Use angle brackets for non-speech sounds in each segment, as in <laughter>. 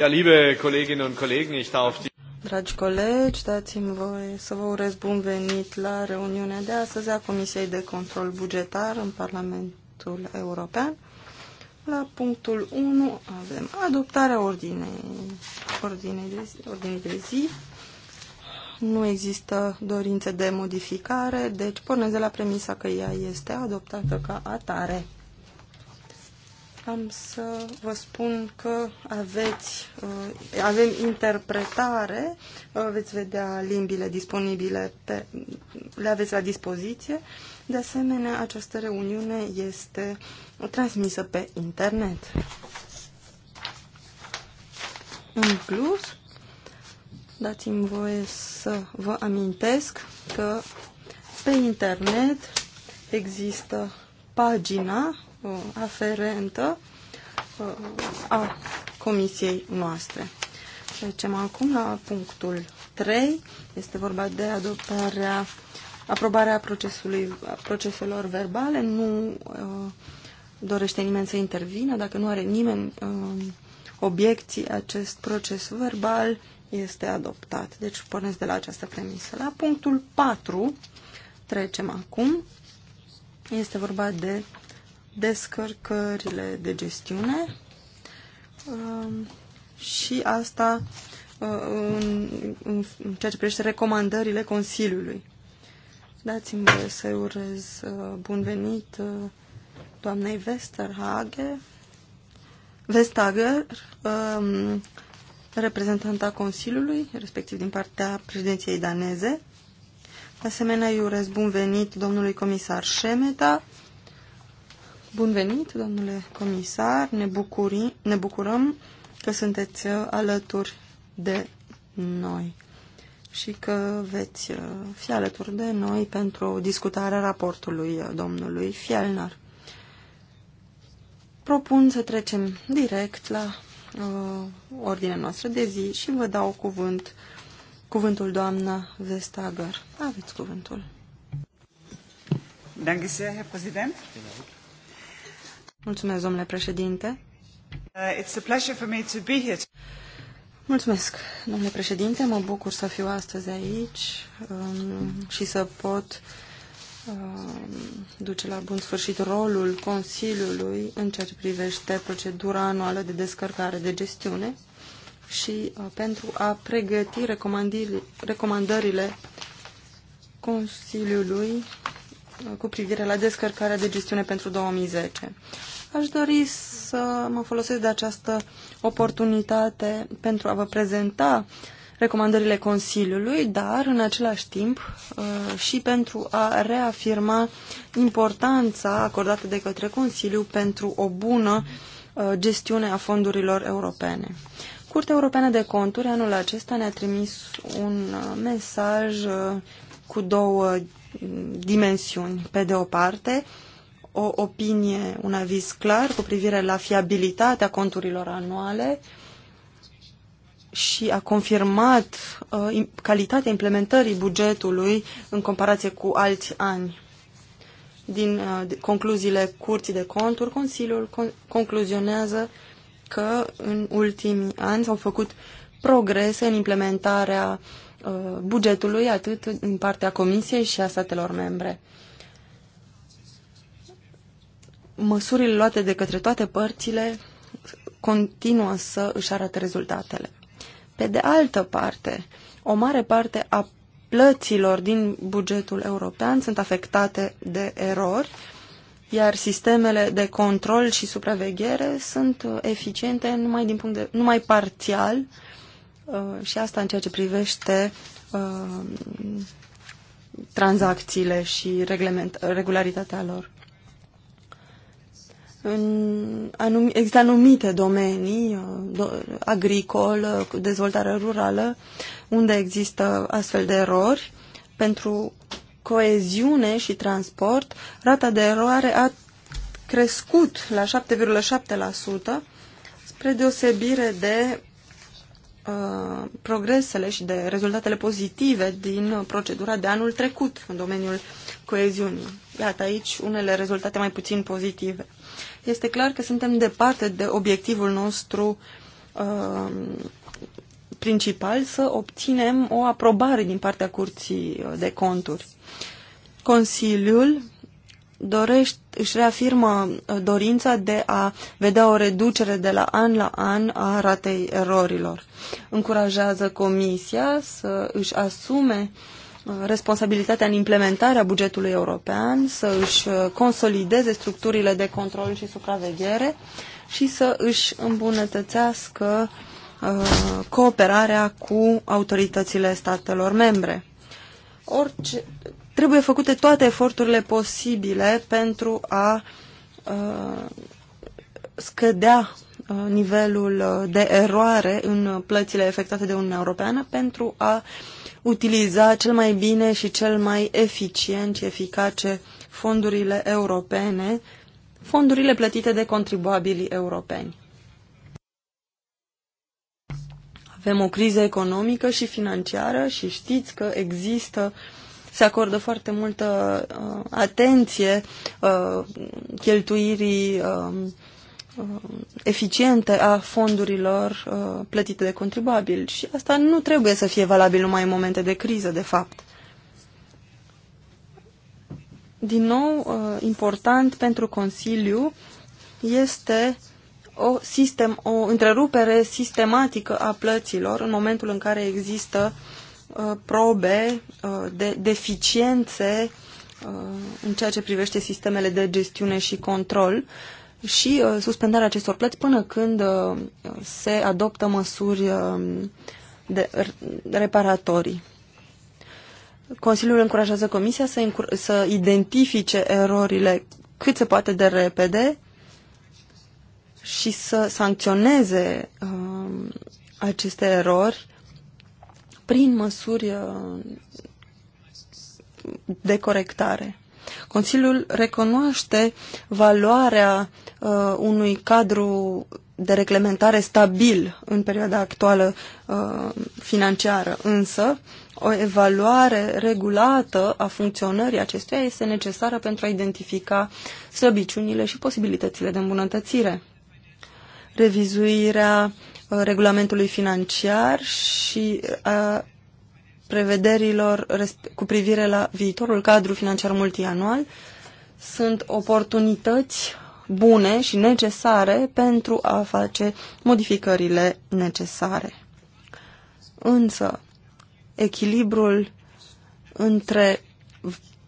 Ja, liebe Kolleginnen und Kollegen, ich darf die Dragi colegi, dați-mi voie să vă urez bun venit la reuniunea de astăzi a Comisiei de Control Bugetar în Parlamentul European. La punctul 1 avem adoptarea ordinei, ordinei, de, ordinei de zi. Nu există dorințe de modificare, deci pornesc de la premisa că ea este adoptată ca atare am să vă spun că aveți, uh, avem interpretare, uh, veți vedea limbile disponibile, pe, le aveți la dispoziție. De asemenea, această reuniune este transmisă pe internet. În plus, dați-mi voie să vă amintesc că pe internet există pagina Uh, aferentă uh, a comisiei noastre. Trecem acum la punctul 3. Este vorba de adoptarea, aprobarea procesului, proceselor verbale. Nu uh, dorește nimeni să intervină. Dacă nu are nimeni uh, obiecții, acest proces verbal este adoptat. Deci pornesc de la această premisă. La punctul 4 trecem acum. Este vorba de descărcările de gestiune um, și asta uh, în, în ceea ce privește recomandările Consiliului. Dați-mi voie să-i urez uh, bun venit uh, doamnei Westerhage, Vestager, um, reprezentanta Consiliului, respectiv din partea președinției daneze. De asemenea, îi urez bun venit domnului comisar Șemeta, Bun venit, domnule comisar. Ne, bucuri, ne bucurăm că sunteți uh, alături de noi și că veți uh, fi alături de noi pentru discutarea raportului uh, domnului Fielner. Propun să trecem direct la uh, ordinea noastră de zi și vă dau cuvânt, cuvântul doamna Vestager. Aveți cuvântul. Danke sehr, Herr Präsident. Genau. Mulțumesc, domnule președinte. Uh, it's a pleasure for me to be here. Mulțumesc, domnule președinte. Mă bucur să fiu astăzi aici um, și să pot um, duce la bun sfârșit rolul Consiliului în ceea ce privește procedura anuală de descărcare de gestiune și uh, pentru a pregăti recomandările Consiliului cu privire la descărcarea de gestiune pentru 2010. Aș dori să mă folosesc de această oportunitate pentru a vă prezenta recomandările Consiliului, dar în același timp uh, și pentru a reafirma importanța acordată de către Consiliu pentru o bună uh, gestiune a fondurilor europene. Curtea Europeană de Conturi anul acesta ne-a trimis un uh, mesaj cu două dimensiuni. Pe de o parte, o opinie, un aviz clar cu privire la fiabilitatea conturilor anuale și a confirmat uh, calitatea implementării bugetului în comparație cu alți ani. Din uh, concluziile Curții de Conturi, Consiliul con concluzionează că în ultimii ani s-au făcut progrese în implementarea uh, Uh, bugetului, atât în partea Comisiei și a statelor membre. Măsurile luate de către toate părțile continuă să își arate rezultatele. Pe de altă parte, o mare parte a plăților din bugetul european sunt afectate de erori, iar sistemele de control și supraveghere sunt eficiente numai, din punct de, numai parțial Uh, și asta în ceea ce privește uh, tranzacțiile și regularitatea lor. În anum, există anumite domenii, uh, do, agricol, dezvoltare rurală, unde există astfel de erori. Pentru coeziune și transport, rata de eroare a crescut la 7,7% spre deosebire de Uh, progresele și de rezultatele pozitive din procedura de anul trecut în domeniul coeziunii. Iată aici unele rezultate mai puțin pozitive. Este clar că suntem departe de obiectivul nostru uh, principal să obținem o aprobare din partea Curții de Conturi. Consiliul dorește își reafirmă uh, dorința de a vedea o reducere de la an la an a ratei erorilor. Încurajează Comisia să își asume uh, responsabilitatea în implementarea bugetului european, să își uh, consolideze structurile de control și supraveghere și să își îmbunătățească cooperarea cu autoritățile statelor membre. Orice, Trebuie făcute toate eforturile posibile pentru a uh, scădea uh, nivelul de eroare în plățile efectuate de Uniunea Europeană pentru a utiliza cel mai bine și cel mai eficient și eficace fondurile europene, fondurile plătite de contribuabilii europeni. Avem o criză economică și financiară și știți că există uh, se acordă foarte multă uh, atenție uh, cheltuirii um, uh, eficiente a fondurilor uh, plătite de contribuabil și asta nu trebuie să fie valabil numai în momente de criză, de fapt. Din nou, uh, important pentru Consiliu este o, sistem, o întrerupere sistematică a plăților în momentul în care există uh, Uh, probe uh, de deficiențe uh, în ceea ce privește sistemele de gestiune și control și suspendarea acestor plăți până când se adoptă măsuri um, de reparatorii. Consiliul încurajează Comisia să, încur- să identifice erorile cât se poate de repede și să sancționeze uh, aceste erori prin măsuri uh, de corectare. Consiliul recunoaște valoarea uh, unui cadru de reglementare stabil în perioada actuală uh, financiară, însă o evaluare regulată a funcționării acestuia este necesară pentru a identifica slăbiciunile și posibilitățile de îmbunătățire. Revizuirea uh, Uh, regulamentului financiar și a uh, prevederilor cu privire la viitorul cadru financiar multianual sunt oportunități bune și necesare pentru a face modificările necesare. Însă, echilibrul între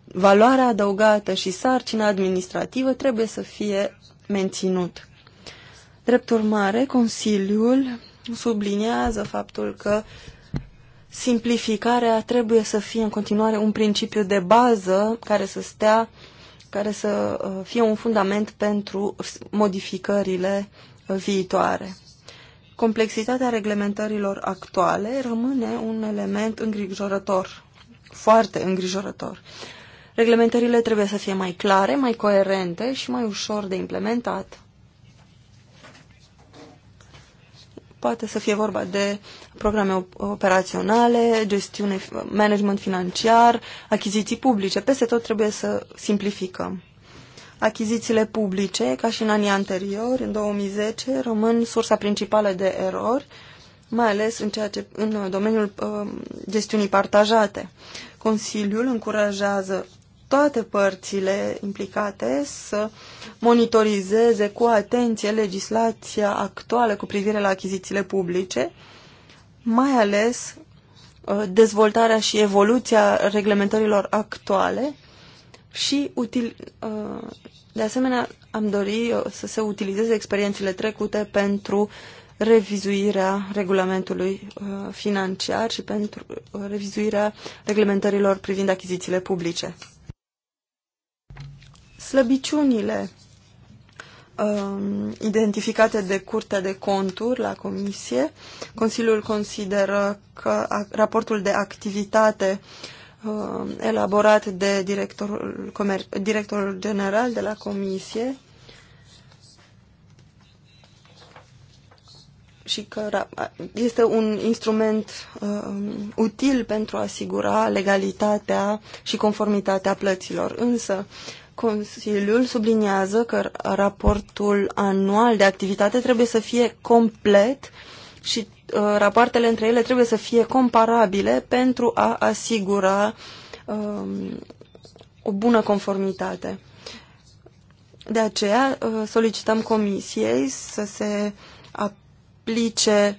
valoarea adăugată și sarcina administrativă trebuie să fie menținut. Drept urmare, Consiliul subliniază faptul că simplificarea trebuie să fie în continuare un principiu de bază care să stea, care să uh, fie un fundament pentru modificările uh, viitoare. Complexitatea reglementărilor actuale rămâne un element îngrijorător, foarte îngrijorător. Reglementările trebuie să fie mai clare, mai coerente și mai ușor de implementat. Poate să fie vorba de programe operaționale, gestiune, management financiar, achiziții publice. Peste tot trebuie să simplificăm. Achizițiile publice, ca și în anii anteriori, în 2010, rămân sursa principală de erori, mai ales în, ceea ce, în domeniul uh, gestiunii partajate. Consiliul încurajează toate părțile implicate să monitorizeze cu atenție legislația actuală cu privire la achizițiile publice, mai ales uh, dezvoltarea și evoluția reglementărilor actuale și util, uh, de asemenea am dori uh, să se utilizeze experiențele trecute pentru revizuirea regulamentului financiar și pentru revizuirea reglementărilor privind achizițiile publice slăbiciunile um, identificate de Curtea de Conturi la Comisie. Consiliul consideră că raportul de activitate um, elaborat de directorul, comer- directorul general de la Comisie și că este un instrument um, util pentru a asigura legalitatea și conformitatea plăților. Însă, Consiliul subliniază că raportul anual de activitate trebuie să fie complet și uh, rapoartele între ele trebuie să fie comparabile pentru a asigura uh, o bună conformitate. De aceea uh, solicităm comisiei să se aplice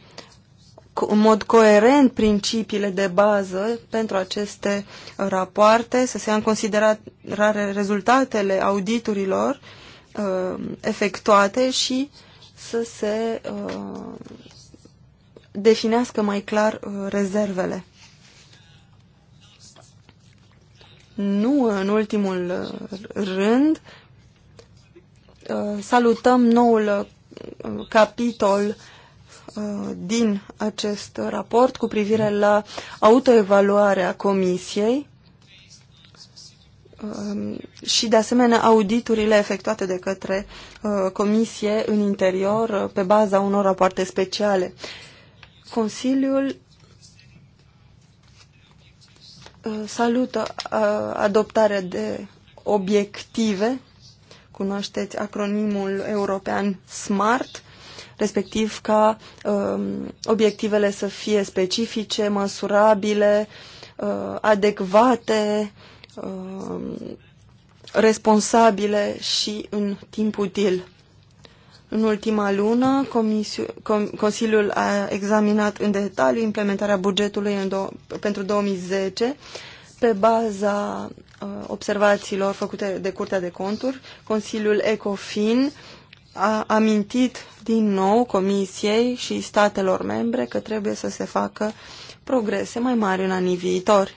în mod coerent principiile de bază pentru aceste rapoarte, să se ia în considerare rezultatele auditurilor uh, efectuate și să se uh, definească mai clar uh, rezervele. Nu în ultimul uh, rând, uh, salutăm noul uh, capitol Uh, din acest raport cu privire la autoevaluarea comisiei um, și, de asemenea, auditurile efectuate de către uh, comisie în interior uh, pe baza unor rapoarte speciale. Consiliul salută adoptarea de obiective, cunoașteți acronimul european SMART, respectiv ca um, obiectivele să fie specifice, măsurabile, uh, adecvate, uh, responsabile și în timp util. În ultima lună, Consiliul a examinat în detaliu implementarea bugetului în pentru 2010 pe baza uh, observațiilor făcute de Curtea de Conturi. Consiliul ECOFIN a amintit din nou Comisiei și statelor membre că trebuie să se facă progrese mai mari în anii viitori.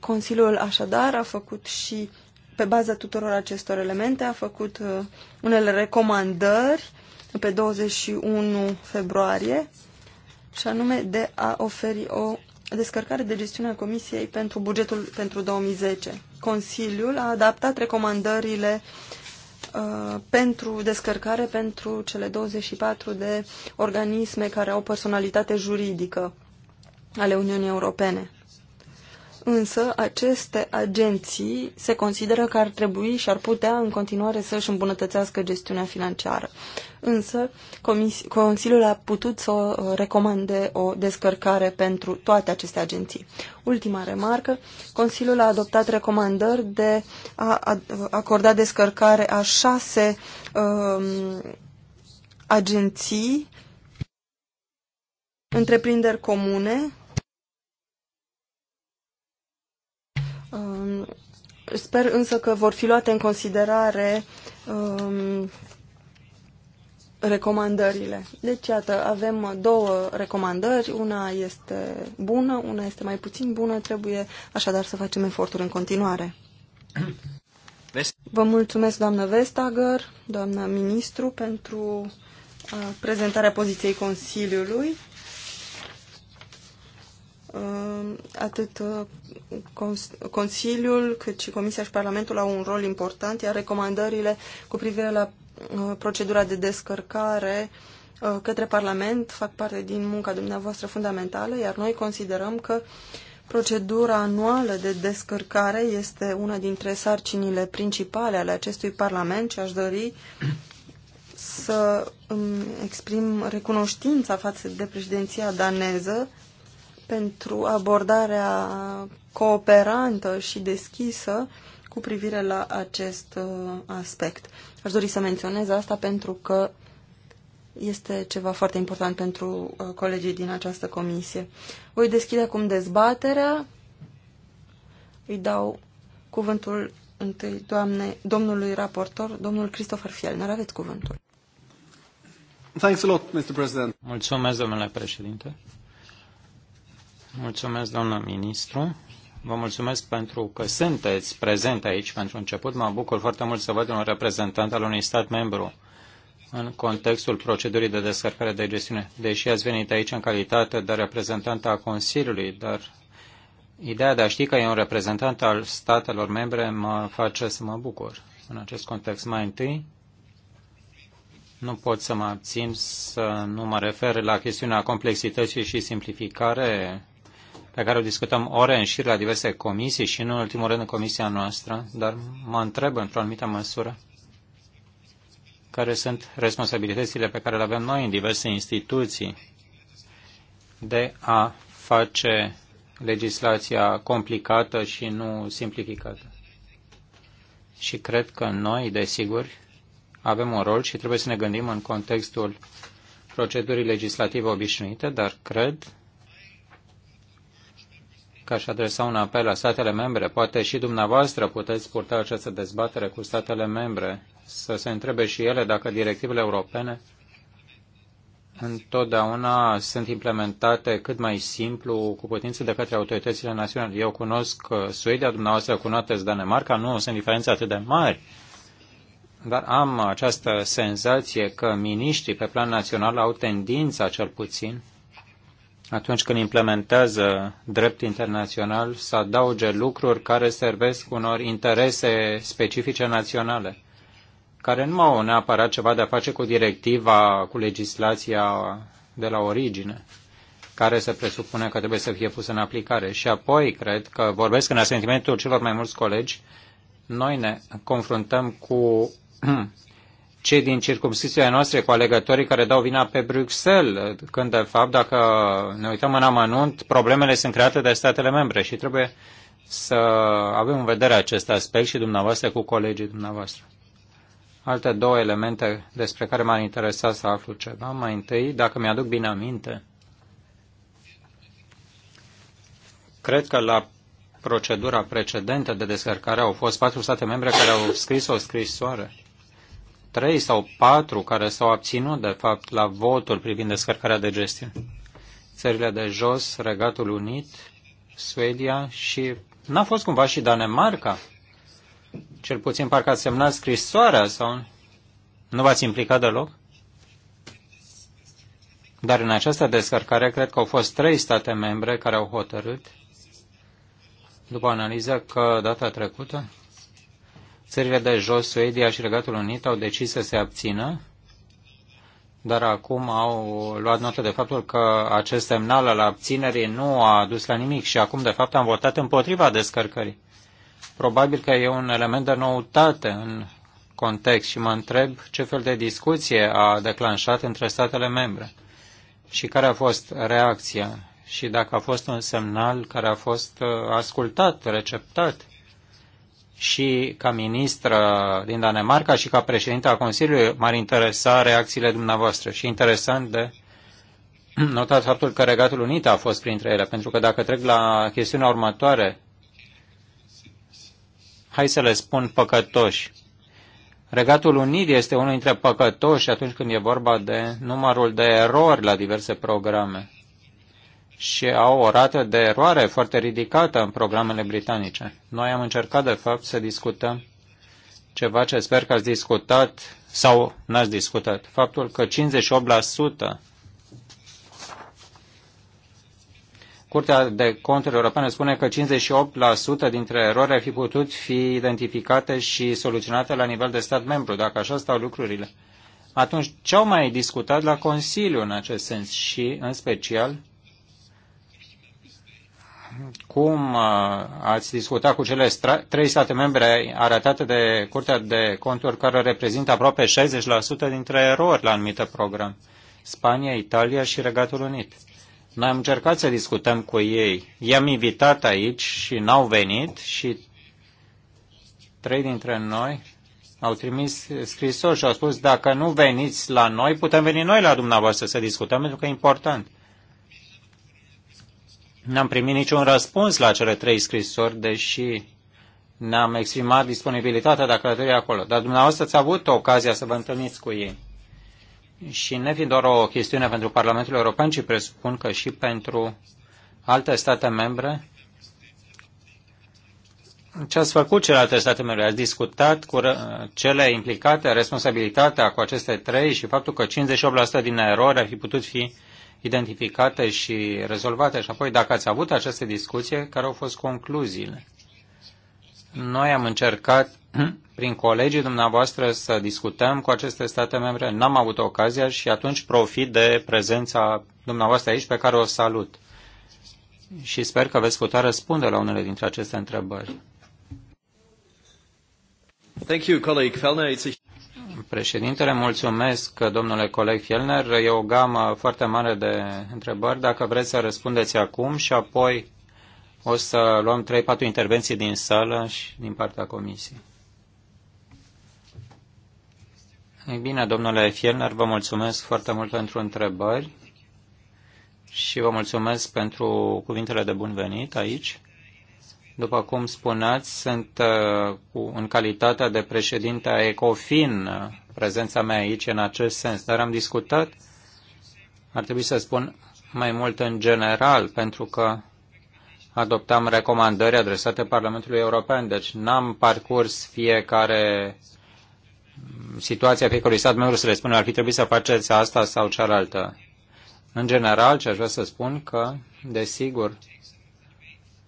Consiliul așadar a făcut și, pe baza tuturor acestor elemente, a făcut uh, unele recomandări pe 21 februarie și anume de a oferi o descărcare de gestiune a Comisiei pentru bugetul pentru 2010. Consiliul a adaptat recomandările Uh, pentru descărcare pentru cele 24 de organisme care au personalitate juridică ale Uniunii Europene. Însă, aceste agenții se consideră că ar trebui și ar putea în continuare să își îmbunătățească gestiunea financiară însă Consiliul a putut să uh, recomande o descărcare pentru toate aceste agenții. Ultima remarcă, Consiliul a adoptat recomandări de a acorda descărcare a șase um, agenții, întreprinderi comune, um, Sper însă că vor fi luate în considerare um, recomandările. Deci, iată, avem două recomandări, una este bună, una este mai puțin bună, trebuie așadar să facem eforturi în continuare. Vă mulțumesc, doamnă Vestager, doamnă ministru, pentru prezentarea poziției Consiliului. Atât Consiliul cât și Comisia și Parlamentul au un rol important, iar recomandările cu privire la Uh, procedura de descărcare uh, către Parlament fac parte din munca dumneavoastră fundamentală, iar noi considerăm că procedura anuală de descărcare este una dintre sarcinile principale ale acestui Parlament și aș dori să îmi exprim recunoștința față de președinția daneză pentru abordarea cooperantă și deschisă cu privire la acest uh, aspect. Aș dori să menționez asta pentru că este ceva foarte important pentru uh, colegii din această comisie. Voi deschide acum dezbaterea. Îi dau cuvântul întâi doamne, domnului raportor, domnul Christopher Fielner. Aveți cuvântul. Thanks a lot, Mr. President. Mulțumesc, domnule președinte. Mulțumesc, doamna ministru. Vă mulțumesc pentru că sunteți prezent aici pentru început. Mă bucur foarte mult să văd un reprezentant al unui stat membru în contextul procedurii de descărcare de gestiune. Deși ați venit aici în calitate de reprezentant a Consiliului, dar ideea de a ști că e un reprezentant al statelor membre mă face să mă bucur în acest context. Mai întâi, nu pot să mă abțin să nu mă refer la chestiunea complexității și simplificare pe care o discutăm ore în șir la diverse comisii și nu în ultimul rând în comisia noastră, dar mă întreb într-o anumită măsură care sunt responsabilitățile pe care le avem noi în diverse instituții de a face legislația complicată și nu simplificată. Și cred că noi, desigur, avem un rol și trebuie să ne gândim în contextul procedurii legislative obișnuite, dar cred că aș adresa un apel la statele membre. Poate și dumneavoastră puteți purta această dezbatere cu statele membre, să se întrebe și ele dacă directivele europene întotdeauna sunt implementate cât mai simplu, cu putință de către autoritățile naționale. Eu cunosc uh, Suedia, dumneavoastră cunoașteți Danemarca, nu sunt diferențe atât de mari, dar am această senzație că miniștrii pe plan național au tendința, cel puțin, atunci când implementează drept internațional, să adauge lucruri care servesc unor interese specifice naționale, care nu au neapărat ceva de a face cu directiva, cu legislația de la origine, care se presupune că trebuie să fie pusă în aplicare. Și apoi, cred că vorbesc în asentimentul celor mai mulți colegi, noi ne confruntăm cu <clears throat> cei din circumscrițiile noastre cu alegătorii care dau vina pe Bruxelles, când de fapt, dacă ne uităm în amănunt, problemele sunt create de statele membre și trebuie să avem în vedere acest aspect și dumneavoastră cu colegii dumneavoastră. Alte două elemente despre care m-ar interesa să aflu ceva. Mai întâi, dacă mi-aduc bine aminte, cred că la procedura precedentă de descărcare au fost patru state membre care au scris o scrisoare trei sau patru care s-au abținut, de fapt, la votul privind descărcarea de gestiune. Țările de jos, Regatul Unit, Suedia și n-a fost cumva și Danemarca? Cel puțin parcă ați semnat scrisoarea sau nu v-ați implicat deloc? Dar în această descărcare cred că au fost trei state membre care au hotărât după analiză că data trecută Țările de jos, Suedia și Regatul Unit, au decis să se abțină, dar acum au luat notă de faptul că acest semnal al abținerii nu a dus la nimic și acum, de fapt, am votat împotriva descărcării. Probabil că e un element de noutate în context și mă întreb ce fel de discuție a declanșat între statele membre și care a fost reacția și dacă a fost un semnal care a fost uh, ascultat, receptat și ca ministră din Danemarca și ca președinte a Consiliului m-ar interesa reacțiile dumneavoastră. Și interesant de <clears throat> notat faptul că Regatul Unit a fost printre ele, pentru că dacă trec la chestiunea următoare, hai să le spun păcătoși. Regatul Unit este unul dintre păcătoși atunci când e vorba de numărul de erori la diverse programe și au o rată de eroare foarte ridicată în programele britanice. Noi am încercat, de fapt, să discutăm ceva ce sper că ați discutat sau n-ați discutat. Faptul că 58% Curtea de Conturi Europene spune că 58% dintre erori ar fi putut fi identificate și soluționate la nivel de stat membru, dacă așa stau lucrurile. Atunci, ce au mai discutat la Consiliu în acest sens și, în special, cum uh, ați discutat cu cele trei state membre arătate de Curtea de Conturi, care reprezintă aproape 60% dintre erori la anumite program, Spania, Italia și Regatul Unit. Noi am încercat să discutăm cu ei. I-am invitat aici și n-au venit și trei dintre noi au trimis scrisori și au spus dacă nu veniți la noi, putem veni noi la dumneavoastră să discutăm pentru că e important. N-am primit niciun răspuns la cele trei scrisori, deși ne-am exprimat disponibilitatea de a călători acolo. Dar dumneavoastră ați avut ocazia să vă întâlniți cu ei. Și ne fiind doar o chestiune pentru Parlamentul European, ci presupun că și pentru alte state membre. Ce ați făcut celelalte state membre? Ați discutat cu cele implicate, responsabilitatea cu aceste trei și faptul că 58% din erori ar fi putut fi uh, identificate și rezolvate și apoi dacă ați avut aceste discuții, care au fost concluziile. Noi am încercat <clears throat> prin colegii dumneavoastră să discutăm cu aceste state membre, n-am avut ocazia și atunci profit de prezența dumneavoastră aici pe care o salut. Și sper că veți putea răspunde la unele dintre aceste întrebări. Thank you, colleague Felner. It's a președintele. Mulțumesc, domnule coleg Fielner. E o gamă foarte mare de întrebări. Dacă vreți să răspundeți acum și apoi o să luăm 3-4 intervenții din sală și din partea comisiei. Ei bine, domnule Fielner, vă mulțumesc foarte mult pentru întrebări și vă mulțumesc pentru cuvintele de bun venit aici. După cum spuneați, sunt uh, cu, în calitatea de președinte a ECOFIN uh, prezența mea aici în acest sens, dar am discutat, ar trebui să spun, mai mult în general, pentru că adoptam recomandări adresate Parlamentului European, deci n-am parcurs fiecare situația fiecărui stat membru să le spună ar fi trebuit să faceți asta sau cealaltă. În general, ce aș vrea să spun că, desigur,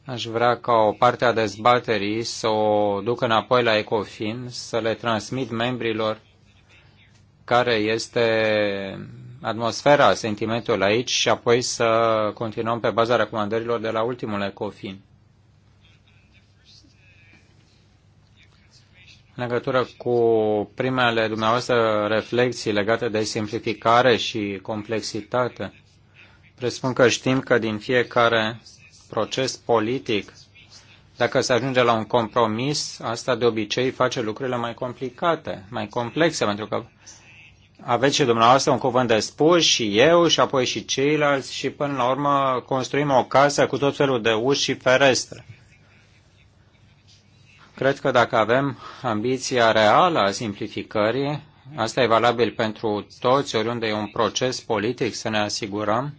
Aș vrea ca o parte a dezbaterii să o duc înapoi la Ecofin, să le transmit membrilor care este atmosfera, sentimentul aici și apoi să continuăm pe baza recomandărilor de la ultimul Ecofin. În legătură cu primele dumneavoastră reflexii legate de simplificare și complexitate, presupun că știm că din fiecare proces politic, dacă se ajunge la un compromis, asta de obicei face lucrurile mai complicate, mai complexe, pentru că aveți și dumneavoastră un cuvânt de spus și eu și apoi și ceilalți și până la urmă construim o casă cu tot felul de uși și ferestre. Cred că dacă avem ambiția reală a simplificării, asta e valabil pentru toți, oriunde e un proces politic, să ne asigurăm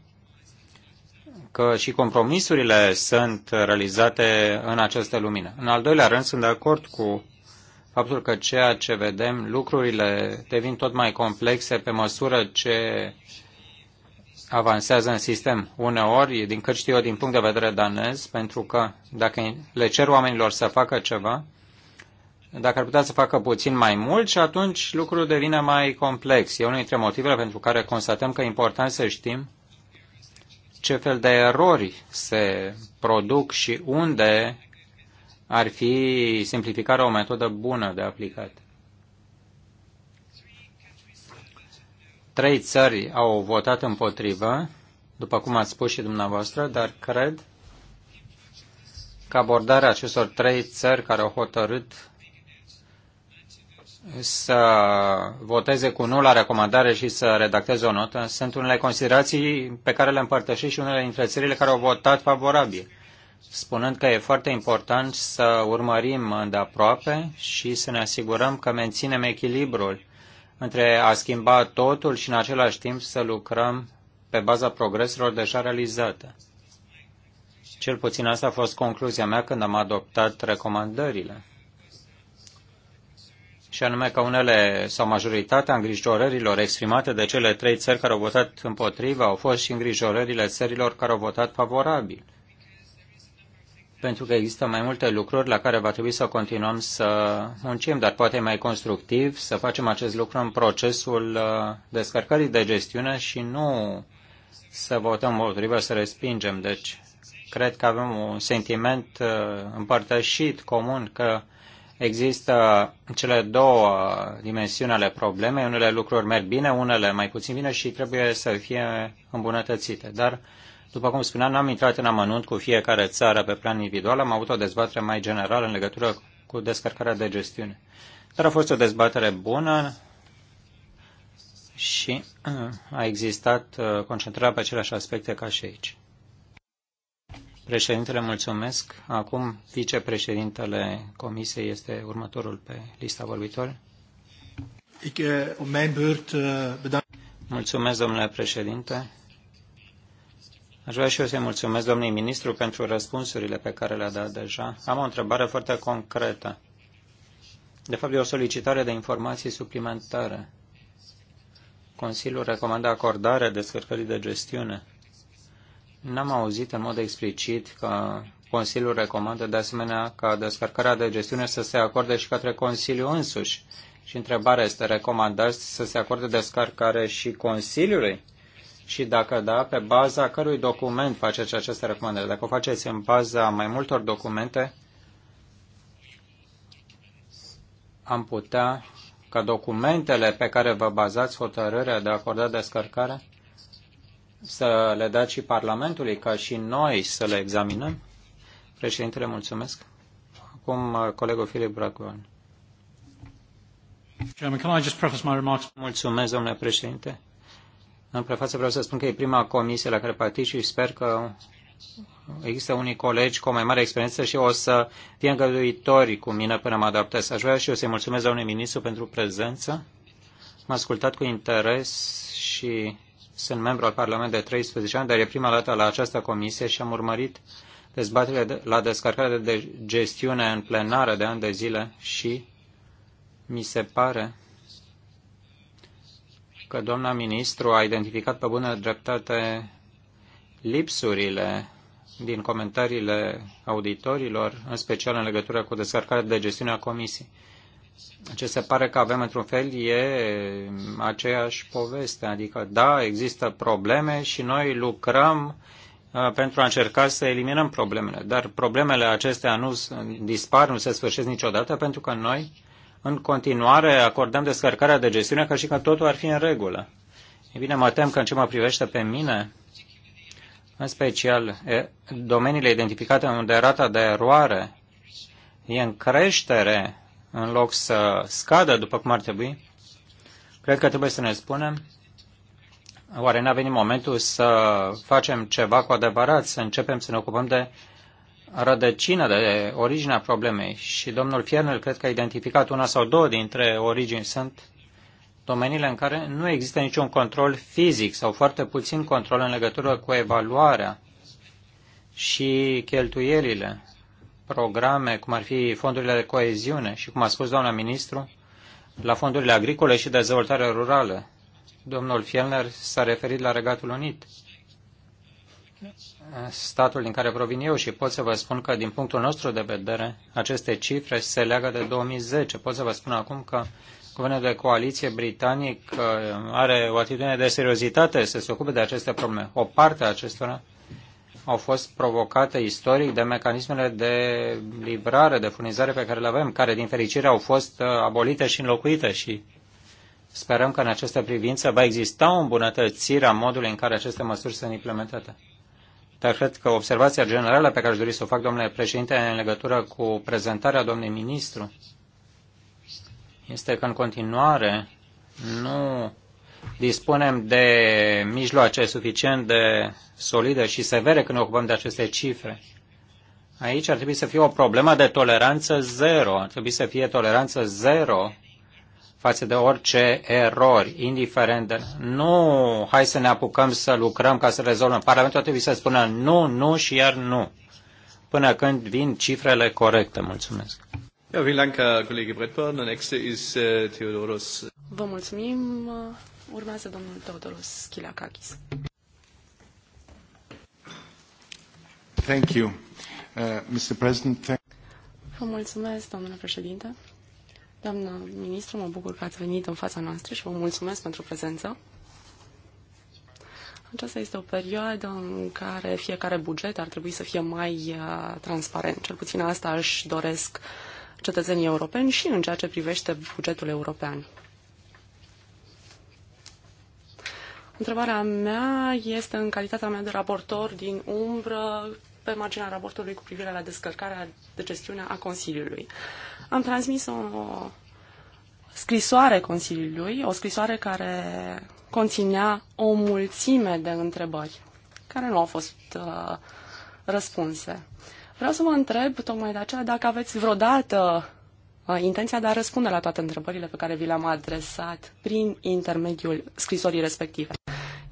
că și compromisurile sunt realizate în această lumină. În al doilea rând, sunt de acord cu faptul că ceea ce vedem, lucrurile devin tot mai complexe pe măsură ce avansează în sistem. Uneori, din cât știu eu din punct de vedere danez, pentru că dacă le cer oamenilor să facă ceva, dacă ar putea să facă puțin mai mult și atunci lucrul devine mai complex. E unul dintre motivele pentru care constatăm că e important să știm ce fel de erori se produc și unde ar fi simplificarea o metodă bună de aplicat. Trei țări au votat împotrivă, după cum ați spus și dumneavoastră, dar cred că abordarea acestor trei țări care au hotărât să voteze cu nu la recomandare și să redacteze o notă, sunt unele considerații pe care le împărtășesc și unele dintre țările care au votat favorabil, spunând că e foarte important să urmărim îndeaproape și să ne asigurăm că menținem echilibrul între a schimba totul și în același timp să lucrăm pe baza progreselor deja realizate. Cel puțin asta a fost concluzia mea când am adoptat recomandările și anume că unele sau majoritatea îngrijorărilor exprimate de cele trei țări care au votat împotriva au fost și îngrijorările țărilor care au votat favorabil. Pentru că există mai multe lucruri la care va trebui să continuăm să muncim, dar poate mai constructiv să facem acest lucru în procesul uh, descărcării de gestiune și nu să votăm împotriva, să respingem. Deci, cred că avem un sentiment uh, împărtășit, comun, că Există cele două dimensiuni ale problemei. Unele lucruri merg bine, unele mai puțin bine și trebuie să fie îmbunătățite. Dar, după cum spuneam, n-am intrat în amănunt cu fiecare țară pe plan individual. Am avut o dezbatere mai generală în legătură cu descărcarea de gestiune. Dar a fost o dezbatere bună și <clears throat> a existat uh, concentrarea pe aceleași aspecte ca și aici. Președintele, mulțumesc. Acum vicepreședintele Comisiei este următorul pe lista vorbitorilor. Eh, eh, mulțumesc, domnule președinte. Aș vrea și eu să-i mulțumesc domnului ministru pentru răspunsurile pe care le-a dat deja. Am o întrebare foarte concretă. De fapt, e o solicitare de informații suplimentare. Consiliul recomandă acordarea descărcării de gestiune N-am auzit în mod explicit că Consiliul recomandă de asemenea ca descărcarea de gestiune să se acorde și către Consiliu însuși. Și întrebarea este, recomandați să se acorde descărcare și Consiliului? Și dacă da, pe baza cărui document faceți aceste recomandări? Dacă o faceți în baza mai multor documente, am putea ca documentele pe care vă bazați hotărârea de a acorda descărcare să le dați și Parlamentului ca și noi să le examinăm? Președintele, mulțumesc. Acum colegul Filip Bracoan. Mulțumesc, domnule președinte. În prefață vreau să spun că e prima comisie la care particip și sper că există unii colegi cu o mai mare experiență și o să fie îngăduitori cu mine până mă adaptez. Aș vrea și eu să-i mulțumesc, domnului ministru, pentru prezență. M-a ascultat cu interes și sunt membru al Parlamentului de 13 ani, dar e prima dată la această comisie și am urmărit dezbaterile de, la descărcarea de gestiune în plenară de ani de zile și mi se pare că doamna ministru a identificat pe bună dreptate lipsurile din comentariile auditorilor, în special în legătură cu descărcarea de gestiune a comisiei ce se pare că avem într-un fel e aceeași poveste. Adică, da, există probleme și noi lucrăm uh, pentru a încerca să eliminăm problemele. Dar problemele acestea nu dispar, nu se sfârșesc niciodată, pentru că noi, în continuare, acordăm descărcarea de gestiune ca și că totul ar fi în regulă. E bine, mă tem că în ce mă privește pe mine, în special domeniile identificate unde rata de eroare e în creștere, în loc să scadă după cum ar trebui, cred că trebuie să ne spunem oare n-a venit momentul să facem ceva cu adevărat, să începem să ne ocupăm de rădăcină, de originea problemei. Și domnul Fiernel cred că a identificat una sau două dintre origini. Sunt domeniile în care nu există niciun control fizic sau foarte puțin control în legătură cu evaluarea și cheltuielile programe, cum ar fi fondurile de coeziune și, cum a spus doamna ministru, la fondurile agricole și de dezvoltare rurală. Domnul Fielner s-a referit la Regatul Unit, statul din care provin eu și pot să vă spun că, din punctul nostru de vedere, aceste cifre se leagă de 2010. Pot să vă spun acum că guvernul de coaliție britanic uh, are o atitudine de seriozitate să se ocupe de aceste probleme. O parte a acestora au fost provocate istoric de mecanismele de livrare, de furnizare pe care le avem, care din fericire au fost uh, abolite și înlocuite și sperăm că în această privință va exista o îmbunătățire a modului în care aceste măsuri sunt implementate. Dar cred că observația generală pe care aș dori să o fac, domnule președinte, în legătură cu prezentarea domnului ministru, este că în continuare nu dispunem de mijloace suficient de solide și severe când ne ocupăm de aceste cifre. Aici ar trebui să fie o problemă de toleranță zero. Ar trebui să fie toleranță zero față de orice erori, indiferent de... Nu, hai să ne apucăm să lucrăm ca să rezolvăm. Parlamentul ar trebui să spună nu, nu și iar nu, până când vin cifrele corecte. Mulțumesc. Äh, Vă mulțumim, Urmează domnul Teodoros Schilakakis. Thank you, uh, Mr. President. Thank Vă mulțumesc, domnule președinte. Doamnă ministru, mă bucur că ați venit în fața noastră și vă mulțumesc pentru prezență. Aceasta este o perioadă în care fiecare buget ar trebui să fie mai uh, transparent. Cel puțin asta își doresc cetățenii europeni și în ceea ce privește bugetul european. Întrebarea mea este în calitatea mea de raportor din umbră pe marginea raportului cu privire la descărcarea de gestiune a Consiliului. Am transmis o scrisoare Consiliului, o scrisoare care conținea o mulțime de întrebări care nu au fost uh, răspunse. Vreau să vă întreb tocmai de aceea dacă aveți vreodată Uh, intenția de a răspunde la toate întrebările pe care vi le-am adresat prin intermediul scrisorii respective.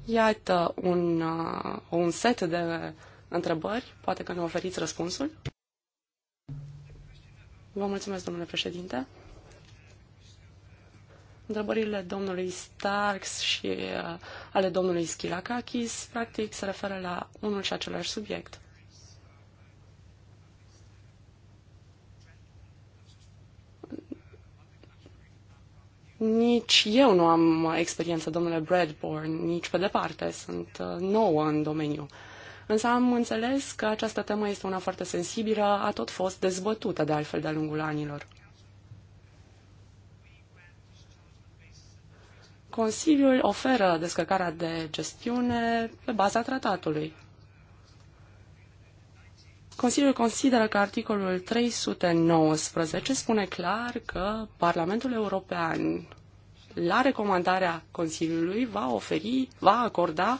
Iată un, uh, un set de întrebări, poate că ne oferiți răspunsul. Vă mulțumesc, domnule președinte. Întrebările domnului Starks și uh, ale domnului Schilakakis, practic, se referă la unul și același subiect. Nici eu nu am experiență, domnule Bradbourne, nici pe departe, sunt uh, nouă în domeniu. Însă am înțeles că această temă este una foarte sensibilă, a tot fost dezbătută de altfel de-a lungul anilor. Consiliul oferă descărcarea de gestiune pe baza tratatului. Consiliul consideră că articolul 319 spune clar că Parlamentul European, la recomandarea Consiliului, va oferi, va acorda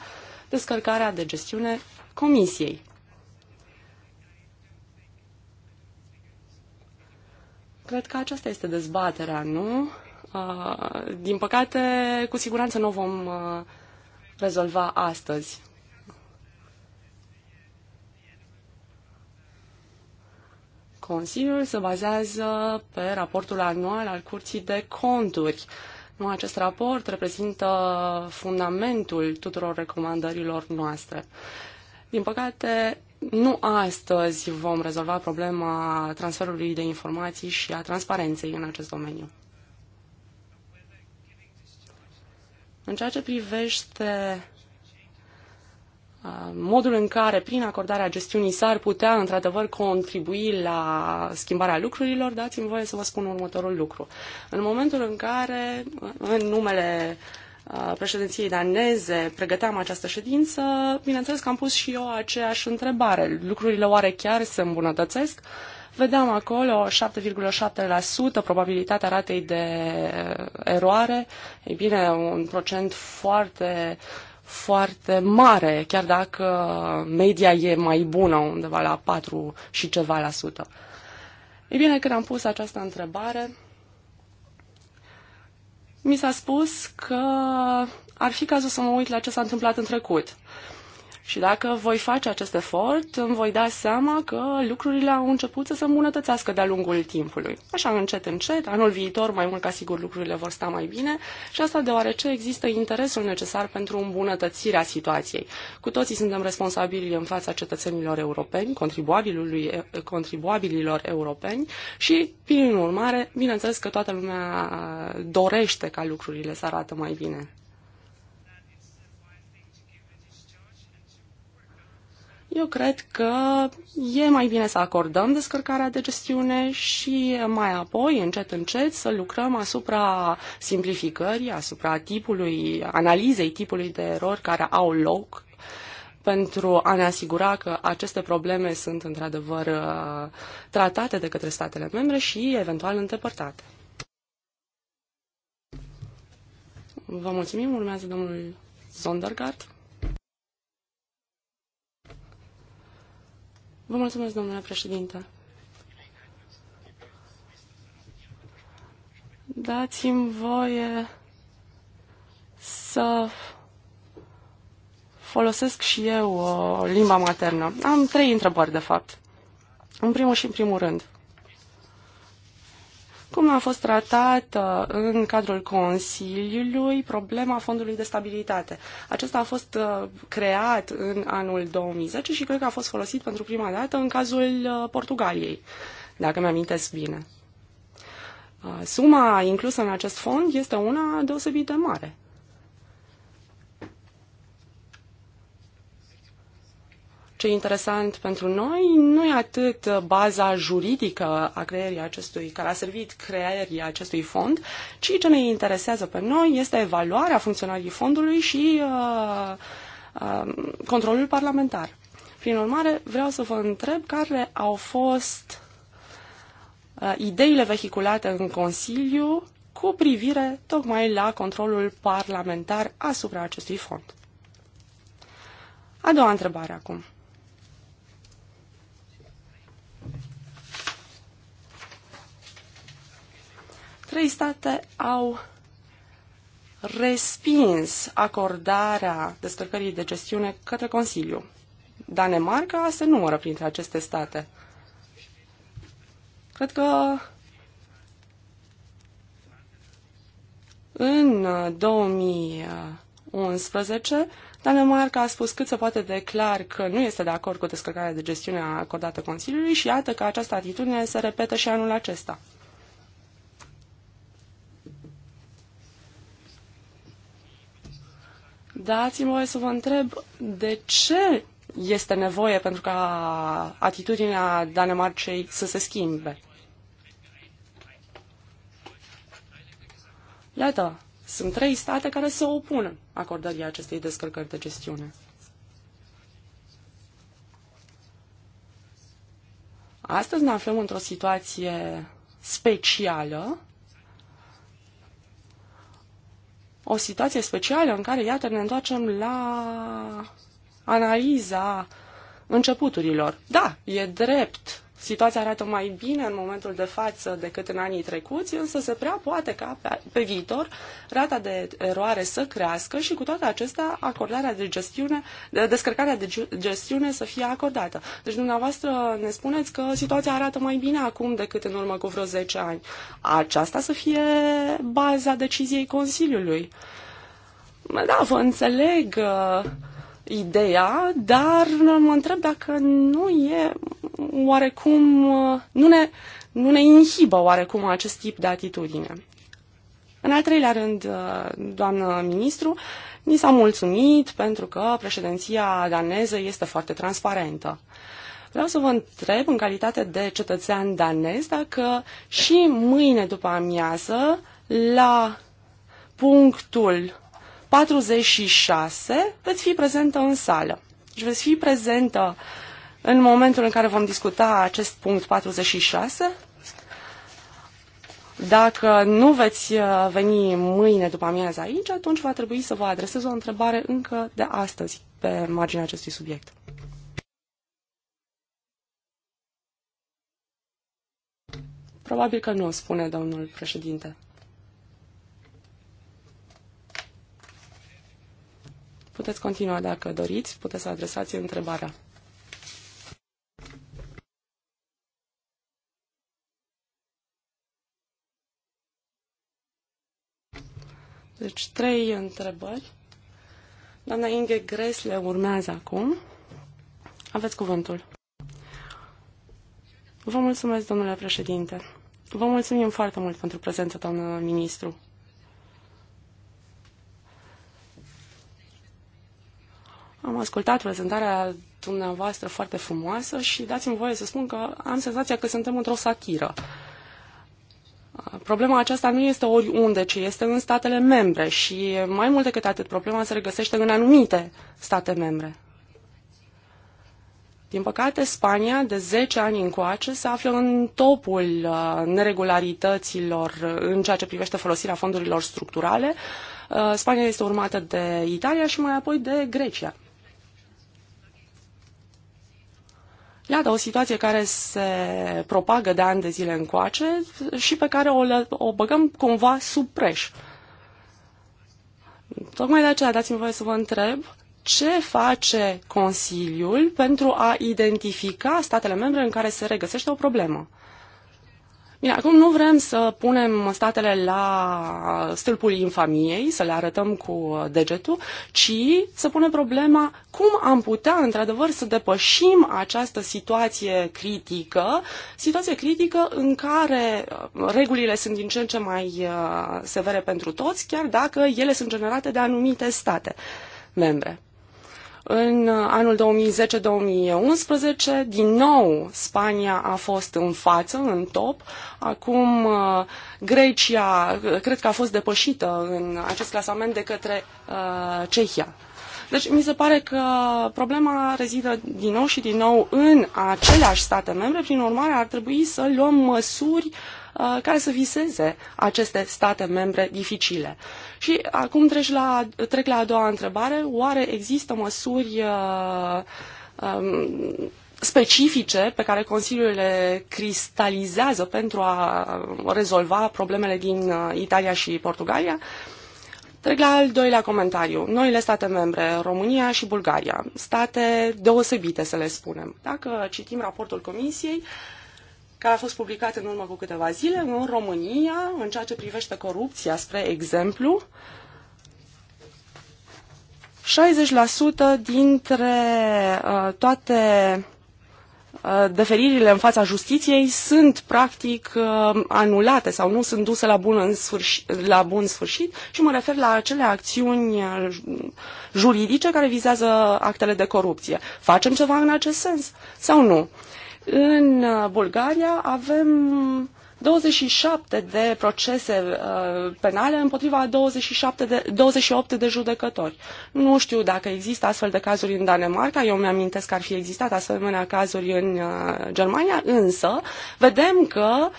descărcarea de gestiune Comisiei. Cred că aceasta este dezbaterea, nu? Din păcate, cu siguranță nu o vom rezolva astăzi. Consiliul se bazează pe raportul anual al Curții de Conturi. Nu, acest raport reprezintă fundamentul tuturor recomandărilor noastre. Din păcate, nu astăzi vom rezolva problema transferului de informații și a transparenței în acest domeniu. În ceea ce privește modul în care, prin acordarea gestiunii, s-ar putea, într-adevăr, contribui la schimbarea lucrurilor, dați-mi voie să vă spun următorul lucru. În momentul în care, în numele președinției daneze pregăteam această ședință, bineînțeles că am pus și eu aceeași întrebare. Lucrurile oare chiar se îmbunătățesc? Vedeam acolo 7,7% probabilitatea ratei de eroare. Ei bine, un procent foarte uh, foarte mare, chiar dacă media e mai bună, undeva la 4 și ceva la sută. Ei bine, când am pus această întrebare, mi s-a spus că ar fi cazul să mă uit la ce s-a întâmplat în trecut. Și dacă voi face acest efort, îmi voi da seama că lucrurile au început să se îmbunătățească de-a lungul timpului. Așa, încet, încet, anul viitor, mai mult ca sigur, lucrurile vor sta mai bine și asta deoarece există interesul necesar pentru îmbunătățirea situației. Cu toții suntem responsabili în fața cetățenilor europeni, contribuabililor europeni și, prin urmare, bineînțeles că toată lumea dorește ca lucrurile să arată mai bine. Eu cred că e mai bine să acordăm descărcarea de gestiune și mai apoi, încet, încet, să lucrăm asupra simplificării, asupra tipului, analizei tipului de erori care au loc pentru a ne asigura că aceste probleme sunt într-adevăr uh, tratate de către statele membre și eventual îndepărtate. Vă mulțumim, urmează domnul Zondergaard. Vă mulțumesc, domnule președinte. Dați-mi voie să folosesc și eu uh, limba maternă. Am trei întrebări, de fapt. În primul și în primul rând cum a fost tratată în cadrul Consiliului problema Fondului de Stabilitate. Acesta a fost uh, creat în anul 2010 și cred că a fost folosit pentru prima dată în cazul uh, Portugaliei, dacă mi-amintesc bine. Uh, suma inclusă în acest fond este una deosebit de mare. Ce e interesant pentru noi nu e atât uh, baza juridică a creierii acestui, care a servit creierii acestui fond, ci ce ne interesează pe noi este evaluarea funcționării fondului și uh, uh, controlul parlamentar. Prin urmare, vreau să vă întreb care au fost uh, ideile vehiculate în Consiliu cu privire tocmai la controlul parlamentar asupra acestui fond. A doua întrebare acum. Trei state au respins acordarea descărcării de gestiune către Consiliu. Danemarca se numără printre aceste state. Cred că în 2011 Danemarca a spus cât se poate de clar că nu este de acord cu descărcarea de gestiune acordată Consiliului și iată că această atitudine se repetă și anul acesta. Dați-mi voie să vă întreb de ce este nevoie pentru ca atitudinea Danemarcei să se schimbe. Iată, sunt trei state care se opun acordării acestei descărcări de gestiune. Astăzi ne aflăm într-o situație specială o situație specială în care, iată, ne întoarcem la analiza începuturilor. Da, e drept Situația arată mai bine în momentul de față decât în anii trecuți, însă se prea poate ca pe, pe viitor rata de eroare să crească și cu toate acestea acordarea de gestiune, descărcarea de gestiune să fie acordată. Deci dumneavoastră ne spuneți că situația arată mai bine acum decât în urmă cu vreo 10 ani. Aceasta să fie baza deciziei Consiliului. Da, vă înțeleg. Uh, ideea, dar mă întreb dacă nu e oarecum, nu ne, nu ne inhibă oarecum acest tip de atitudine. În al treilea rând, doamnă ministru, ni s-a mulțumit pentru că președinția daneză este foarte transparentă. Vreau să vă întreb, în calitate de cetățean danez, dacă și mâine după amiază, la punctul 46 veți fi prezentă în sală. Deci veți fi prezentă în momentul în care vom discuta acest punct 46. Dacă nu veți uh, veni mâine după amiază aici, atunci va trebui să vă adresez o întrebare încă de astăzi pe marginea acestui subiect. Probabil că nu, spune domnul președinte. Puteți continua dacă doriți, puteți să adresați întrebarea. Deci trei întrebări. Doamna Inge Gres le urmează acum. Aveți cuvântul. Vă mulțumesc, domnule președinte. Vă mulțumim foarte mult pentru prezența, doamnă ministru. Am ascultat prezentarea dumneavoastră foarte frumoasă și dați-mi voie să spun că am senzația că suntem într-o satiră. Problema aceasta nu este oriunde, ci este în statele membre și mai mult decât atât, problema se regăsește în anumite state membre. Din păcate, Spania, de 10 ani încoace, se află în topul uh, neregularităților în ceea ce privește folosirea fondurilor structurale. Uh, Spania este urmată de Italia și mai apoi de Grecia. Iată o situație care se propagă de ani de zile încoace și pe care o, o băgăm cumva sub preș. Tocmai de aceea dați-mi voie să vă întreb ce face Consiliul pentru a identifica statele membre în care se regăsește o problemă. Bine, acum nu vrem să punem statele la stâlpul infamiei, să le arătăm cu degetul, ci să punem problema cum am putea, într-adevăr, să depășim această situație critică, situație critică în care uh, regulile sunt din ce în ce mai uh, severe pentru toți, chiar dacă ele sunt generate de anumite state membre. În anul 2010-2011, din nou, Spania a fost în față, în top. Acum uh, Grecia, uh, cred că a fost depășită în acest clasament de către uh, Cehia. Deci mi se pare că problema rezidă din nou și din nou în aceleași state membre, prin urmare ar trebui să luăm măsuri uh, Uh, care să viseze aceste state membre dificile. Și acum trec la, trec la a doua întrebare. Oare există măsuri uh, um, specifice pe care Consiliul le cristalizează pentru a rezolva problemele din uh, Italia și Portugalia? Trec la al doilea comentariu. Noile state membre, România și Bulgaria, state deosebite să le spunem. Dacă citim raportul Comisiei, uh, care a fost publicat în urmă cu câteva zile în România, în ceea ce privește corupția, spre exemplu, 60% dintre uh, toate uh, deferirile în fața justiției sunt practic uh, anulate sau nu sunt duse la bun, în sfârșit, la bun sfârșit și mă refer la acele acțiuni uh, juridice care vizează actele de corupție. Facem ceva în acest sens sau nu? În uh, Bulgaria avem 27 de procese uh, penale împotriva 27 de, 28 de judecători. Nu știu dacă există astfel de cazuri în Danemarca, eu mi-amintesc că ar fi existat asemenea cazuri în uh, Germania, însă vedem că uh,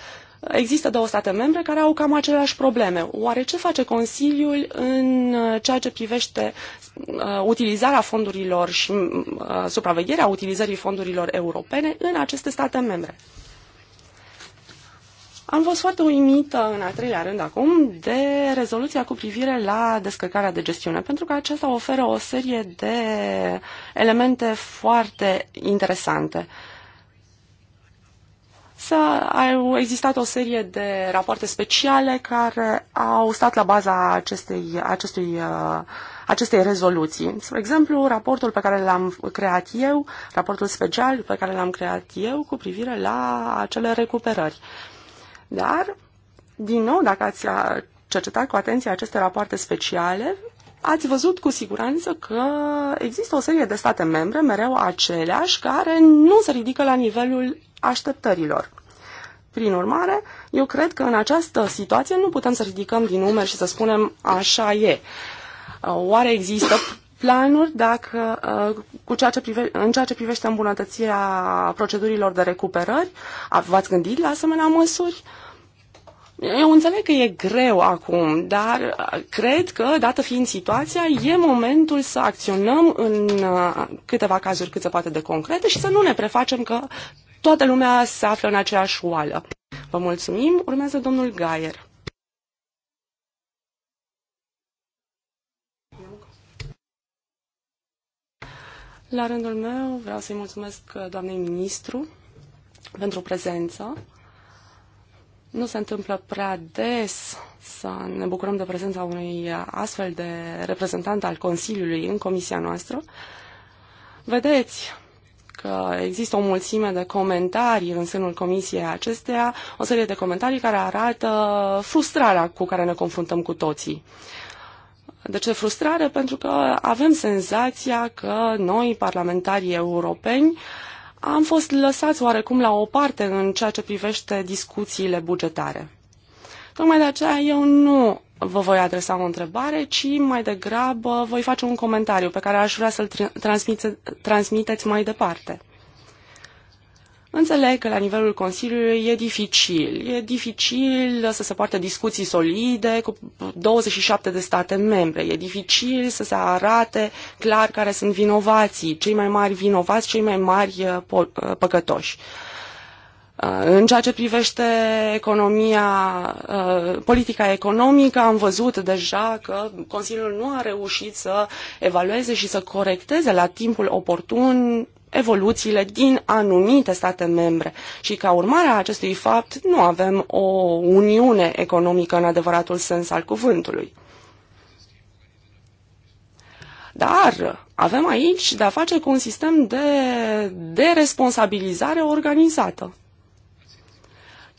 Există două state membre care au cam aceleași probleme. Oare ce face Consiliul în uh, ceea ce privește uh, utilizarea fondurilor și uh, supravegherea utilizării fondurilor europene în aceste state membre? Am fost foarte uimită în al treilea rând acum de rezoluția cu privire la descărcarea de gestiune, pentru că aceasta oferă o serie de elemente foarte interesante. Uh, însă au existat o serie de rapoarte speciale care au stat la baza acestei, acestui, uh, acestei rezoluții. Spre exemplu, raportul pe care l-am creat eu, raportul special pe care l-am creat eu cu privire la acele recuperări. Dar, din nou, dacă ați uh, cercetat cu atenție aceste rapoarte speciale, ați văzut cu siguranță că există o serie de state membre, mereu aceleași, care nu se ridică la nivelul așteptărilor. Prin urmare, eu cred că în această situație nu putem să ridicăm din numeri și să spunem așa e. Uh, oare există planuri dacă, uh, cu ceea ce prive, în ceea ce privește îmbunătățirea procedurilor de recuperări? V-ați gândit la asemenea măsuri? Eu înțeleg că e greu acum, dar uh, cred că, dată fiind situația, e momentul să acționăm în câteva cazuri cât se poate de concrete și să nu ne prefacem că toată lumea se află în aceeași oală. Vă mulțumim. Urmează domnul Gaier. La rândul meu vreau să-i mulțumesc doamnei ministru pentru prezență. Nu se întâmplă prea des să ne bucurăm de prezența unui astfel de reprezentant al Consiliului în comisia noastră. Vedeți, că există o mulțime de comentarii în sânul comisiei acesteia, o serie de comentarii care arată frustrarea cu care ne confruntăm cu toții. De ce frustrare? Pentru că avem senzația că noi, parlamentarii europeni, am fost lăsați oarecum la o parte în ceea ce privește discuțiile bugetare. Tocmai de aceea eu nu vă voi adresa o întrebare, ci mai degrabă voi face un comentariu pe care aș vrea să-l transmite, transmiteți mai departe. Înțeleg că la nivelul Consiliului e dificil. E dificil să se poartă discuții solide cu 27 de state membre. E dificil să se arate clar care sunt vinovații, cei mai mari vinovați, cei mai mari uh, uh, păcătoși. Uh, Uh, în ceea ce privește economia, uh, politica economică, am văzut deja că Consiliul nu a reușit să evalueze și să corecteze la timpul oportun evoluțiile din anumite state membre și ca urmare a acestui fapt nu avem o uniune economică în adevăratul sens al cuvântului. Dar avem aici de a face cu un sistem de deresponsabilizare organizată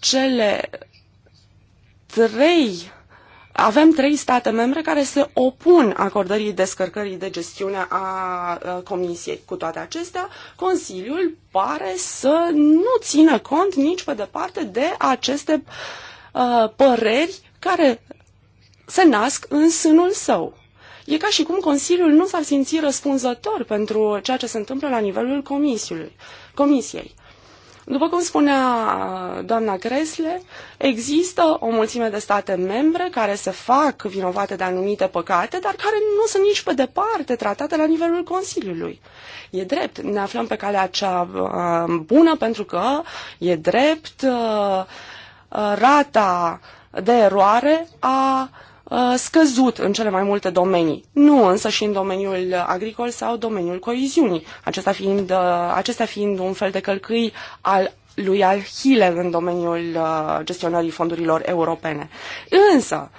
cele trei avem trei state membre care se opun acordării descărcării de gestiune a Comisiei. Cu toate acestea, Consiliul pare să nu țină cont nici pe departe de aceste uh, păreri care se nasc în sânul său. E ca și cum Consiliul nu s-ar simți răspunzător pentru ceea ce se întâmplă la nivelul comisiei. După cum spunea uh, doamna Gresle, există o mulțime de state membre care se fac vinovate de anumite păcate, dar care nu sunt nici pe departe tratate la nivelul Consiliului. E drept, ne aflăm pe calea cea uh, bună pentru că e drept uh, rata de eroare a Uh, scăzut în cele mai multe domenii, nu însă și în domeniul agricol sau domeniul coiziunii, acesta fiind, uh, acestea fiind un fel de călcâi al lui Alhile în domeniul uh, gestionării fondurilor europene. Însă,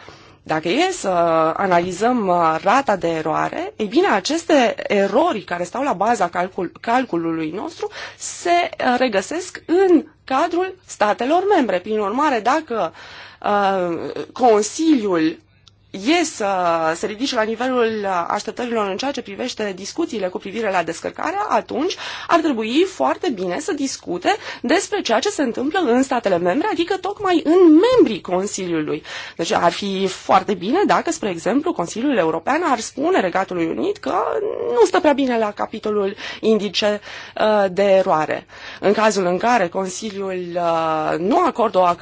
dacă e să analizăm rata de eroare, ei bine, aceste erori care stau la baza calcul, calculului nostru se regăsesc în cadrul statelor membre. Prin urmare, dacă uh, Consiliul e să se ridice la nivelul așteptărilor în ceea ce privește discuțiile cu privire la descărcare, atunci ar trebui foarte bine să discute despre ceea ce se întâmplă în statele membre, adică tocmai în membrii Consiliului. Deci ar fi foarte bine dacă, spre exemplu, Consiliul European ar spune Regatului Unit că nu stă prea bine la capitolul indice uh, de eroare. În cazul în care Consiliul uh, nu acordă o,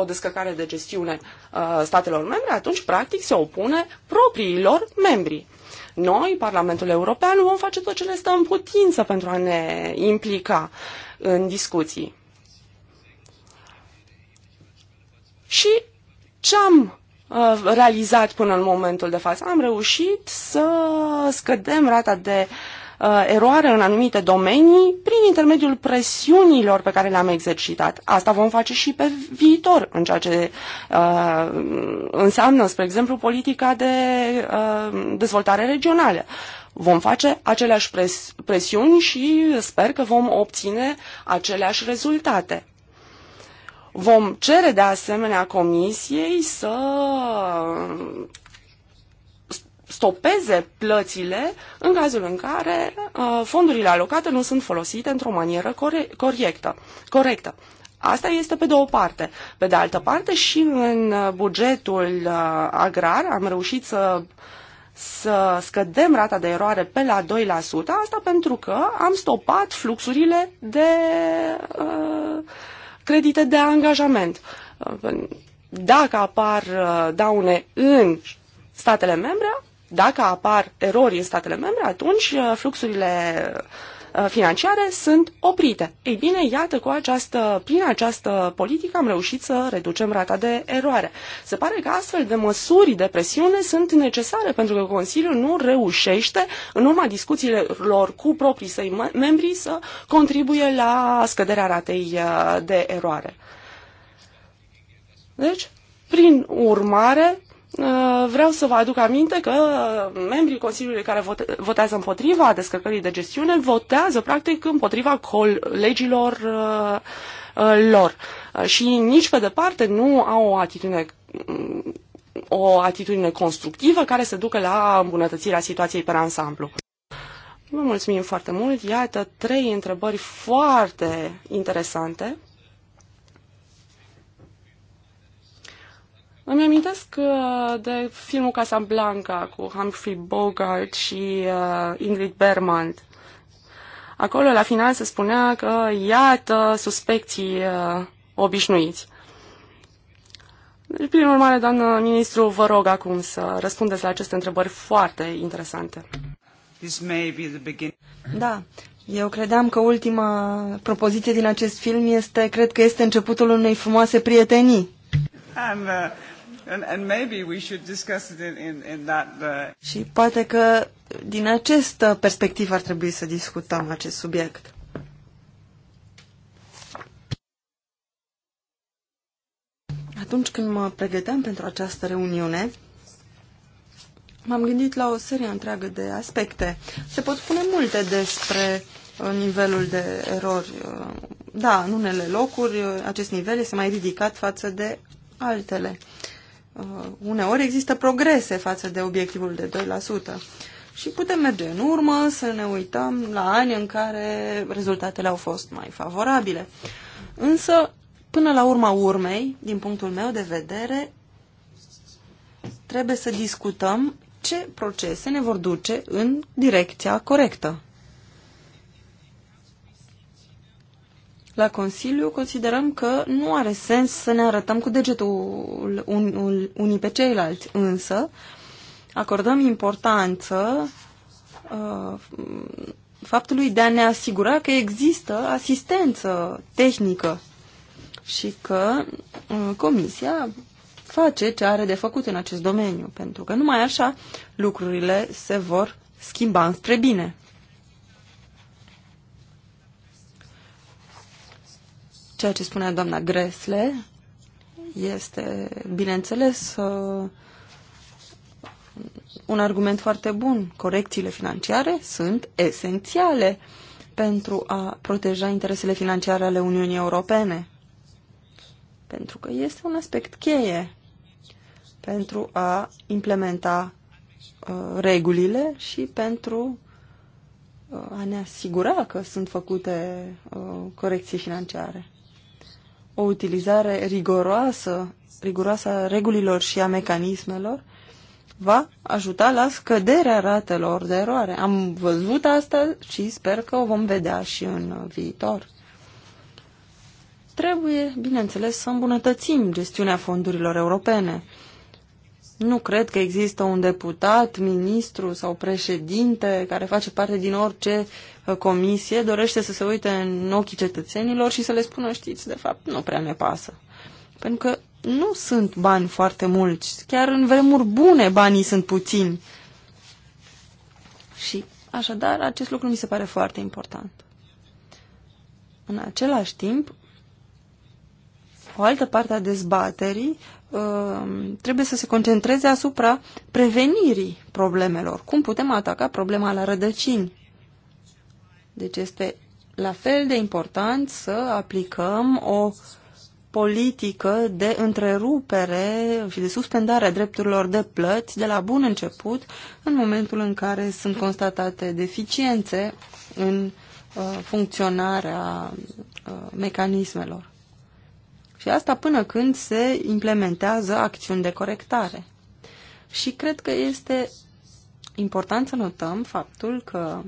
o descărcare de gestiune Uh, statelor membre, atunci practic se opune propriilor membri. Noi, Parlamentul European, vom face tot ce ne stă în putință pentru a ne implica în discuții. Și ce am uh, realizat până în momentul de față. Am reușit să scădem rata de Uh, eroare în anumite domenii prin intermediul presiunilor pe care le-am exercitat. Asta vom face și pe viitor în ceea ce uh, înseamnă, spre exemplu, politica de uh, dezvoltare regională. Vom face aceleași pres- presiuni și sper că vom obține aceleași rezultate. Vom cere de asemenea comisiei să stopeze plățile în cazul în care uh, fondurile alocate nu sunt folosite într-o manieră corectă. corectă. Asta este pe de o parte. Pe de altă parte și în uh, bugetul uh, agrar am reușit să să scădem rata de eroare pe la 2%, asta pentru că am stopat fluxurile de uh, credite de angajament. Dacă apar daune în statele membre, dacă apar erori în statele membre, atunci uh, fluxurile uh, financiare sunt oprite. Ei bine, iată, cu această, prin această politică am reușit să reducem rata de eroare. Se pare că astfel de măsuri de presiune sunt necesare pentru că Consiliul nu reușește, în urma discuțiilor cu proprii săi membri, să contribuie la scăderea ratei uh, de eroare. Deci, prin urmare, Uh, vreau să vă aduc aminte că membrii Consiliului care votează împotriva descărcării de gestiune votează practic împotriva legilor uh, uh, lor și nici pe departe nu au o atitudine mm, o atitudine constructivă care se ducă la îmbunătățirea situației pe ansamblu. Vă mulțumim foarte mult. Iată trei întrebări foarte interesante. Îmi amintesc uh, de filmul Casablanca cu Humphrey Bogart și uh, Ingrid Bergman. Acolo, la final, se spunea că, iată, suspecții uh, obișnuiți. Deci, prin urmare, doamnă ministru, vă rog acum să răspundeți la aceste întrebări foarte interesante. Da, eu credeam că ultima propoziție din acest film este, cred că este începutul unei frumoase prietenii. I'm, uh... Și poate că din această perspectivă ar trebui să discutăm acest subiect. Atunci când mă pregăteam pentru această reuniune, m-am gândit la o serie întreagă de aspecte. Se pot spune multe despre uh, nivelul de erori. Uh, da, în unele locuri uh, acest nivel este mai ridicat față de altele. Uh, uneori există progrese față de obiectivul de 2%. Și putem merge în urmă să ne uităm la ani în care rezultatele au fost mai favorabile. Însă, până la urma urmei, din punctul meu de vedere, trebuie să discutăm ce procese ne vor duce în direcția corectă. La Consiliu considerăm că nu are sens să ne arătăm cu degetul un, un, unii pe ceilalți, însă acordăm importanță uh, faptului de a ne asigura că există asistență tehnică și că uh, Comisia face ce are de făcut în acest domeniu, pentru că numai așa lucrurile se vor schimba înspre bine. Ceea ce spunea doamna Gresle este, bineînțeles, uh, un argument foarte bun. Corecțiile financiare sunt esențiale pentru a proteja interesele financiare ale Uniunii Europene. Pentru că este un aspect cheie pentru a implementa uh, regulile și pentru uh, a ne asigura că sunt făcute uh, corecții financiare o utilizare riguroasă, riguroasă a regulilor și a mecanismelor va ajuta la scăderea ratelor de eroare. Am văzut asta și sper că o vom vedea și în viitor. Trebuie, bineînțeles, să îmbunătățim gestiunea fondurilor europene. Nu cred că există un deputat, ministru sau președinte care face parte din orice uh, comisie, dorește să se uite în ochii cetățenilor și să le spună, știți, de fapt, nu prea ne pasă. Pentru că nu sunt bani foarte mulți. Chiar în vremuri bune banii sunt puțini. Și așadar, acest lucru mi se pare foarte important. În același timp, o altă parte a dezbaterii Um, trebuie să se concentreze asupra prevenirii problemelor. Cum putem ataca problema la rădăcini? Deci este la fel de important să aplicăm o politică de întrerupere și de suspendare a drepturilor de plăți de la bun început în momentul în care sunt constatate deficiențe în uh, funcționarea uh, mecanismelor. Și asta până când se implementează acțiuni de corectare. Și cred că este important să notăm faptul că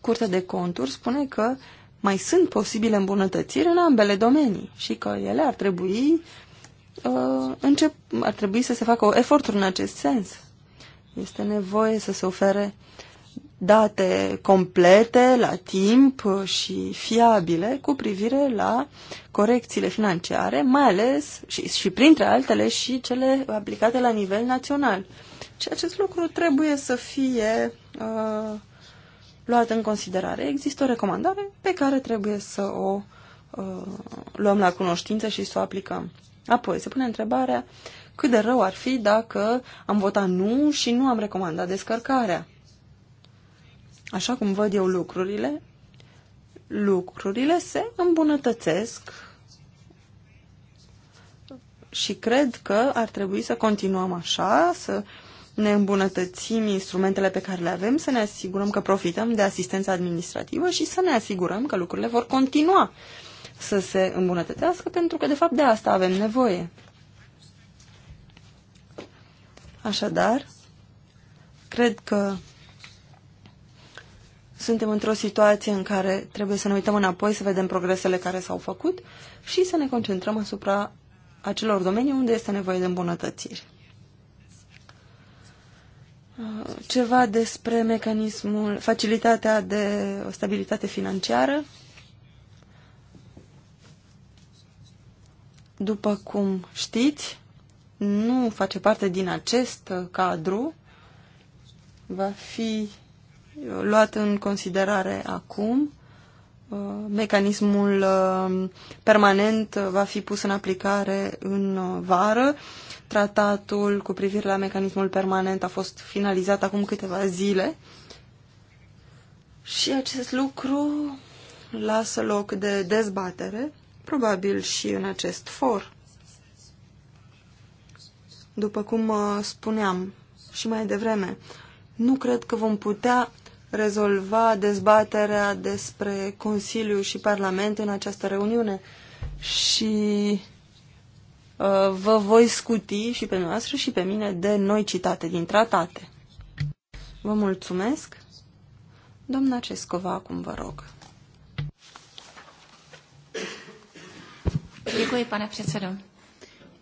Curtea de Conturi spune că mai sunt posibile îmbunătățiri în ambele domenii și că ele ar trebui, uh, încep, ar trebui să se facă eforturi în acest sens. Este nevoie să se ofere date complete, la timp și fiabile cu privire la corecțiile financiare, mai ales și, și printre altele și cele aplicate la nivel național. Și acest lucru trebuie să fie uh, luat în considerare. Există o recomandare pe care trebuie să o uh, luăm la cunoștință și să o aplicăm. Apoi se pune întrebarea cât de rău ar fi dacă am votat nu și nu am recomandat descărcarea așa cum văd eu lucrurile, lucrurile se îmbunătățesc și cred că ar trebui să continuăm așa, să ne îmbunătățim instrumentele pe care le avem, să ne asigurăm că profităm de asistența administrativă și să ne asigurăm că lucrurile vor continua să se îmbunătățească, pentru că, de fapt, de asta avem nevoie. Așadar, cred că suntem într-o situație în care trebuie să ne uităm înapoi, să vedem progresele care s-au făcut și să ne concentrăm asupra acelor domenii unde este nevoie de îmbunătățiri. Uh, ceva despre mecanismul, facilitatea de stabilitate financiară. După cum știți, nu face parte din acest uh, cadru. Va fi luat în considerare acum. Uh, mecanismul uh, permanent va fi pus în aplicare în uh, vară. Tratatul cu privire la mecanismul permanent a fost finalizat acum câteva zile și acest lucru lasă loc de dezbatere, probabil și în acest for. După cum spuneam și mai devreme, nu cred că vom putea rezolva dezbaterea despre Consiliu și Parlament în această reuniune și uh, vă voi scuti și pe noastră și pe mine de noi citate din tratate. Vă mulțumesc. Doamna Cescova, acum vă rog. Děkuji, pane předsedo.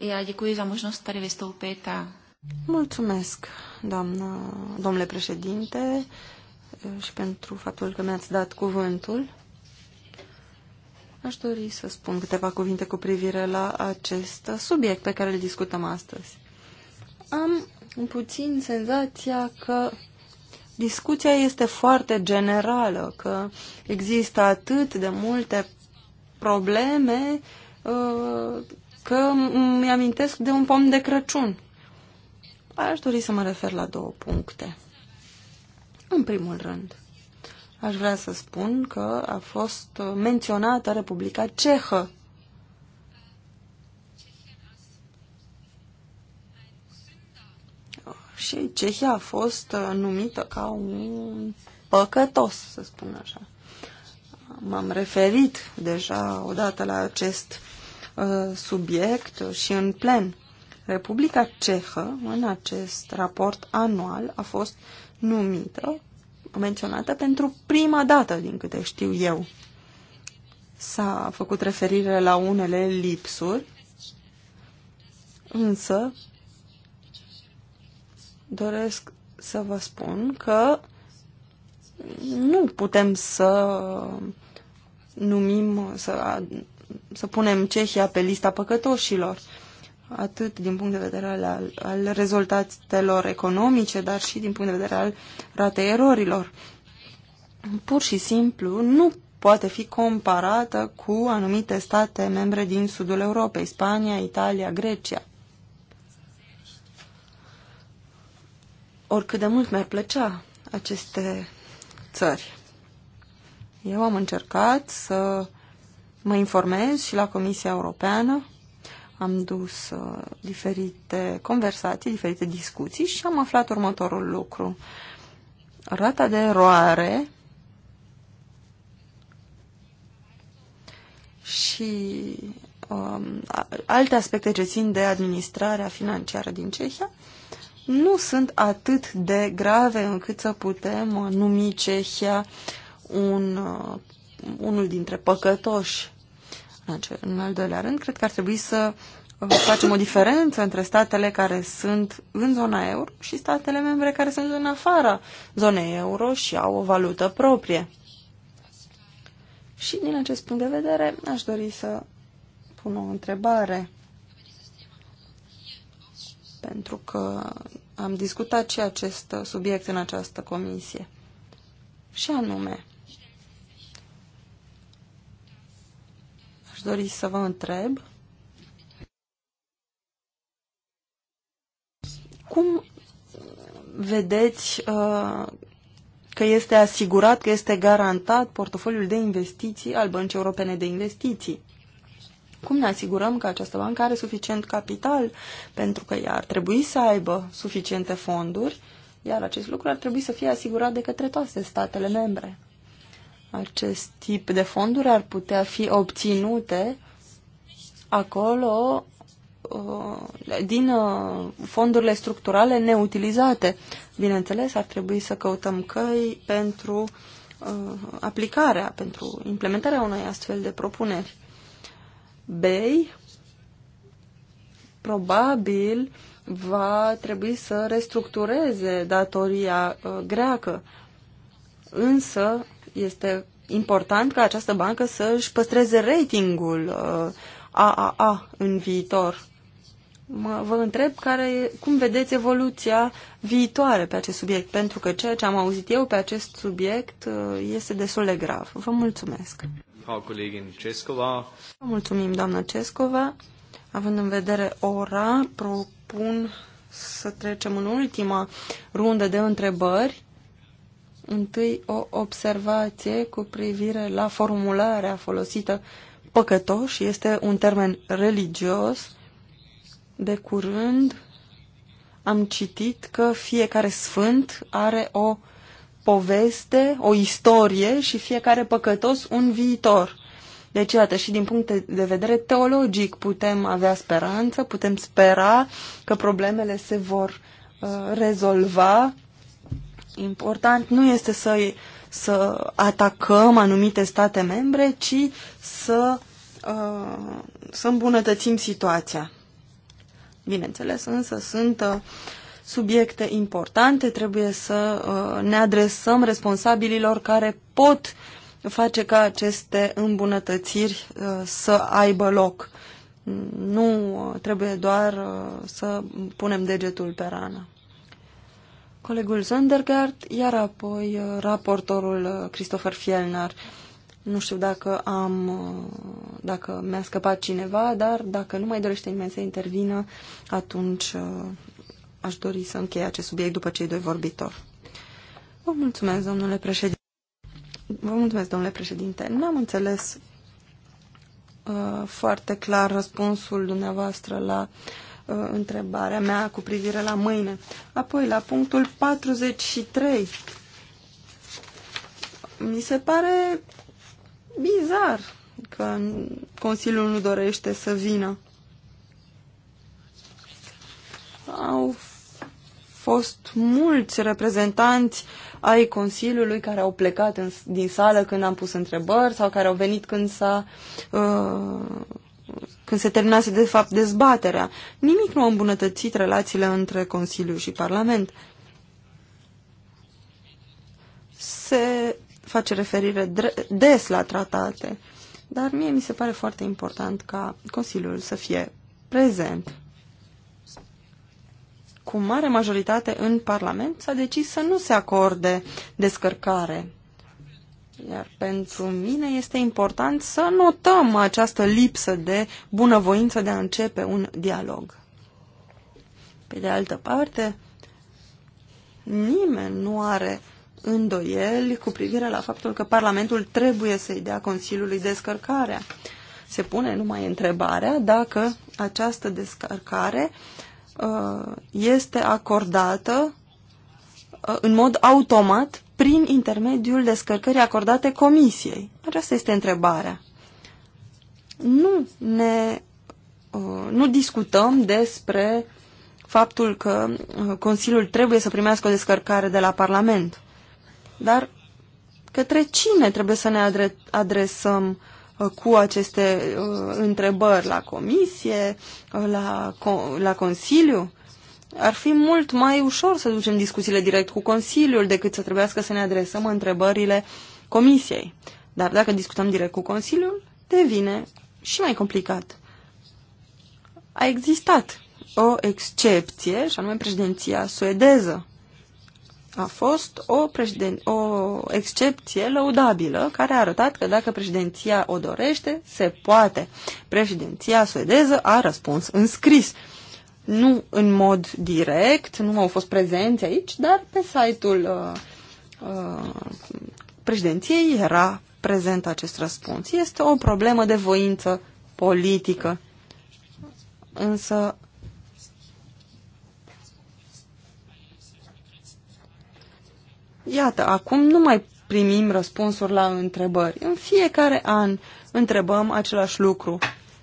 Já děkuji za možnost tady vystoupit a... Mulțumesc, doamna, domnule președinte și pentru faptul că mi-ați dat cuvântul. Aș dori să spun câteva cuvinte cu privire la acest subiect pe care îl discutăm astăzi. Am puțin senzația că discuția este foarte generală, că există atât de multe probleme uh, că îmi amintesc de un pom de Crăciun. Aș dori să mă refer la două puncte. În primul rând, aș vrea să spun că a fost menționată Republica Cehă. Și Cehia a fost uh, numită ca un păcătos, să spun așa. M-am referit deja odată la acest uh, subiect și în plen. Republica Cehă, în acest raport anual, a fost uh, numită, menționată pentru prima dată, din câte știu eu. S-a făcut referire la unele lipsuri, însă doresc să vă spun că nu putem să numim, să, să punem Cehia pe lista păcătoșilor atât din punct de vedere al, al rezultatelor economice, dar și din punct de vedere al ratei erorilor. Pur și simplu nu poate fi comparată cu anumite state membre din sudul Europei, Spania, Italia, Grecia. Oricât de mult mi-ar plăcea aceste țări. Eu am încercat să mă informez și la Comisia Europeană am dus uh, diferite conversații, diferite discuții și am aflat următorul lucru. Rata de eroare și um, alte aspecte ce țin de administrarea financiară din Cehia nu sunt atât de grave încât să putem uh, numi Cehia un, uh, unul dintre păcătoși în, în al doilea rând, cred că ar trebui să uh, facem o diferență între statele care sunt în zona euro și statele membre care sunt în afara zonei euro și au o valută proprie. Și din acest punct de vedere aș dori să pun o întrebare. Pentru că am discutat și acest subiect în această comisie. Și anume, dori să vă întreb cum vedeți uh, că este asigurat, că este garantat portofoliul de investiții al Băncii Europene de Investiții? Cum ne asigurăm că această bancă are suficient capital? Pentru că ea ar trebui să aibă suficiente fonduri, iar acest lucru ar trebui să fie asigurat de către toate statele membre. Acest tip de fonduri ar putea fi obținute acolo uh, din uh, fondurile structurale neutilizate. Bineînțeles, ar trebui să căutăm căi pentru uh, aplicarea, pentru implementarea unei astfel de propuneri. BEI probabil va trebui să restructureze datoria greacă, însă este important ca această bancă să își păstreze ratingul AAA uh, în viitor. Mă, vă întreb care, cum vedeți evoluția viitoare pe acest subiect, pentru că ceea ce am auzit eu pe acest subiect uh, este destul de grav. Vă mulțumesc. Vă mulțumim, doamnă Cescova. Având în vedere ora, propun să trecem în ultima rundă de întrebări Întâi o observație cu privire la formularea folosită păcătoși, este un termen religios. De curând am citit că fiecare sfânt are o poveste, o istorie și fiecare păcătos un viitor. Deci, iată, și din punct de vedere teologic putem avea speranță, putem spera că problemele se vor uh, rezolva Important nu este să, să atacăm anumite state membre, ci să, uh, să îmbunătățim situația. Bineînțeles, însă sunt uh, subiecte importante, trebuie să uh, ne adresăm responsabililor care pot face ca aceste îmbunătățiri să aibă loc. Nu trebuie doar să punem degetul pe rană colegul Zandergaard, iar apoi uh, raportorul uh, Christopher Fielner. Nu știu dacă am, uh, dacă mi-a scăpat cineva, dar dacă nu mai dorește nimeni să intervină, atunci aș dori să închei acest subiect după cei doi vorbitori. Vă mulțumesc, domnule președinte. Vă mulțumesc, domnule președinte. N-am înțeles uh, foarte clar răspunsul dumneavoastră la uh, Uh, întrebarea mea cu privire la mâine. Apoi, la punctul 43. Mi se pare bizar că Consiliul nu dorește să vină. Au fost mulți reprezentanți ai Consiliului care au plecat în, din sală când am pus întrebări sau care au venit când s-a uh, când se terminase de fapt dezbaterea. Nimic nu a îmbunătățit relațiile între Consiliu și Parlament. Se face referire des la tratate, dar mie mi se pare foarte important ca Consiliul să fie prezent. Cu mare majoritate în Parlament s-a decis să nu se acorde descărcare iar pentru mine este important să notăm această lipsă de bunăvoință de a începe un dialog. Pe de altă parte, nimeni nu are îndoieli cu privire la faptul că Parlamentul trebuie să-i dea Consiliului descărcarea. Se pune numai întrebarea dacă această descărcare uh, este acordată uh, în mod automat prin intermediul descărcării acordate comisiei? Aceasta este întrebarea. Nu ne uh, nu discutăm despre faptul că uh, Consiliul trebuie să primească o descărcare de la Parlament. Dar către cine trebuie să ne adresăm uh, cu aceste întrebări? La Comisie? La, la Consiliu? ar fi mult mai ușor să ducem discuțiile direct cu Consiliul decât să trebuiască să ne adresăm întrebările Comisiei. Dar dacă discutăm direct cu Consiliul, devine și mai complicat. A existat o excepție, și anume președinția suedeză. A fost o, președin... o excepție lăudabilă care a arătat că dacă președinția o dorește, se poate. Președinția suedeză a răspuns în scris nu în mod direct, nu au fost prezenți aici, dar pe site-ul uh, uh, președinției era prezent acest răspuns. Este o problemă de voință politică. Însă Iată, acum nu mai primim răspunsuri la întrebări. În fiecare an întrebăm același lucru.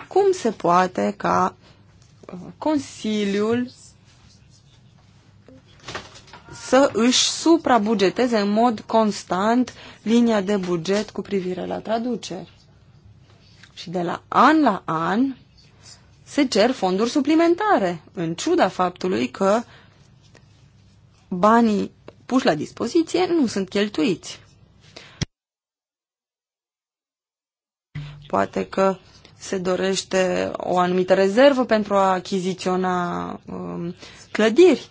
Cum se poate ca Consiliul să își suprabugeteze în mod constant linia de buget cu privire la traduceri. Și de la an la an se cer fonduri suplimentare, în ciuda faptului că banii puși la dispoziție nu sunt cheltuiți. Poate că se dorește o anumită rezervă pentru a achiziționa um, clădiri.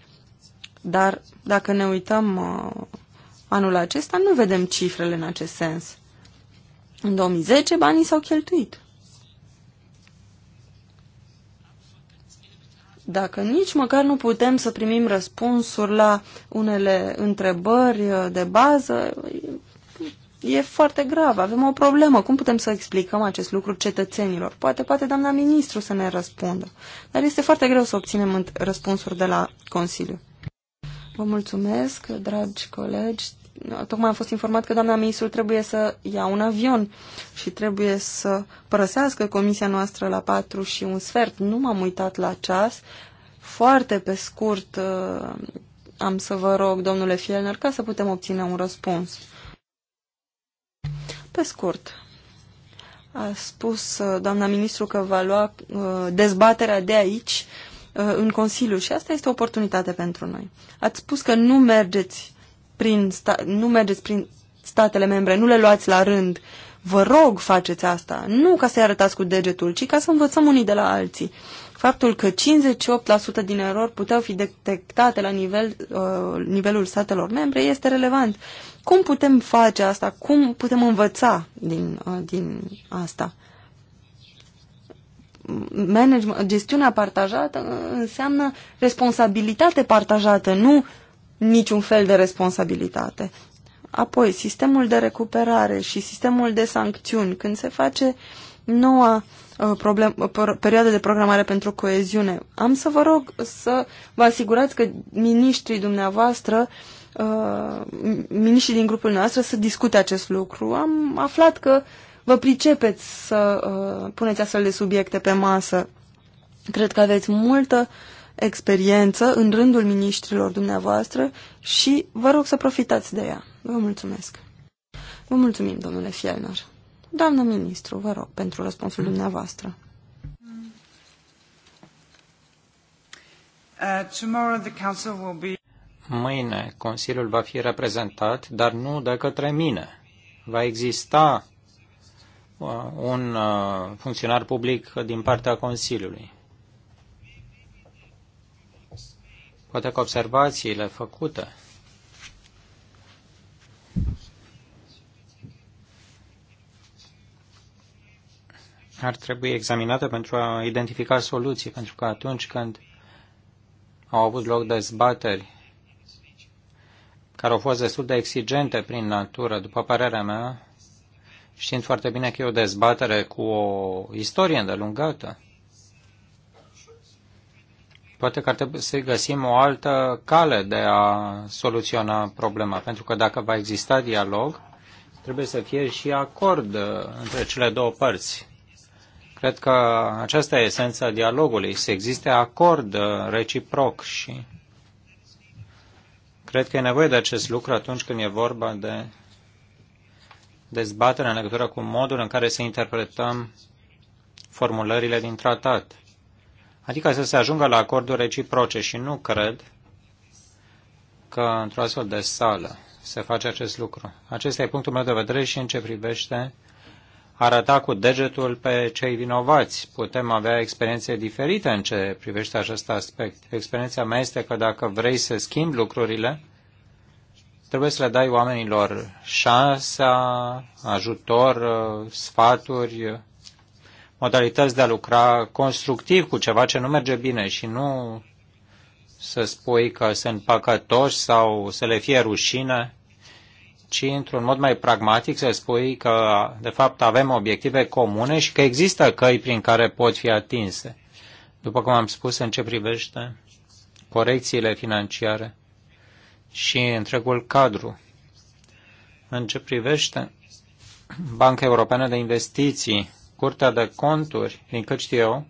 Dar dacă ne uităm uh, anul acesta, nu vedem cifrele în acest sens. În 2010 banii s-au cheltuit. Dacă nici măcar nu putem să primim răspunsuri la unele întrebări uh, de bază, e foarte grav, avem o problemă. Cum putem să explicăm acest lucru cetățenilor? Poate, poate doamna ministru să ne răspundă. Dar este foarte greu să obținem răspunsuri de la Consiliu. Vă mulțumesc, dragi colegi. Tocmai am fost informat că doamna ministru trebuie să ia un avion și trebuie să părăsească comisia noastră la 4 și un sfert. Nu m-am uitat la ceas. Foarte pe scurt uh, am să vă rog, domnule Fielner, ca să putem obține un răspuns. Pe scurt, a spus uh, doamna ministru că va lua uh, dezbaterea de aici uh, în Consiliu și asta este o oportunitate pentru noi. Ați spus că nu mergeți prin, sta nu mergeți prin statele membre, nu le luați la rând. Vă rog, faceți asta, nu ca să-i arătați cu degetul, ci ca să învățăm unii de la alții. Faptul că 58% din erori puteau fi detectate la nivel, uh, nivelul statelor membre este relevant. Cum putem face asta? Cum putem învăța din, uh, din asta? Management, gestiunea partajată înseamnă responsabilitate partajată, nu niciun fel de responsabilitate. Apoi, sistemul de recuperare și sistemul de sancțiuni, când se face noua uh, problem, uh, perioadă de programare pentru coeziune, am să vă rog să vă asigurați că ministrii dumneavoastră uh, Uh, miniștrii din grupul nostru să discute acest lucru. Am aflat că vă pricepeți să uh, puneți astfel de subiecte pe masă. Cred că aveți multă experiență în rândul miniștrilor dumneavoastră și vă rog să profitați de ea. Vă mulțumesc. Vă mulțumim, domnule Fielner. Doamnă ministru, vă rog, pentru răspunsul dumneavoastră. Uh, tomorrow the council will be... Mâine Consiliul va fi reprezentat, dar nu de către mine. Va exista uh, un uh, funcționar public din partea Consiliului. Poate că observațiile făcute ar trebui examinate pentru a identifica soluții, pentru că atunci când au avut loc dezbateri care au fost destul de exigente prin natură, după părerea mea, știind foarte bine că e o dezbatere cu o istorie îndelungată. Poate că ar trebui să găsim o altă cale de a soluționa problema, pentru că dacă va exista dialog, trebuie să fie și acord uh, între cele două părți. Cred că aceasta e esența dialogului, să existe acord uh, reciproc și Cred că e nevoie de acest lucru atunci când e vorba de dezbatere în legătură cu modul în care să interpretăm formulările din tratat. Adică să se ajungă la acorduri reciproce și nu cred că într-o astfel de sală se face acest lucru. Acesta e punctul meu de vedere și în ce privește arăta cu degetul pe cei vinovați. Putem avea experiențe diferite în ce privește acest aspect. Experiența mea este că dacă vrei să schimbi lucrurile, trebuie să le dai oamenilor șansa, ajutor, sfaturi, modalități de a lucra constructiv cu ceva ce nu merge bine și nu să spui că sunt păcătoși sau să le fie rușine ci într-un mod mai pragmatic să spui că, de fapt, avem obiective comune și că există căi prin care pot fi atinse. După cum am spus, în ce privește corecțiile financiare și întregul cadru. În ce privește Banca Europeană de Investiții, Curtea de Conturi, din cât știu eu,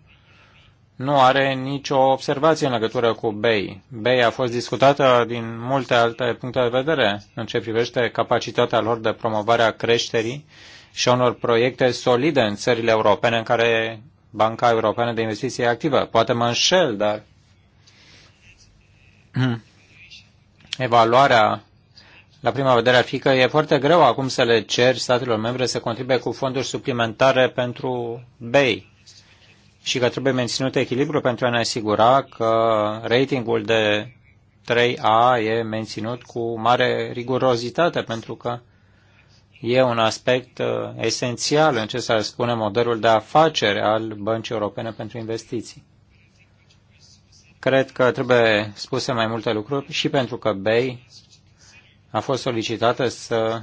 nu are nicio observație în legătură cu BEI. BEI a fost discutată din multe alte puncte de vedere în ce privește capacitatea lor de promovare a creșterii și unor proiecte solide în țările europene în care Banca Europeană de Investiții e activă. Poate mă înșel, dar <clears throat> evaluarea la prima vedere ar fi că e foarte greu acum să le ceri statelor membre să contribuie cu fonduri suplimentare pentru BEI și că trebuie menținut echilibru pentru a ne asigura că ratingul de 3A e menținut cu mare rigurozitate, pentru că e un aspect uh, esențial în ce s-ar spune modelul de afaceri al Băncii Europene pentru Investiții. Cred că trebuie spuse mai multe lucruri și pentru că BEI a fost solicitată să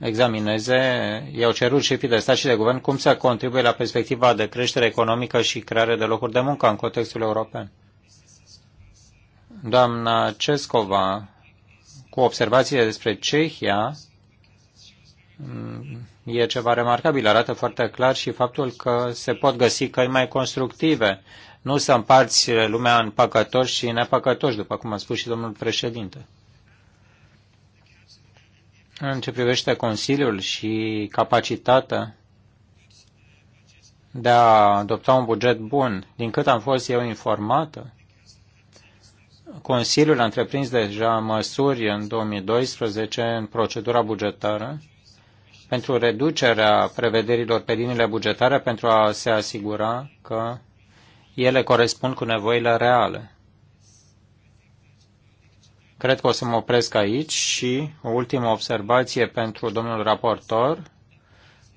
examineze, i-au cerut șefii de stat și de guvern cum să contribuie la perspectiva de creștere economică și creare de locuri de muncă în contextul european. Doamna Cescova, cu observațiile despre Cehia, mm, e ceva remarcabil. Arată foarte clar și faptul că se pot găsi căi mai constructive. Nu să împarți lumea în păcătoși și nepăcătoși, după cum a spus și domnul președinte. În ce privește Consiliul și capacitatea de a adopta un buget bun, din cât am fost eu informată, Consiliul a întreprins deja măsuri în 2012 în procedura bugetară pentru reducerea prevederilor pe liniile bugetare pentru a se asigura că ele corespund cu nevoile reale. Cred că o să mă opresc aici și o ultimă observație pentru domnul raportor.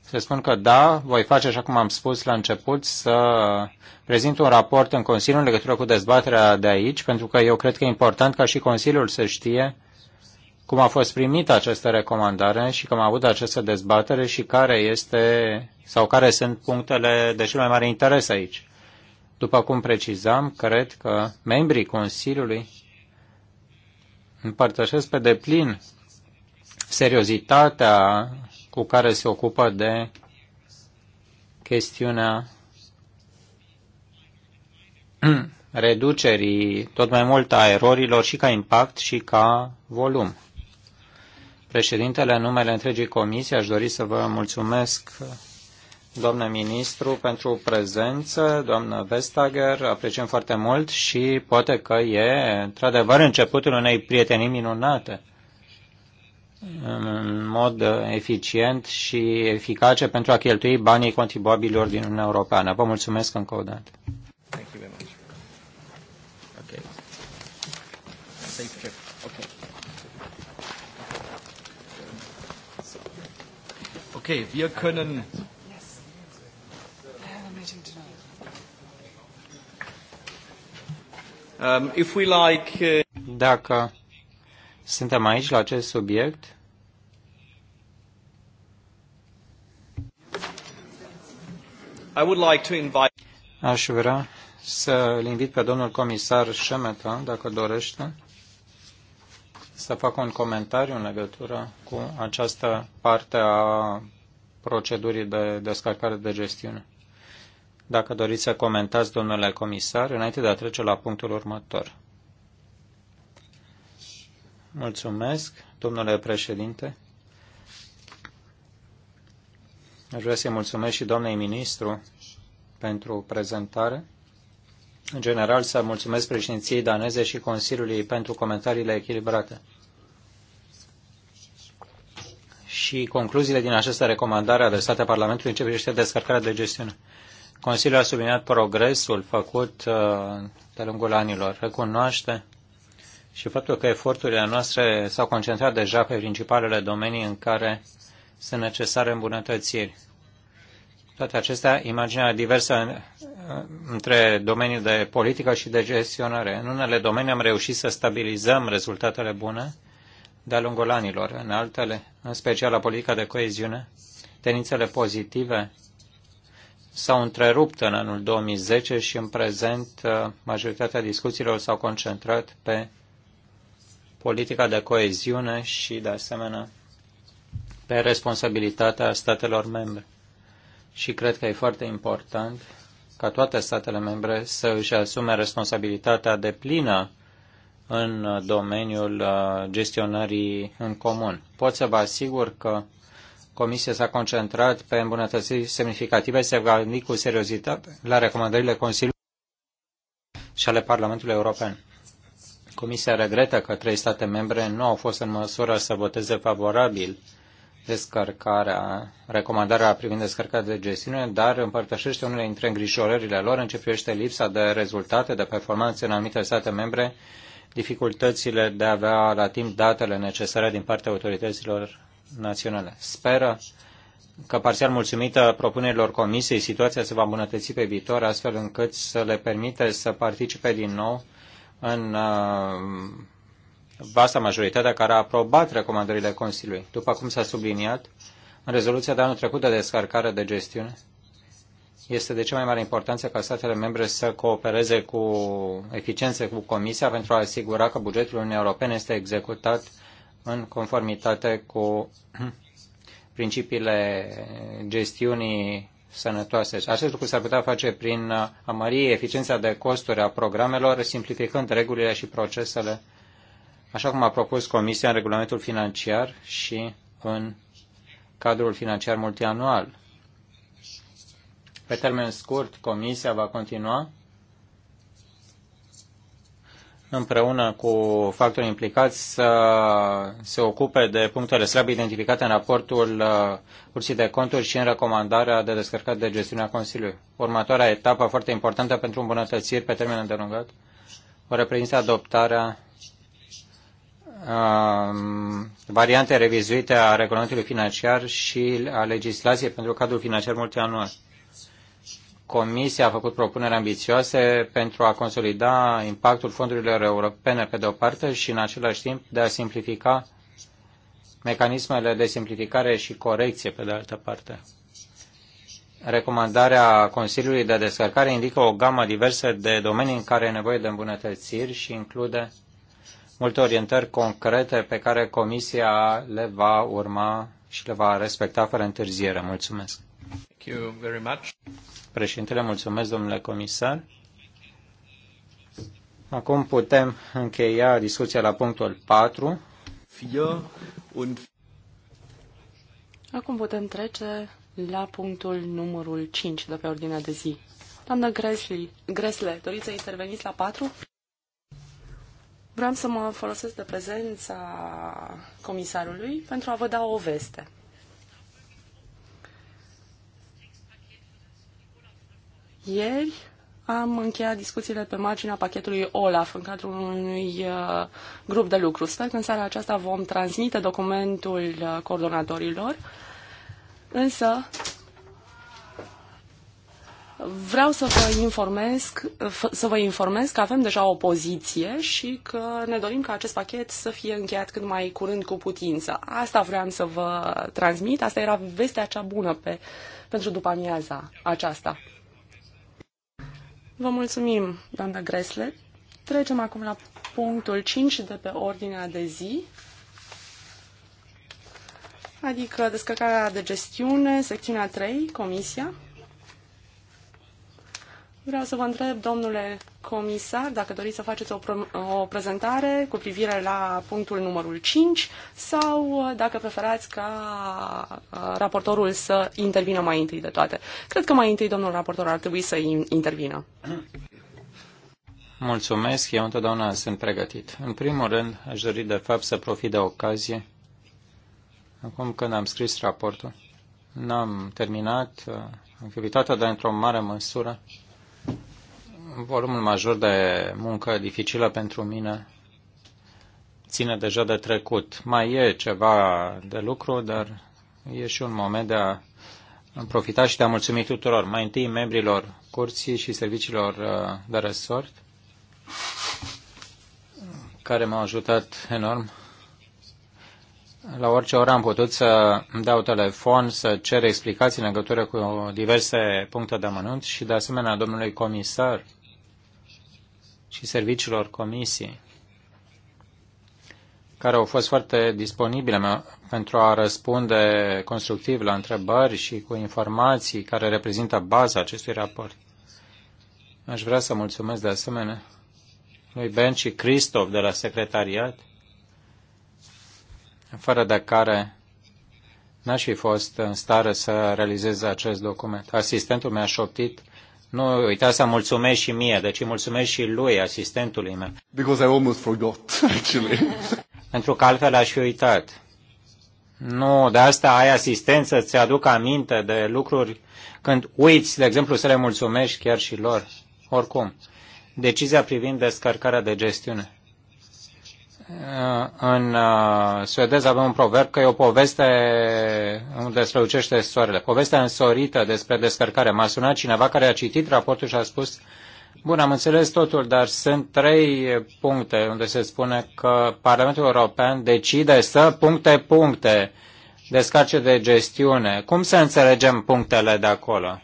Să spun că da, voi face așa cum am spus la început, să prezint un raport în Consiliu în legătură cu dezbaterea de aici, pentru că eu cred că e important ca și Consiliul să știe cum a fost primită această recomandare și că am avut această dezbatere și care este sau care sunt punctele de cel mai mare interes aici. După cum precizam, cred că membrii Consiliului împărtășesc pe deplin seriozitatea cu care se ocupă de chestiunea <clears throat> reducerii tot mai mult a erorilor și ca impact și ca volum. Președintele, în numele întregii comisii, aș dori să vă mulțumesc doamnă ministru, pentru prezență, doamnă Vestager, apreciem foarte mult și poate că e, într-adevăr, începutul unei prietenii minunate în mod eficient și eficace pentru a cheltui banii contribuabililor din Uniunea Europeană. Vă mulțumesc încă o dată. Okay, wir können Um, uh, dacă suntem aici la acest subiect, Aș vrea să-l invit pe domnul comisar Șemeta, dacă dorește, să facă un comentariu în legătură cu această parte a procedurii de descărcare de gestiune. Dacă doriți să comentați, domnule comisar, înainte de a trece la punctul următor. Mulțumesc, domnule președinte. Aș vrea să-i mulțumesc și doamnei ministru pentru prezentare. În general, să mulțumesc președinției daneze și Consiliului pentru comentariile echilibrate. Și concluziile din această recomandare adresată Parlamentului în ce privește descărcarea de gestiune. Consiliul a subliniat progresul făcut uh, de-a lungul anilor, recunoaște și faptul că eforturile noastre s-au concentrat deja pe principalele domenii în care sunt necesare îmbunătățiri. Toate acestea, imaginea diversă uh, între domenii de politică și de gestionare. În unele domenii am reușit să stabilizăm rezultatele bune de-a lungul anilor. În altele, în special la politica de coeziune, tendințele pozitive s-au întrerupt în anul 2010 și în prezent uh, majoritatea discuțiilor s-au concentrat pe politica de coeziune și, de asemenea, pe responsabilitatea statelor membre. Și cred că e foarte important ca toate statele membre să își asume responsabilitatea de plină în domeniul uh, gestionării în comun. Pot să vă asigur că Comisia s-a concentrat pe îmbunătățiri semnificative, se va gândi cu seriozitate la recomandările Consiliului și ale Parlamentului European. Comisia regretă că trei state membre nu au fost în măsură să voteze favorabil descărcarea, recomandarea privind descărcarea de gestiune, dar împărtășește unele dintre îngrijorările lor în ce privește lipsa de rezultate, de performanțe în anumite state membre, dificultățile de a avea la timp datele necesare din partea autorităților naționale. Speră că parțial mulțumită propunerilor comisiei, situația se va îmbunătăți pe viitor, astfel încât să le permite să participe din nou în uh, vasta majoritatea care a aprobat recomandările Consiliului. După cum s-a subliniat, în rezoluția de anul trecut de descărcare de gestiune, este de cea mai mare importanță ca statele membre să coopereze cu eficiență cu Comisia pentru a asigura că bugetul Uniunii Europene este executat în conformitate cu principiile gestiunii sănătoase. Acest lucru s-ar putea face prin a mări eficiența de costuri a programelor, simplificând regulile și procesele, așa cum a propus Comisia în regulamentul financiar și în cadrul financiar multianual. Pe termen scurt, Comisia va continua împreună cu factorii implicați să se ocupe de punctele slabe identificate în raportul uh, Curții de Conturi și în recomandarea de descărcare de gestiune a Consiliului. Următoarea etapă foarte importantă pentru îmbunătățiri pe termen îndelungat o reprezintă adoptarea variantei um, variante revizuite a regulamentului financiar și a legislației pentru cadrul financiar multianual. Comisia a făcut propuneri ambițioase pentru a consolida impactul fondurilor europene pe de-o parte și în același timp de a simplifica mecanismele de simplificare și corecție pe de altă parte. Recomandarea Consiliului de Descărcare indică o gamă diversă de domenii în care e nevoie de îmbunătățiri și include multe orientări concrete pe care Comisia le va urma și le va respecta fără întârziere. Mulțumesc! Thank you very much. Președintele, mulțumesc, domnule comisar. Acum putem încheia discuția la punctul 4. Acum putem trece la punctul numărul 5 de pe ordinea de zi. Doamna Gresli, Gresle, doriți să interveniți la 4? Vreau să mă folosesc de prezența comisarului pentru a vă da o veste. Ieri am încheiat discuțiile pe marginea pachetului OLAF în cadrul unui uh, grup de lucru. Sper că în seara aceasta vom transmite documentul uh, coordonatorilor, însă Vreau să vă, informez, să vă informez că avem deja o poziție și că ne dorim ca acest pachet să fie încheiat cât mai curând cu putință. Asta vreau să vă transmit, asta era vestea cea bună pe, pentru după amiaza aceasta. Vă mulțumim, doamna Gresle. Trecem acum la punctul 5 de pe ordinea de zi, adică descărcarea de gestiune, secțiunea 3, comisia. Vreau să vă întreb, domnule comisar, dacă doriți să faceți o, o prezentare cu privire la punctul numărul 5 sau uh, dacă preferați ca uh, raportorul să intervină mai întâi de toate. Cred că mai întâi domnul raportor ar trebui să intervină. Mulțumesc, eu întotdeauna sunt pregătit. În primul rând, aș dori de fapt să profit de ocazie. Acum când am scris raportul, n-am terminat uh, activitatea, dar într-o mare măsură volumul major de muncă dificilă pentru mine ține deja de trecut. Mai e ceva de lucru, dar e și un moment de a profita și de a mulțumi tuturor, mai întâi membrilor curții și serviciilor uh, de resort, care m-au ajutat enorm. La orice oră am putut să dau telefon, să cer explicații în legătură cu diverse puncte de amănunt și de asemenea domnului comisar și serviciilor comisiei, care au fost foarte disponibile pentru a răspunde constructiv la întrebări și cu informații care reprezintă baza acestui raport. Aș vrea să mulțumesc de asemenea lui Ben și Cristof de la secretariat, fără de care n-aș fi fost în stare să realizez acest document. Asistentul mi-a șoptit nu uita să mulțumesc și mie, deci îi mulțumesc și lui, asistentului meu. Because I almost forgot, <laughs> actually. Pentru că altfel aș fi uitat. Nu, de asta ai asistență, ți aduc aminte de lucruri când uiți, de exemplu, să le mulțumești chiar și lor. Oricum, decizia privind descărcarea de gestiune în uh, suedez avem un proverb că e o poveste unde strălucește soarele. Povestea însorită despre descărcare. M-a sunat cineva care a citit raportul și a spus Bun, am înțeles totul, dar sunt trei puncte unde se spune că Parlamentul European decide să puncte puncte descarce de gestiune. Cum să înțelegem punctele de acolo?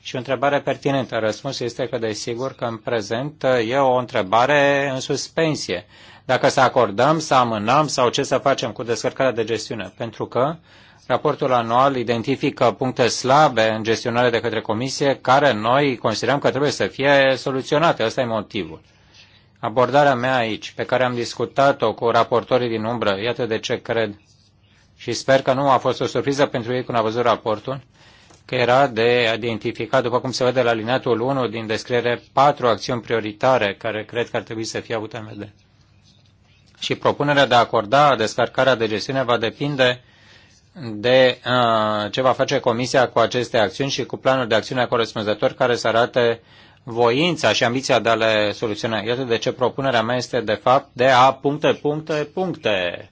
Și o întrebare pertinentă. Răspunsul este că, desigur, că în prezent e o întrebare în suspensie dacă să acordăm, să amânăm sau ce să facem cu descărcarea de gestiune. Pentru că raportul anual identifică puncte slabe în gestionare de către comisie care noi considerăm că trebuie să fie soluționate. Asta e motivul. Abordarea mea aici, pe care am discutat-o cu raportorii din umbră, iată de ce cred și sper că nu a fost o surpriză pentru ei când a văzut raportul, că era de identificat, după cum se vede la alineatul 1 din descriere, patru acțiuni prioritare care cred că ar trebui să fie avute în vedere și propunerea de a acorda descărcarea de gestiune va depinde de uh, ce va face Comisia cu aceste acțiuni și cu planul de acțiune corespunzător care să arate voința și ambiția de a le soluționa. Iată de ce propunerea mea este, de fapt, de a puncte, puncte, puncte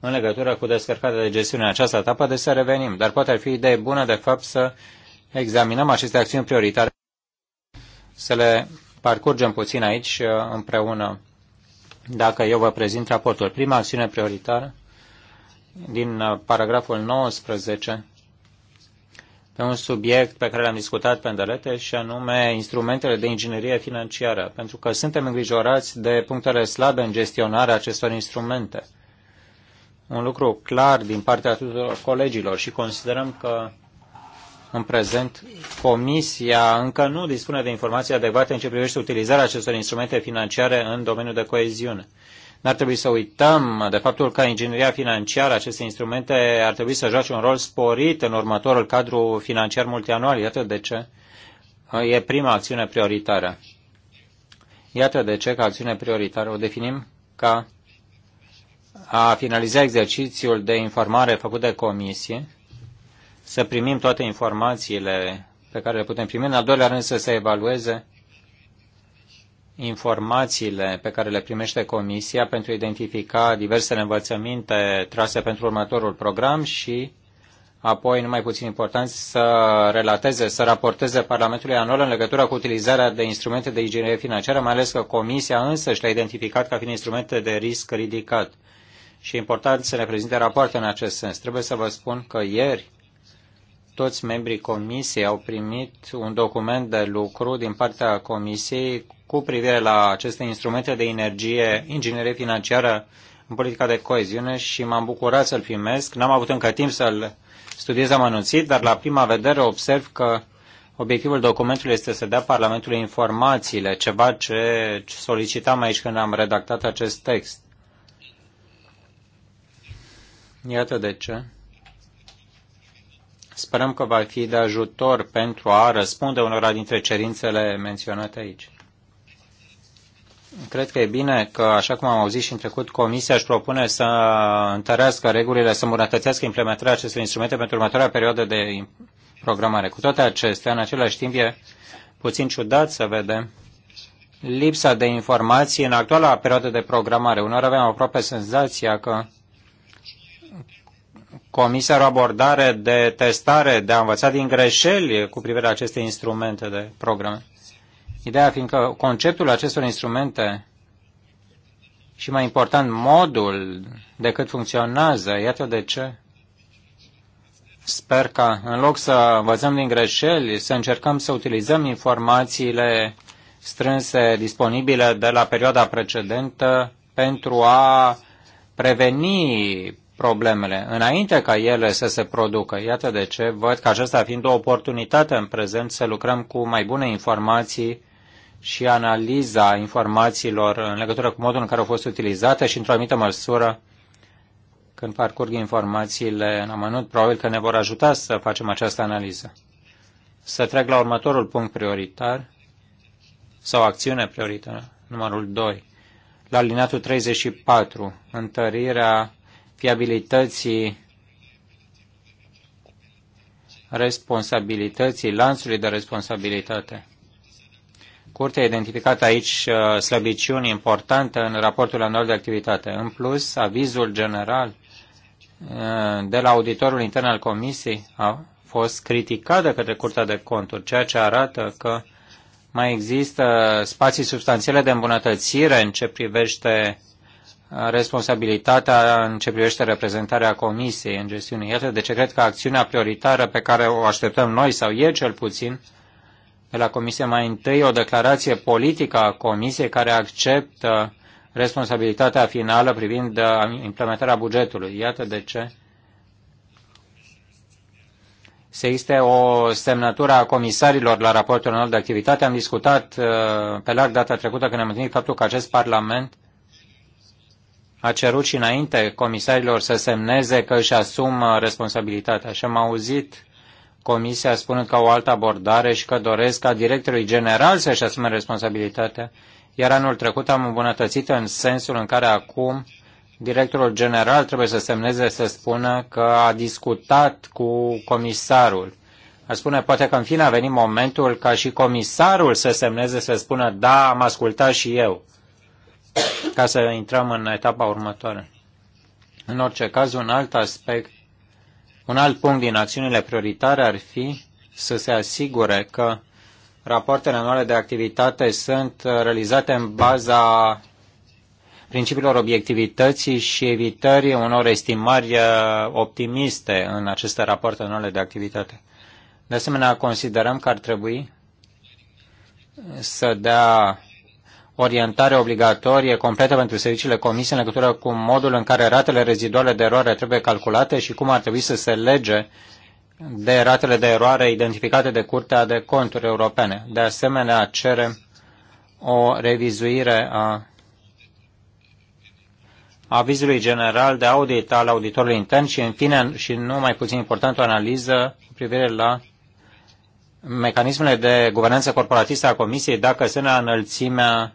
în legătură cu descărcarea de gestiune în această etapă, de să revenim. Dar poate ar fi idee bună, de fapt, să examinăm aceste acțiuni prioritare, să le parcurgem puțin aici împreună dacă eu vă prezint raportul. Prima acțiune prioritară din uh, paragraful 19 pe un subiect pe care l-am discutat pe îndelete și anume instrumentele de inginerie financiară, pentru că suntem îngrijorați de punctele slabe în gestionarea acestor instrumente. Un lucru clar din partea tuturor colegilor și considerăm că în prezent, Comisia încă nu dispune de informații adecvate în ce privește utilizarea acestor instrumente financiare în domeniul de coeziune. N-ar trebui să uităm de faptul că ingineria financiară, aceste instrumente, ar trebui să joace un rol sporit în următorul cadru financiar multianual. Iată de ce uh, e prima acțiune prioritară. Iată de ce ca acțiune prioritară o definim ca a finaliza exercițiul de informare făcut de comisie, să primim toate informațiile pe care le putem primi, în al doilea rând să se evalueze informațiile pe care le primește Comisia pentru a identifica diversele învățăminte trase pentru următorul program și apoi, nu mai puțin important, să relateze, să raporteze Parlamentului anual în legătură cu utilizarea de instrumente de inginerie financiară, mai ales că Comisia însă și le-a identificat ca fiind instrumente de risc ridicat. Și e important să ne prezinte rapoarte în acest sens. Trebuie să vă spun că ieri toți membrii comisiei au primit un document de lucru din partea comisiei cu privire la aceste instrumente de energie, inginerie financiară în politica de coeziune și m-am bucurat să-l primesc. N-am avut încă timp să-l studiez amănunțit, dar la prima vedere observ că obiectivul documentului este să dea Parlamentului informațiile, ceva ce solicitam aici când am redactat acest text. Iată de ce. Sperăm că va fi de ajutor pentru a răspunde unora dintre cerințele menționate aici. Cred că e bine că, așa cum am auzit și în trecut, Comisia își propune să întărească regulile, să îmbunătățească implementarea acestor instrumente pentru următoarea perioadă de programare. Cu toate acestea, în același timp, e puțin ciudat să vedem lipsa de informații în actuala perioadă de programare. Unor aveam aproape senzația că Comisia are o abordare de testare, de a învăța din greșeli cu privire la aceste instrumente de programe. Ideea fiindcă conceptul acestor instrumente și mai important modul de cât funcționează, iată de ce. Sper că în loc să învățăm din greșeli, să încercăm să utilizăm informațiile strânse disponibile de la perioada precedentă pentru a preveni problemele, înainte ca ele să se producă. Iată de ce văd că aceasta fiind o oportunitate în prezent să lucrăm cu mai bune informații și analiza informațiilor în legătură cu modul în care au fost utilizate și, într-o anumită măsură, când parcurg informațiile în amănunt, probabil că ne vor ajuta să facem această analiză. Să trec la următorul punct prioritar sau acțiune prioritară, numărul 2, la alineatul 34, întărirea fiabilității responsabilității, lanțului de responsabilitate. Curtea a identificat aici uh, slăbiciuni importante în raportul anual de activitate. În plus, avizul general uh, de la auditorul intern al Comisiei a fost criticat de către Curtea de Conturi, ceea ce arată că mai există spații substanțiale de îmbunătățire în ce privește responsabilitatea în ce privește reprezentarea Comisiei în gestiunea Iată de ce cred că acțiunea prioritară pe care o așteptăm noi, sau e cel puțin, de la Comisie mai întâi o declarație politică a Comisiei care acceptă responsabilitatea finală privind uh, implementarea bugetului. Iată de ce se este o semnătură a comisarilor la raportul anual de activitate. Am discutat uh, pe larg data trecută când am întâlnit faptul că acest Parlament a cerut și înainte comisarilor să semneze că își asumă responsabilitatea. Și am auzit comisia spunând că au o altă abordare și că doresc ca directorului general să-și asume responsabilitatea, iar anul trecut am îmbunătățit în sensul în care acum directorul general trebuie să semneze să spună că a discutat cu comisarul. A spune, poate că în fine a venit momentul ca și comisarul să semneze să spună, da, am ascultat și eu ca să intrăm în etapa următoare. În orice caz, un alt aspect, un alt punct din acțiunile prioritare ar fi să se asigure că rapoartele anuale de activitate sunt realizate în baza principiilor obiectivității și evitării unor estimări uh, optimiste în aceste rapoarte anuale de activitate. De asemenea, considerăm că ar trebui să dea orientare obligatorie completă pentru serviciile comise în legătură cu modul în care ratele reziduale de eroare trebuie calculate și cum ar trebui să se lege de ratele de eroare identificate de Curtea de Conturi Europene. De asemenea, cerem o revizuire a avizului general de audit al auditorului intern și, în fine, și nu mai puțin important, o analiză cu privire la mecanismele de guvernanță corporatistă a Comisiei, dacă sunt la înălțimea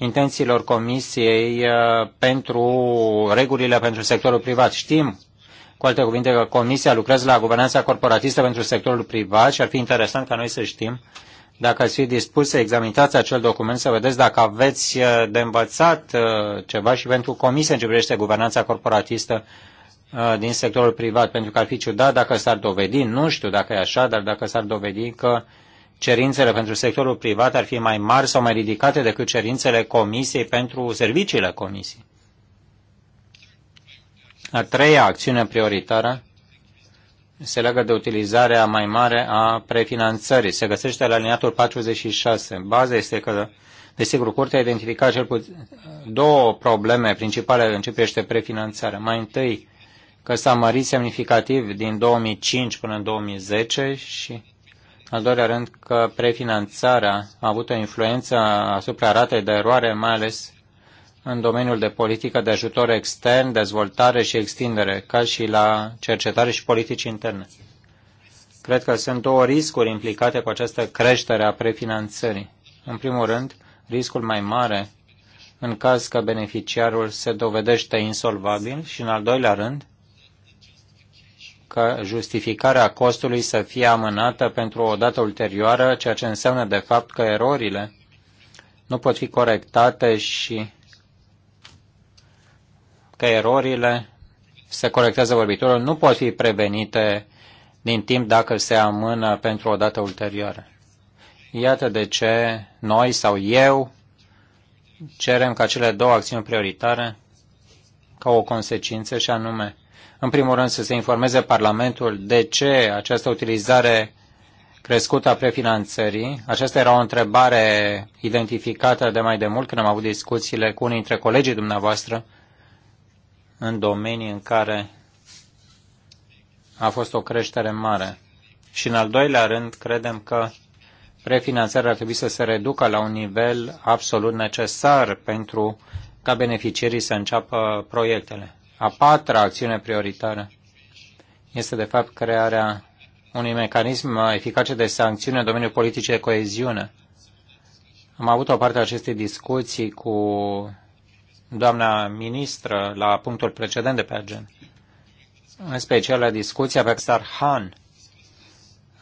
intențiilor Comisiei uh, pentru regulile pentru sectorul privat. Știm, cu alte cuvinte, că Comisia lucrează la guvernanța corporatistă pentru sectorul privat și ar fi interesant ca noi să știm dacă ați fi dispus să examinați acel document, să vedeți dacă aveți uh, de învățat uh, ceva și pentru Comisie în ce privește guvernanța corporatistă din sectorul privat, pentru că ar fi ciudat dacă s-ar dovedi, nu știu dacă e așa, dar dacă s-ar dovedi că cerințele pentru sectorul privat ar fi mai mari sau mai ridicate decât cerințele comisiei pentru serviciile comisiei. A treia acțiune prioritară se legă de utilizarea mai mare a prefinanțării. Se găsește la liniatul 46. Baza este că, desigur, Curtea a identificat cel puțin două probleme principale în ce privește prefinanțarea. Mai întâi, că s-a mărit semnificativ din 2005 până în 2010 și al doilea rând că prefinanțarea a avut o influență asupra ratei de eroare, mai ales în domeniul de politică de ajutor extern, dezvoltare și extindere, ca și la cercetare și politici interne. Cred că sunt două riscuri implicate cu această creștere a prefinanțării. În primul rând, riscul mai mare în caz că beneficiarul se dovedește insolvabil și, în al doilea rând, ca justificarea costului să fie amânată pentru o dată ulterioară, ceea ce înseamnă de fapt că erorile nu pot fi corectate și că erorile, se corectează vorbitorul, nu pot fi prevenite din timp dacă se amână pentru o dată ulterioară. Iată de ce noi sau eu cerem ca cele două acțiuni prioritare ca o consecință și anume în primul rând să se informeze Parlamentul de ce această utilizare crescută a prefinanțării. Aceasta era o întrebare identificată de mai demult când am avut discuțiile cu unii dintre colegii dumneavoastră în domenii în care a fost o creștere mare. Și în al doilea rând, credem că prefinanțarea ar trebui să se reducă la un nivel absolut necesar pentru ca beneficiarii să înceapă proiectele. A patra acțiune prioritară este, de fapt, crearea unui mecanism eficace de sancțiune în domeniul politicii de coeziune. Am avut o parte a acestei discuții cu doamna ministră la punctul precedent de pe agenda, în special la discuția pe Han.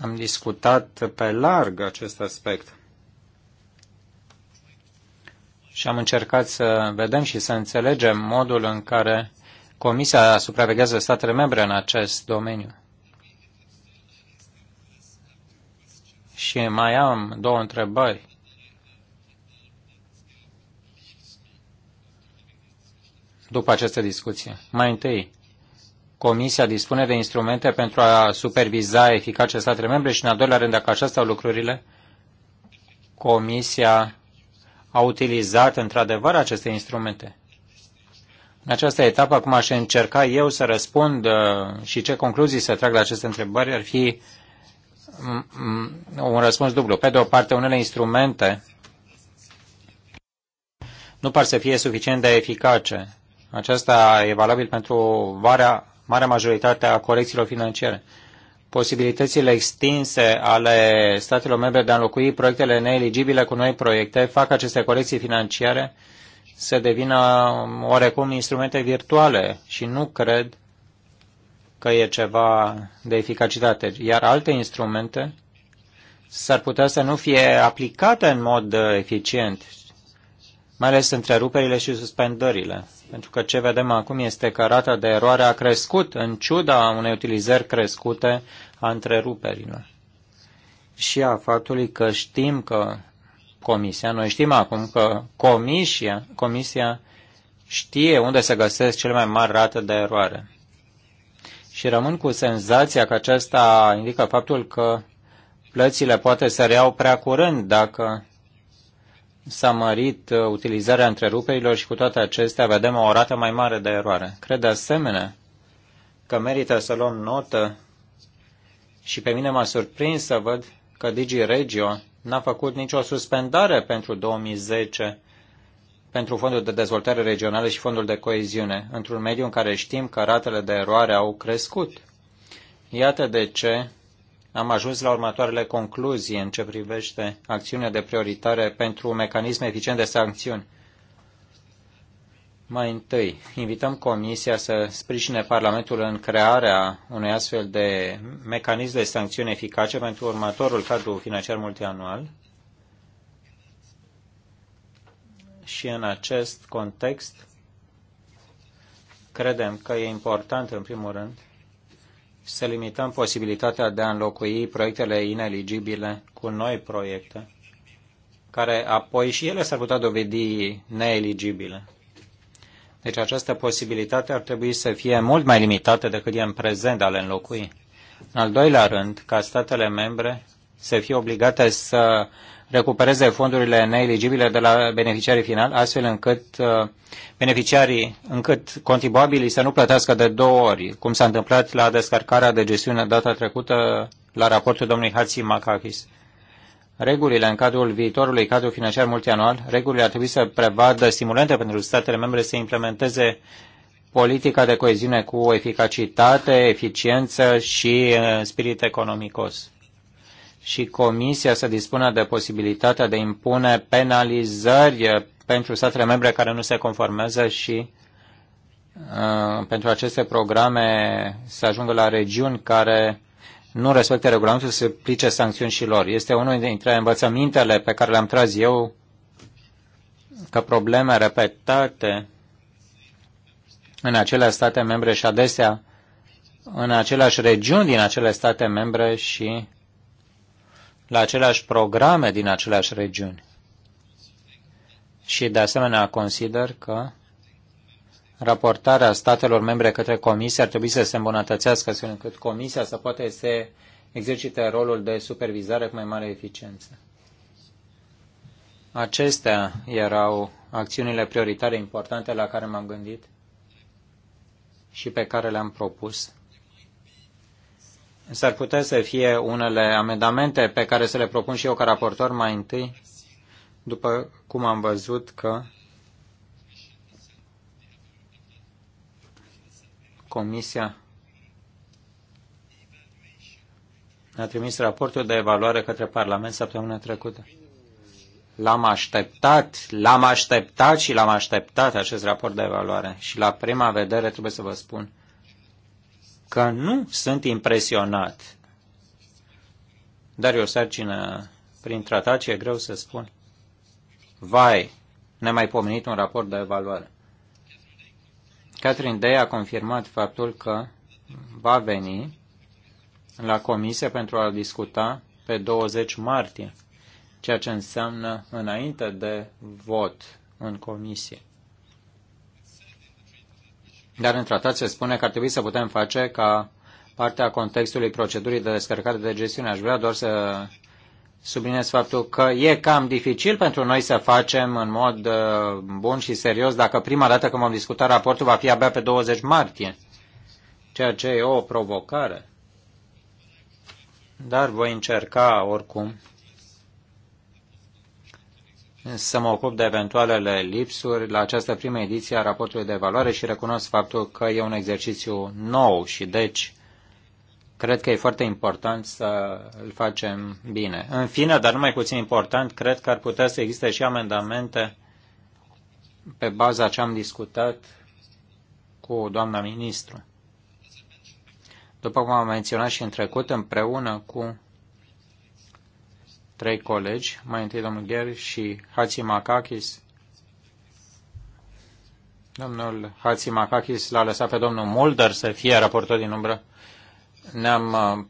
Am discutat pe larg acest aspect și am încercat să vedem și să înțelegem modul în care Comisia supraveghează statele membre în acest domeniu. Și mai am două întrebări. După această discuție. Mai întâi, Comisia dispune de instrumente pentru a superviza eficace statele membre și, în al doilea rând, dacă așa stau lucrurile, Comisia a utilizat într-adevăr aceste instrumente. În această etapă, acum aș încerca eu să răspund uh, și ce concluzii să trag la aceste întrebări, ar fi un răspuns dublu. Pe de o parte, unele instrumente nu par să fie suficient de eficace. Aceasta e valabil pentru varea, marea majoritate a corecțiilor financiare. Posibilitățile extinse ale statelor membre de a înlocui proiectele neeligibile cu noi proiecte fac aceste corecții financiare uh, să devină oarecum instrumente virtuale și nu cred că e ceva de eficacitate. Iar alte instrumente s-ar putea să nu fie aplicate în mod uh, eficient, mai ales întreruperile și suspendările. Pentru că ce vedem acum este că rata de eroare a crescut în ciuda unei utilizări crescute a întreruperilor. Și a faptului că știm că Comisia. Noi știm acum că comisia, comisia știe unde se găsesc cele mai mari rate de eroare. Și rămân cu senzația că aceasta indică faptul că plățile poate să reau prea curând dacă s-a mărit uh, utilizarea întreruperilor și cu toate acestea vedem o rată mai mare de eroare. Cred de asemenea că merită să luăm notă și pe mine m-a surprins să văd că Digi Regio n-a făcut nicio suspendare pentru 2010 pentru Fondul de Dezvoltare Regională și Fondul de Coeziune, într-un mediu în care știm că ratele de eroare au crescut. Iată de ce am ajuns la următoarele concluzii în ce privește acțiunea de prioritare pentru un mecanism eficient de sancțiuni. Mai întâi, invităm Comisia să sprijine Parlamentul în crearea unui astfel de mecanism de sancțiuni eficace pentru următorul cadru financiar multianual. Și în acest context, credem că e important, în primul rând, să limităm posibilitatea de a înlocui proiectele ineligibile cu noi proiecte, care apoi și ele s-ar putea dovedi neeligibile. Deci această posibilitate ar trebui să fie mult mai limitată decât e în prezent de a le înlocui. În al doilea rând, ca statele membre să fie obligate să recupereze fondurile neeligibile de la beneficiarii final, astfel încât uh, beneficiarii, încât contribuabilii să nu plătească de două ori, cum s-a întâmplat la descărcarea de gestiune data trecută la raportul domnului Hatsi Makakis regulile în cadrul viitorului cadru financiar multianual, regulile ar trebui să prevadă stimulente pentru statele membre să implementeze politica de coeziune cu eficacitate, eficiență și uh, spirit economicos. Și Comisia să dispună de posibilitatea de impune penalizări uh, pentru statele membre care nu se conformează și uh, pentru aceste programe să ajungă la regiuni care nu respecte regulamentul, se plice sancțiuni și lor. Este unul dintre învățămintele pe care le-am tras eu că probleme repetate în acele state membre și adesea în aceleași regiuni din acele state membre și la aceleași programe din aceleași regiuni. Și de asemenea consider că raportarea statelor membre către comisie ar trebui să se îmbunătățească astfel încât comisia să poată să exercite rolul de supervizare cu mai mare eficiență. Acestea erau acțiunile prioritare importante la care m-am gândit și pe care le-am propus. S-ar putea să fie unele amendamente pe care să le propun și eu ca raportor mai întâi, după cum am văzut că Comisia a trimis raportul de evaluare către Parlament săptămâna trecută. L-am așteptat, l-am așteptat și l-am așteptat acest raport de evaluare. Și la prima vedere trebuie să vă spun că nu sunt impresionat. Dar e o sarcină prin tratat și e greu să spun. Vai, ne mai pomenit un raport de evaluare. Catherine Day a confirmat faptul că va veni la comisie pentru a discuta pe 20 martie, ceea ce înseamnă înainte de vot în comisie. Dar în tratat se spune că ar trebui să putem face ca partea contextului procedurii de descărcare de gestiune. Aș vrea doar să subliniez faptul că e cam dificil pentru noi să facem în mod uh, bun și serios dacă prima dată când vom discuta raportul va fi abia pe 20 martie, ceea ce e o provocare. Dar voi încerca oricum să mă ocup de eventualele lipsuri la această primă ediție a raportului de valoare și recunosc faptul că e un exercițiu nou și deci Cred că e foarte important să îl facem bine. În fine, dar nu mai puțin important, cred că ar putea să existe și amendamente pe baza ce am discutat cu doamna ministru. După cum am menționat și în trecut, împreună cu trei colegi, mai întâi domnul Gheri și Hatzi Makakis. Domnul Hatsi Makakis l-a lăsat pe domnul Mulder să fie raportor din umbră ne-am uh,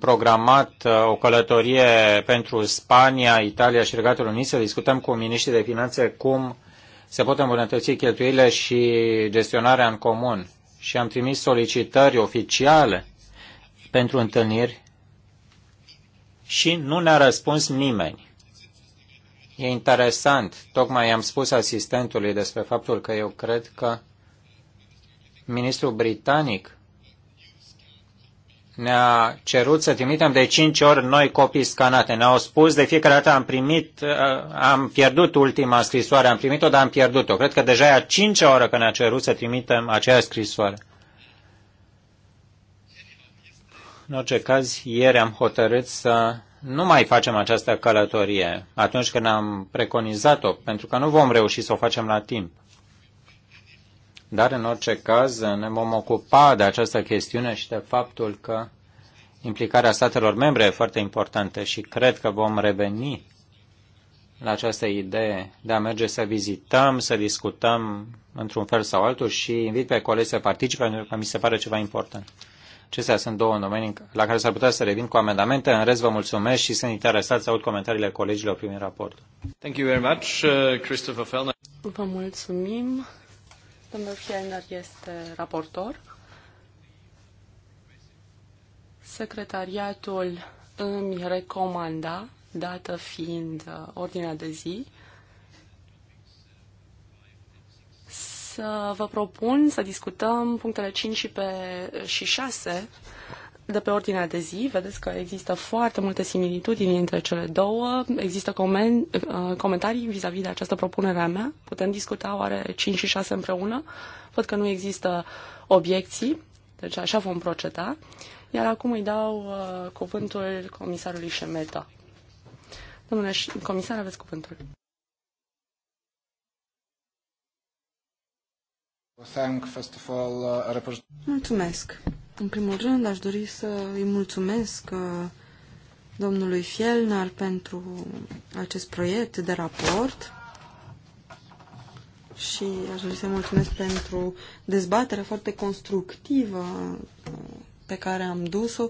programat uh, o călătorie pentru Spania, Italia și Regatul Unit să discutăm cu miniștrii de finanțe cum se pot îmbunătăți cheltuielile și gestionarea în comun. Și am trimis solicitări oficiale pentru întâlniri și nu ne-a răspuns nimeni. E interesant, tocmai i-am spus asistentului despre faptul că eu cred că ministrul britanic ne-a cerut să trimitem de cinci ori noi copii scanate. Ne-au spus de fiecare dată am primit, uh, am pierdut ultima scrisoare, am primit-o, dar am pierdut-o. Cred că deja e a cincea oră că ne-a cerut să trimitem aceea scrisoare. În orice caz, ieri am hotărât să nu mai facem această călătorie atunci când am preconizat-o, pentru că nu vom reuși să o facem la timp. Dar, în orice caz, ne vom ocupa de această chestiune și de faptul că implicarea statelor membre e foarte importantă și cred că vom reveni la această idee de a merge să vizităm, să discutăm într-un fel sau altul și invit pe colegi să participe pentru că mi se pare ceva important. Acestea sunt două domenii la care s-ar putea să revin cu amendamente. În rest, vă mulțumesc și sunt interesat să aud comentariile colegilor privind raportul. Thank you very much, uh, Christopher Fellner. Vă mulțumim, Domnul Fjellner este raportor. Secretariatul îmi recomanda, dată fiind uh, ordinea de zi, să vă propun să discutăm punctele 5 și, pe, și 6 de pe ordinea de zi. Vedeți că există foarte multe similitudini între cele două. Există comen- uh, comentarii vis-a-vis -vis de această propunere a mea. Putem discuta oare 5 și 6 împreună. Văd că nu există obiecții, deci așa vom proceda. Iar acum îi dau uh, cuvântul comisarului Șemeta. Domnule comisar, aveți cuvântul. Uh, Mulțumesc. În primul rând, aș dori să îi mulțumesc uh, domnului Fielnar pentru acest proiect de raport și aș dori să mulțumesc pentru dezbaterea foarte constructivă uh, pe care am dus-o.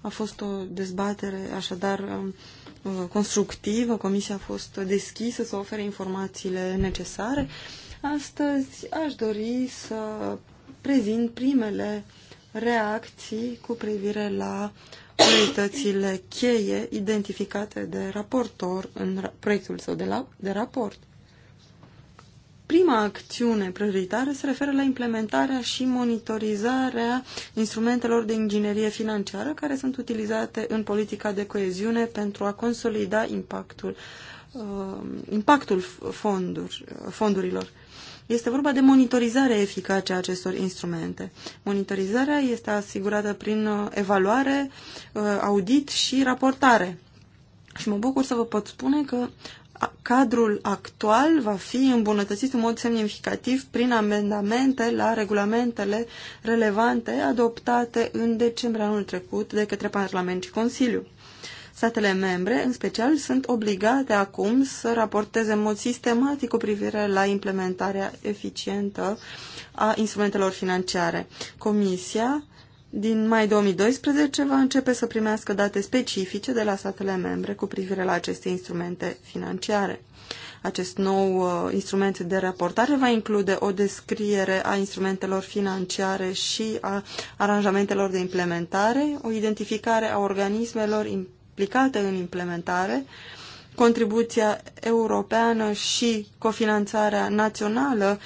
A fost o dezbatere așadar um, uh, constructivă, comisia a fost deschisă să ofere informațiile necesare Astăzi aș dori să prezint primele reacții cu privire la unitățile cheie identificate de raportor în proiectul său de, la, de raport. Prima acțiune prioritară se referă la implementarea și monitorizarea instrumentelor de inginerie financiară care sunt utilizate în politica de coeziune pentru a consolida impactul, uh, impactul fonduri, uh, fondurilor. Este vorba de monitorizare eficace a acestor instrumente. Monitorizarea este asigurată prin uh, evaluare, uh, audit și raportare. Și mă bucur să vă pot spune că cadrul actual va fi îmbunătățit în mod semnificativ prin amendamente la regulamentele relevante adoptate în decembrie anul trecut de către Parlament și Consiliu. Statele membre, în special, sunt obligate acum să raporteze în mod sistematic cu privire la implementarea eficientă a instrumentelor financiare. Comisia, din mai 2012, va începe să primească date specifice de la statele membre cu privire la aceste instrumente financiare. Acest nou uh, instrument de raportare va include o descriere a instrumentelor financiare și a aranjamentelor de implementare, o identificare a organismelor implementare, implicate în implementare, contribuția europeană și cofinanțarea națională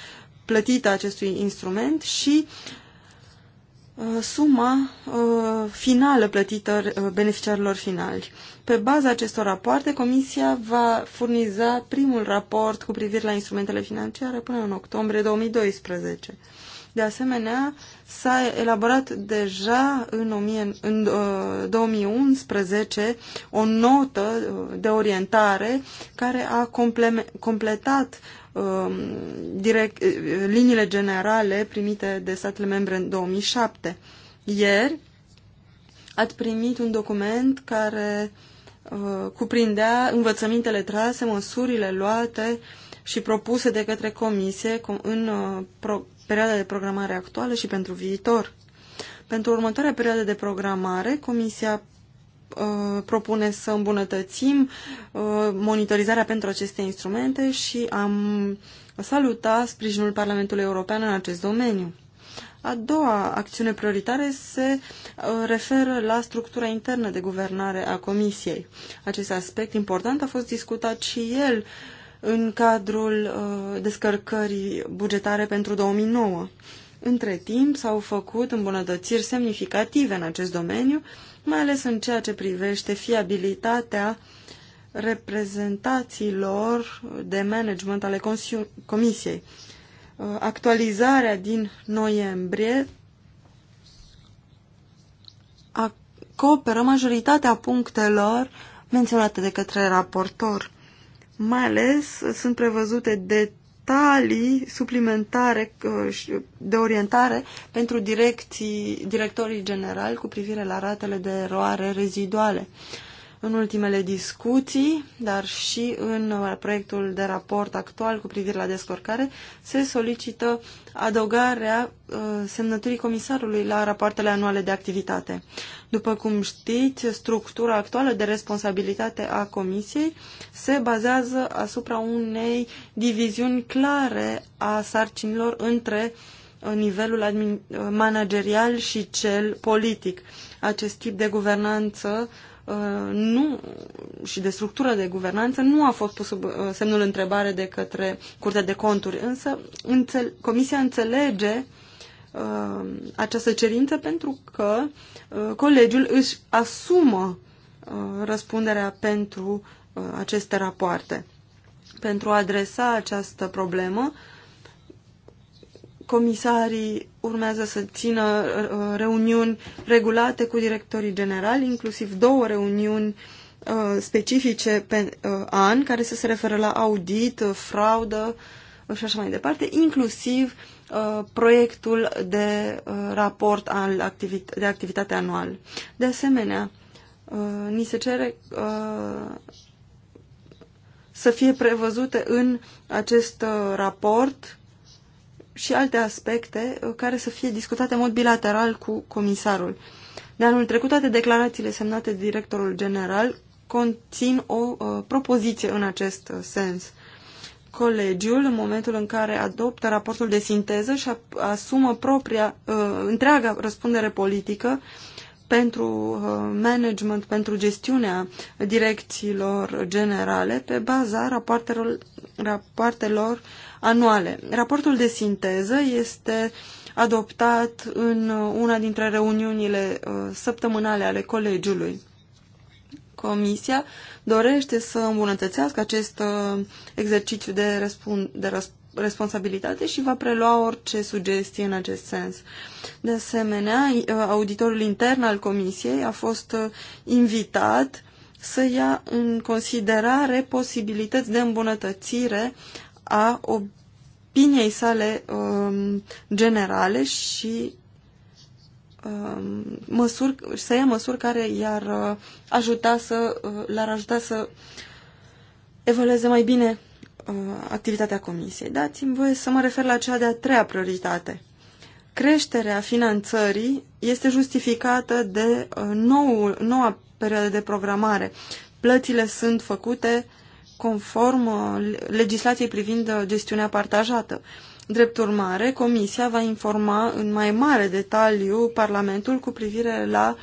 plătită acestui instrument și uh, suma uh, finală plătită uh, beneficiarilor finali. Pe baza acestor rapoarte, Comisia va furniza primul raport cu privire la instrumentele financiare până în octombrie 2012. De asemenea, s-a elaborat deja în, 1000, în 2011 uh, o notă uh, de orientare care a completat um, direct, uh, liniile generale primite de statele membre în 2007. Ieri ați primit un document care cuprindea învățămintele trase, măsurile luate și propuse de către comisie în, perioada de programare actuală și pentru viitor. Pentru următoarea perioadă de programare, Comisia uh, propune să îmbunătățim uh, monitorizarea pentru aceste instrumente și am salutat sprijinul Parlamentului European în acest domeniu. A doua acțiune prioritară se uh, referă la structura internă de guvernare a Comisiei. Acest aspect important a fost discutat și el în cadrul uh, descărcării bugetare pentru 2009. Între timp s-au făcut îmbunătățiri semnificative în acest domeniu, mai ales în ceea ce privește fiabilitatea reprezentațiilor de management ale Comisiei. Uh, actualizarea din noiembrie acoperă majoritatea punctelor menționate de către raportor. Mai ales sunt prevăzute detalii suplimentare uh, de orientare pentru direcții, directorii generali cu privire la ratele de eroare reziduale. Uh, în ultimele discuții, dar și în uh, proiectul de raport actual cu privire la descărcare, se solicită adăugarea uh, semnăturii comisarului la rapoartele anuale de activitate. După cum știți, structura actuală de responsabilitate a comisiei se bazează asupra unei diviziuni clare a sarcinilor între uh, nivelul managerial și cel politic. Acest tip de guvernanță uh, Uh, nu, și de structură de guvernanță nu a fost pus sub uh, semnul întrebare de către Curtea de Conturi, însă înțel, Comisia înțelege uh, această cerință pentru că colegiul își asumă răspunderea pentru aceste rapoarte. Pentru a adresa această problemă, comisarii urmează să țină uh, uh, reuniuni regulate cu directorii generali, inclusiv două reuniuni uh, specifice pe an, care să se referă la audit, fraudă și așa mai departe, inclusiv proiectul de raport al activit de activitate anual. De asemenea, ni se cere să fie prevăzute în acest raport și alte aspecte uh, care să fie discutate în mod bilateral cu comisarul. De anul trecut, toate declarațiile semnate de directorul general conțin o uh, propoziție în acest uh, sens. Colegiul, în momentul în care adoptă raportul de sinteză și asumă propria, uh, întreaga răspundere politică pentru uh, management, pentru gestiunea direcțiilor generale, pe baza rapoartelor, rapoartelor anuale. Raportul de sinteză este adoptat în una dintre reuniunile uh, săptămânale ale colegiului. Comisia dorește să îmbunătățească acest uh, exercițiu de, răspund, de responsabilitate și va prelua orice sugestie în acest sens. De asemenea, uh, auditorul intern al Comisiei a fost invitat să ia în considerare posibilități de îmbunătățire a opiniei sale um, generale și um, măsuri, să ia măsuri care i-ar uh, ajuta să uh, l-ar ajuta să evolueze mai bine uh, activitatea comisiei. Dați-mi voie să mă refer la cea de-a treia prioritate. Creșterea finanțării este justificată de uh, nou, noua perioadă de programare. Plățile sunt făcute uh, conform uh, legislației privind uh, gestiunea partajată. Drept urmare, Comisia va informa în mai mare detaliu Parlamentul cu privire la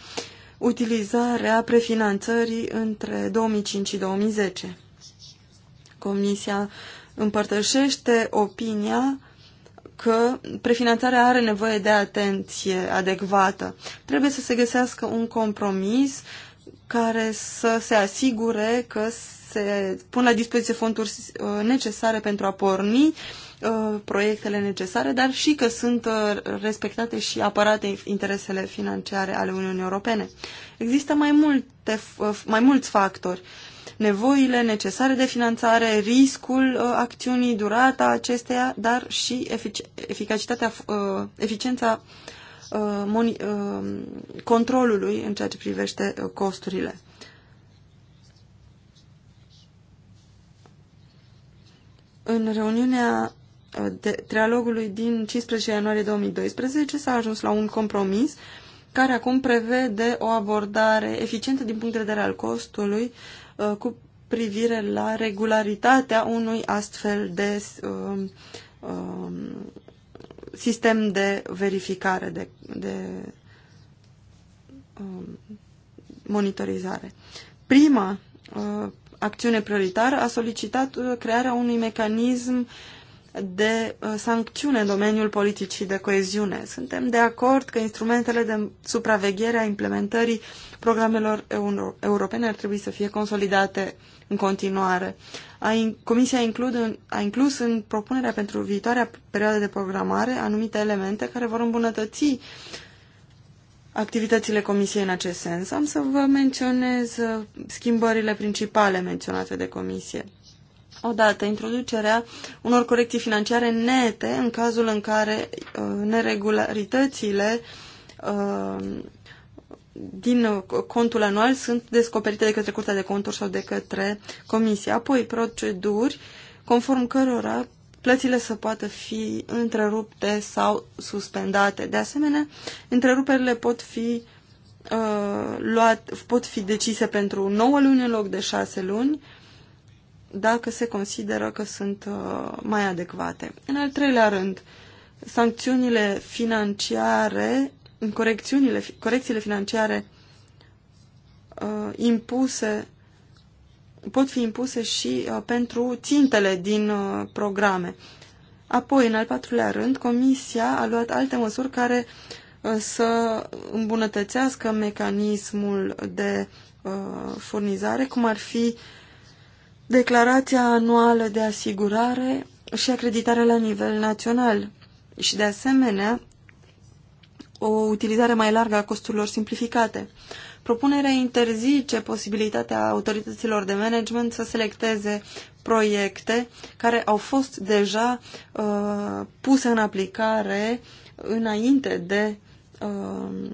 utilizarea prefinanțării între 2005 și 2010. Comisia împărtășește opinia că prefinanțarea are nevoie de atenție adecvată. Trebuie să se găsească un compromis care să se asigure că se pun la dispoziție fonduri uh, necesare pentru a porni uh, proiectele necesare, dar și că sunt uh, respectate și apărate interesele financiare ale Uniunii Europene. Există mai, multe, mai mulți factori. Nevoile necesare de finanțare, riscul acțiunii, durata acesteia, dar și efic eficacitatea, eficiența controlului în ceea ce privește costurile. În reuniunea uh, de, trialogului din 15 ianuarie 2012 s-a ajuns la un compromis care acum prevede o abordare eficientă din punct de vedere al costului uh, cu privire la regularitatea unui astfel de um, um, sistem de verificare, de, de um, monitorizare. Prima uh, acțiune prioritară a solicitat uh, crearea unui mecanism de uh, sancțiune în domeniul politicii de coeziune. Suntem de acord că instrumentele de supraveghere a implementării programelor europene ar trebui să fie consolidate în continuare. Comisia a inclus în propunerea pentru viitoarea perioadă de programare anumite elemente care vor îmbunătăți activitățile Comisiei în acest sens. Am să vă menționez uh, schimbările principale menționate de Comisie. Odată, introducerea unor corecții financiare nete în cazul în care uh, neregularitățile uh, din uh, contul anual sunt descoperite de către Curtea de Conturi sau de către Comisie. Apoi, proceduri conform cărora plățile să poată fi întrerupte sau suspendate. De asemenea, întreruperile pot fi uh, luat, pot fi decise pentru 9 luni în loc de 6 luni dacă se consideră că sunt uh, mai adecvate. În al treilea rând, sancțiunile financiare, corecțiunile, corecțiile financiare uh, impuse pot fi impuse și uh, pentru țintele din uh, programe. Apoi, în al patrulea rând, Comisia a luat alte măsuri care uh, să îmbunătățească mecanismul de furnizare, cum ar fi declarația anuală de asigurare și acreditarea la nivel național și, de asemenea, o utilizare mai largă a costurilor simplificate. Propunerea interzice posibilitatea autorităților de management să selecteze proiecte care au fost deja uh, puse în aplicare înainte de, uh,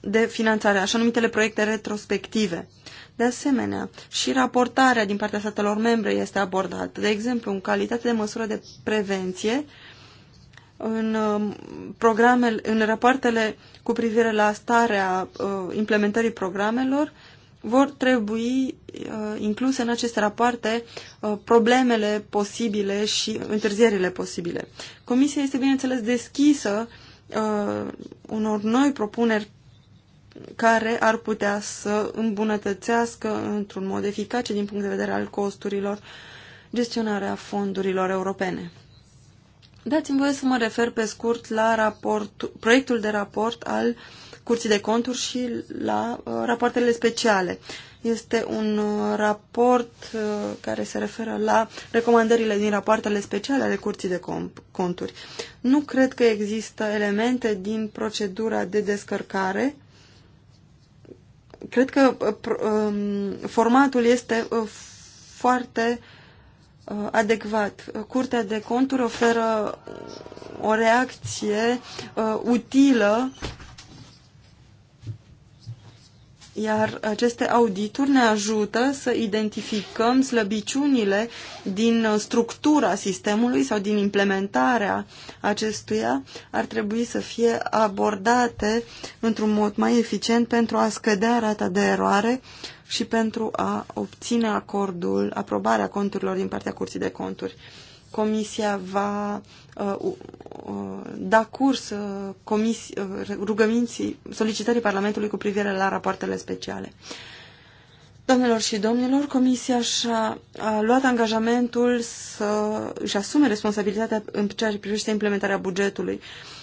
de finanțare, așa numitele proiecte retrospective. De asemenea, și raportarea din partea statelor membre este abordată. De exemplu, în calitate de măsură de prevenție, uh, în um, programele, în rapoartele cu privire la starea uh, implementării programelor vor trebui uh, incluse în aceste rapoarte uh, problemele posibile și întârzierile posibile. Comisia este, bineînțeles, deschisă unor noi propuneri care ar putea să îmbunătățească într-un mod eficace din punct de vedere al costurilor gestionarea fondurilor europene. Dați-mi voie să mă refer pe scurt la raport, proiectul de raport al Curții de Conturi și la uh, rapoartele speciale. Este un uh, raport uh, care se referă la recomandările din rapoartele speciale ale Curții de Conturi. Nu cred că există elemente din procedura de descărcare. Cred că uh, um, formatul este uh, foarte uh, Uh, adecvat. Uh, Curtea de conturi oferă o reacție uh, utilă iar aceste audituri ne ajută să identificăm slăbiciunile din structura sistemului sau din implementarea acestuia ar trebui să fie abordate într-un mod mai eficient pentru a scădea rata de eroare și pentru a obține acordul, aprobarea conturilor din partea Curții de Conturi. Comisia va uh, uh, da curs uh, comis, uh, rugăminții, solicitării Parlamentului cu privire la rapoartele speciale. Doamnelor și domnilor, Comisia și-a luat angajamentul să își asume responsabilitatea în ceea ce privește implementarea bugetului.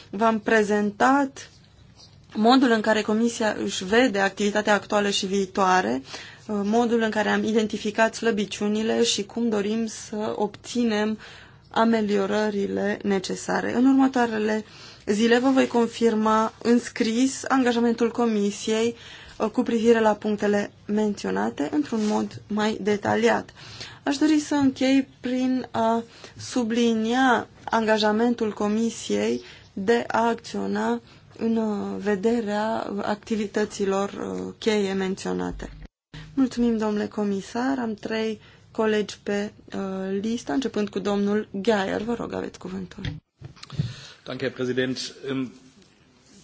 V-am prezentat modul în care Comisia își vede activitatea actuală și viitoare, uh, modul în care am identificat slăbiciunile și cum dorim să obținem ameliorările necesare. În următoarele zile vă voi confirma în scris angajamentul Comisiei uh, cu privire la punctele menționate într-un mod mai detaliat. Aș dori să închei prin a sublinia angajamentul Comisiei de a acționa în uh, vederea activităților uh, cheie menționate. Mulțumim, domnule comisar. Am trei colegi pe uh, listă, începând cu domnul Geier. Vă rog, aveți cuvântul. Danke, Herr Präsident. Ähm,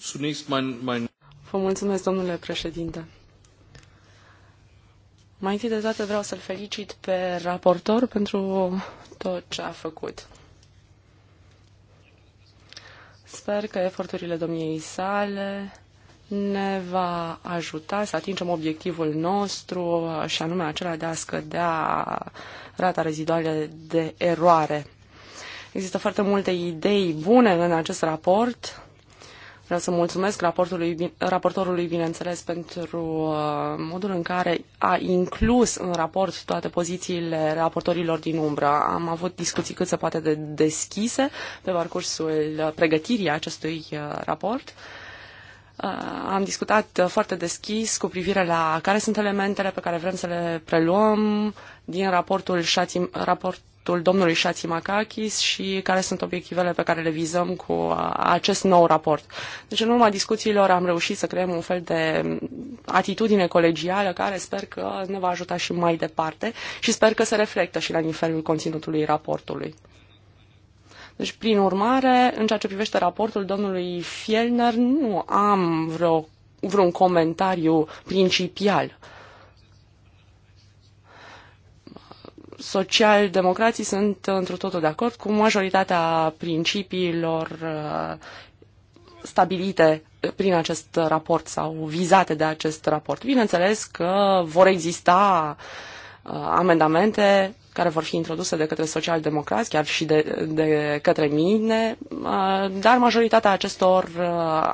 zunächst mein, mein... Vă mulțumesc, domnule președinte. Mai întâi de toate vreau să-l felicit pe raportor pentru tot ce a făcut. Sper că eforturile domniei sale ne va ajuta să atingem obiectivul nostru și anume acela de a scădea rata reziduală de eroare. Există foarte multe idei bune în acest raport Vreau să mulțumesc raportului, raportorului, bineînțeles, pentru uh, modul în care a inclus în raport toate pozițiile raportorilor din umbră. Am avut discuții cât se poate de deschise pe parcursul pregătirii acestui uh, raport. Uh, am discutat foarte deschis cu privire la care sunt elementele pe care vrem să le preluăm din raportul Șatim, raport, raportul domnului Șațimakakis și care sunt obiectivele pe care le vizăm cu uh, acest nou raport. Deci în urma discuțiilor am reușit să creăm un fel de atitudine colegială care sper că ne va ajuta și mai departe și sper că se reflectă și la nivelul conținutului raportului. Deci, prin urmare, în ceea ce privește raportul domnului Fielner, nu am vreo, vreun comentariu principial uh, Socialdemocrații sunt într totul de acord cu majoritatea principiilor uh, stabilite prin acest raport sau vizate de acest raport. Bineînțeles că vor exista uh, amendamente care vor fi introduse de către socialdemocrați, chiar și de, de către mine, uh, dar majoritatea acestor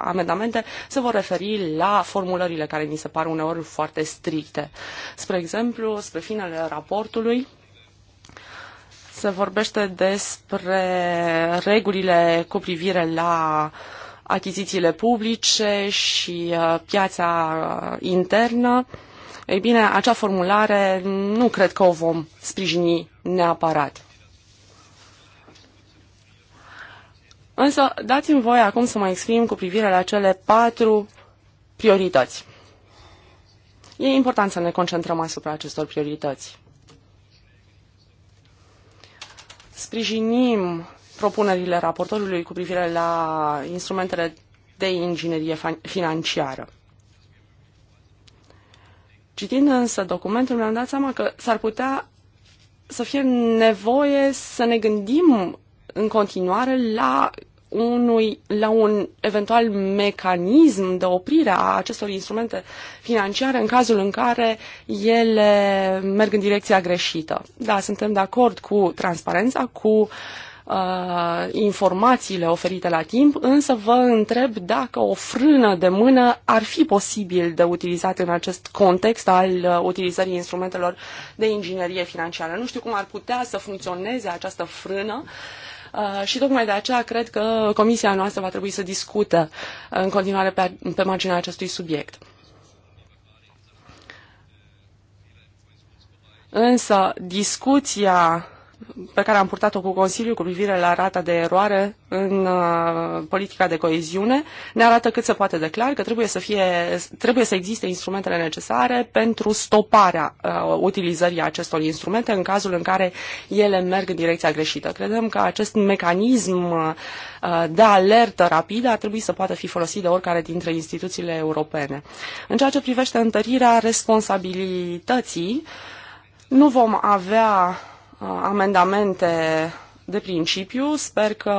amendamente se vor referi la formulările care mi se par uneori foarte stricte. Spre exemplu, spre finele raportului, se vorbește despre regulile cu privire la achizițiile publice și uh, piața uh, internă. Ei bine, acea formulare nu cred că o vom sprijini neapărat. Însă, dați-mi voie acum să mă exprim cu privire la cele patru priorități. E important să ne concentrăm asupra acestor priorități. Sprijinim propunerile raportorului cu privire la instrumentele de inginerie financiară. Citind însă documentul, mi-am dat seama că s-ar putea să fie nevoie să ne gândim în continuare la unui, la un eventual mecanism de oprire a acestor instrumente financiare în cazul în care ele merg în direcția greșită. Da, suntem de acord cu transparența, cu uh, informațiile oferite la timp, însă vă întreb dacă o frână de mână ar fi posibil de utilizat în acest context al uh, utilizării instrumentelor de inginerie financiară. Nu știu cum ar putea să funcționeze această frână uh, Uh, și tocmai de aceea cred că comisia noastră va trebui să discută uh, în continuare pe, pe marginea acestui subiect. Însă, discuția pe care am purtat-o cu Consiliul cu privire la rata de eroare în uh, politica de coeziune ne arată cât se poate de clar că trebuie să, fie, trebuie să existe instrumentele necesare pentru stoparea uh, utilizării acestor instrumente în cazul în care ele merg în direcția greșită. Credem că acest mecanism uh, de alertă rapidă ar trebui să poată fi folosit de oricare dintre instituțiile europene. În ceea ce privește întărirea responsabilității, nu vom avea Uh, amendamente de principiu, sper că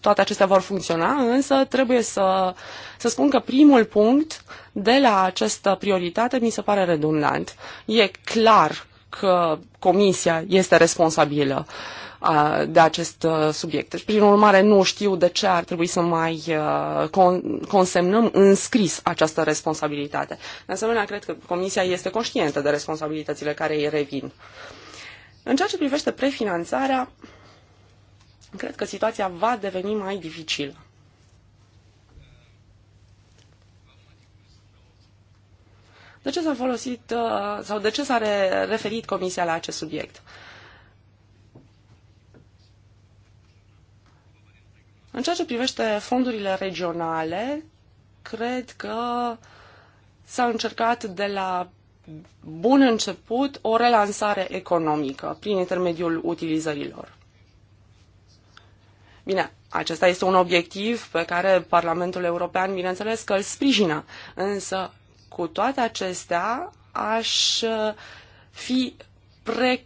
toate acestea vor funcționa, însă trebuie să, să spun că primul punct de la această prioritate mi se pare redundant. E clar că Comisia este responsabilă uh, de acest uh, subiect. Deci, prin urmare, nu știu de ce ar trebui să mai consemnăm în scris această responsabilitate. De asemenea, cred că Comisia este conștientă de responsabilitățile care îi revin. Uh, în ceea ce privește prefinanțarea, cred că situația va deveni mai dificilă. De ce s-a folosit uh, sau de ce s-a referit Comisia la acest subiect? În ceea ce privește fondurile regionale, cred că s-a încercat de la bun început o relansare economică prin intermediul utilizărilor. Bine, acesta este un obiectiv pe care Parlamentul European, bineînțeles, că îl sprijină, însă cu toate acestea aș uh, fi pre,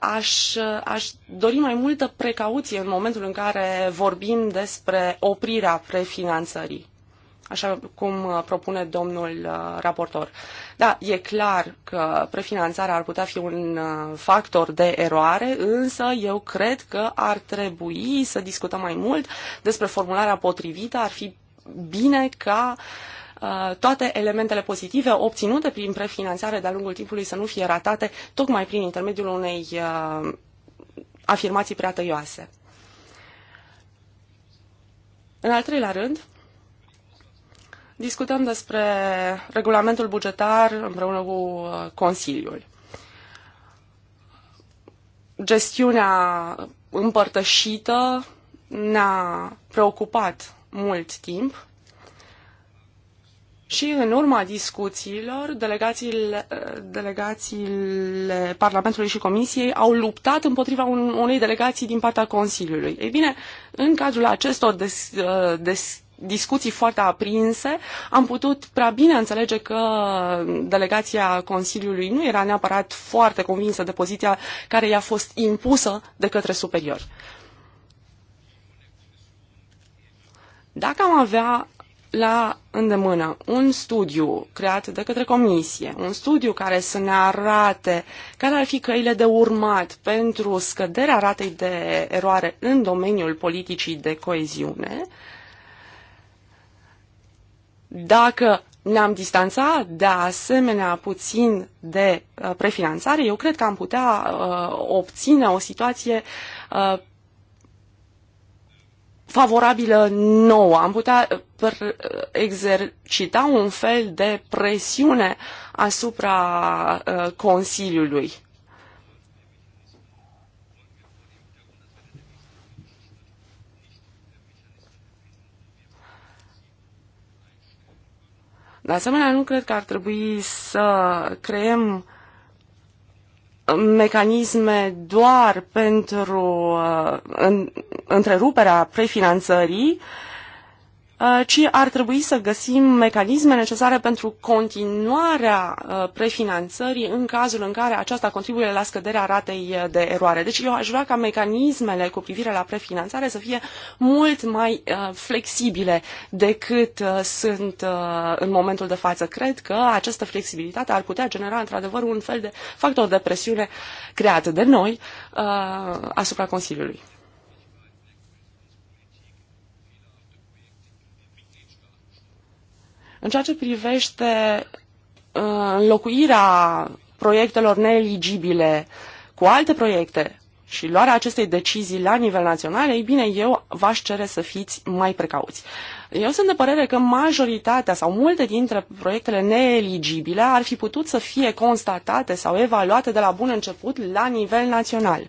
aș, uh, aș dori mai multă precauție în momentul în care vorbim despre oprirea prefinanțării așa cum uh, propune domnul uh, raportor. Da, e clar că prefinanțarea ar putea fi un uh, factor de eroare, însă eu cred că ar trebui să discutăm mai mult despre formularea potrivită. Ar fi bine ca toate elementele pozitive obținute prin prefinanțare de-a lungul timpului să nu fie ratate tocmai prin intermediul unei afirmații prea tăioase. În al treilea rând, discutăm despre regulamentul bugetar împreună cu uh, Consiliul. Gestiunea împărtășită ne-a preocupat mult timp și în urma discuțiilor, delegațiile, delegațiile Parlamentului și Comisiei au luptat împotriva un, unei delegații din partea Consiliului. Ei bine, în cazul acestor des, uh, des, discuții foarte aprinse, am putut prea bine înțelege că delegația Consiliului nu era neapărat foarte convinsă de poziția care i-a fost impusă de către superiori. Dacă am avea la îndemână un studiu creat de către comisie, un studiu care să ne arate care ar fi căile de urmat pentru scăderea ratei de eroare în domeniul politicii de coeziune, uh, dacă ne-am distanțat de asemenea puțin de uh, prefinanțare, eu cred că am putea uh, obține o situație uh, favorabilă nouă. Am putea exercita un fel de presiune asupra Consiliului. De asemenea, nu cred că ar trebui să creăm mecanisme doar pentru uh, în, întreruperea prefinanțării uh, Uh, ci ar trebui să găsim mecanisme necesare pentru continuarea uh, prefinanțării în cazul în care aceasta contribuie la scăderea ratei uh, de eroare. Deci eu aș vrea ca mecanismele cu privire la prefinanțare să fie mult mai flexibile decât sunt în momentul de față. Cred că această flexibilitate ar putea genera într-adevăr un fel de factor de presiune creat de noi asupra Consiliului. În ceea ce privește uh, înlocuirea proiectelor neeligibile cu alte proiecte și luarea acestei decizii la nivel național, ei bine, eu v-aș cere să fiți mai precauți. Eu sunt de părere că majoritatea sau multe dintre proiectele neeligibile ar fi putut să fie constatate sau evaluate de la bun început la nivel național.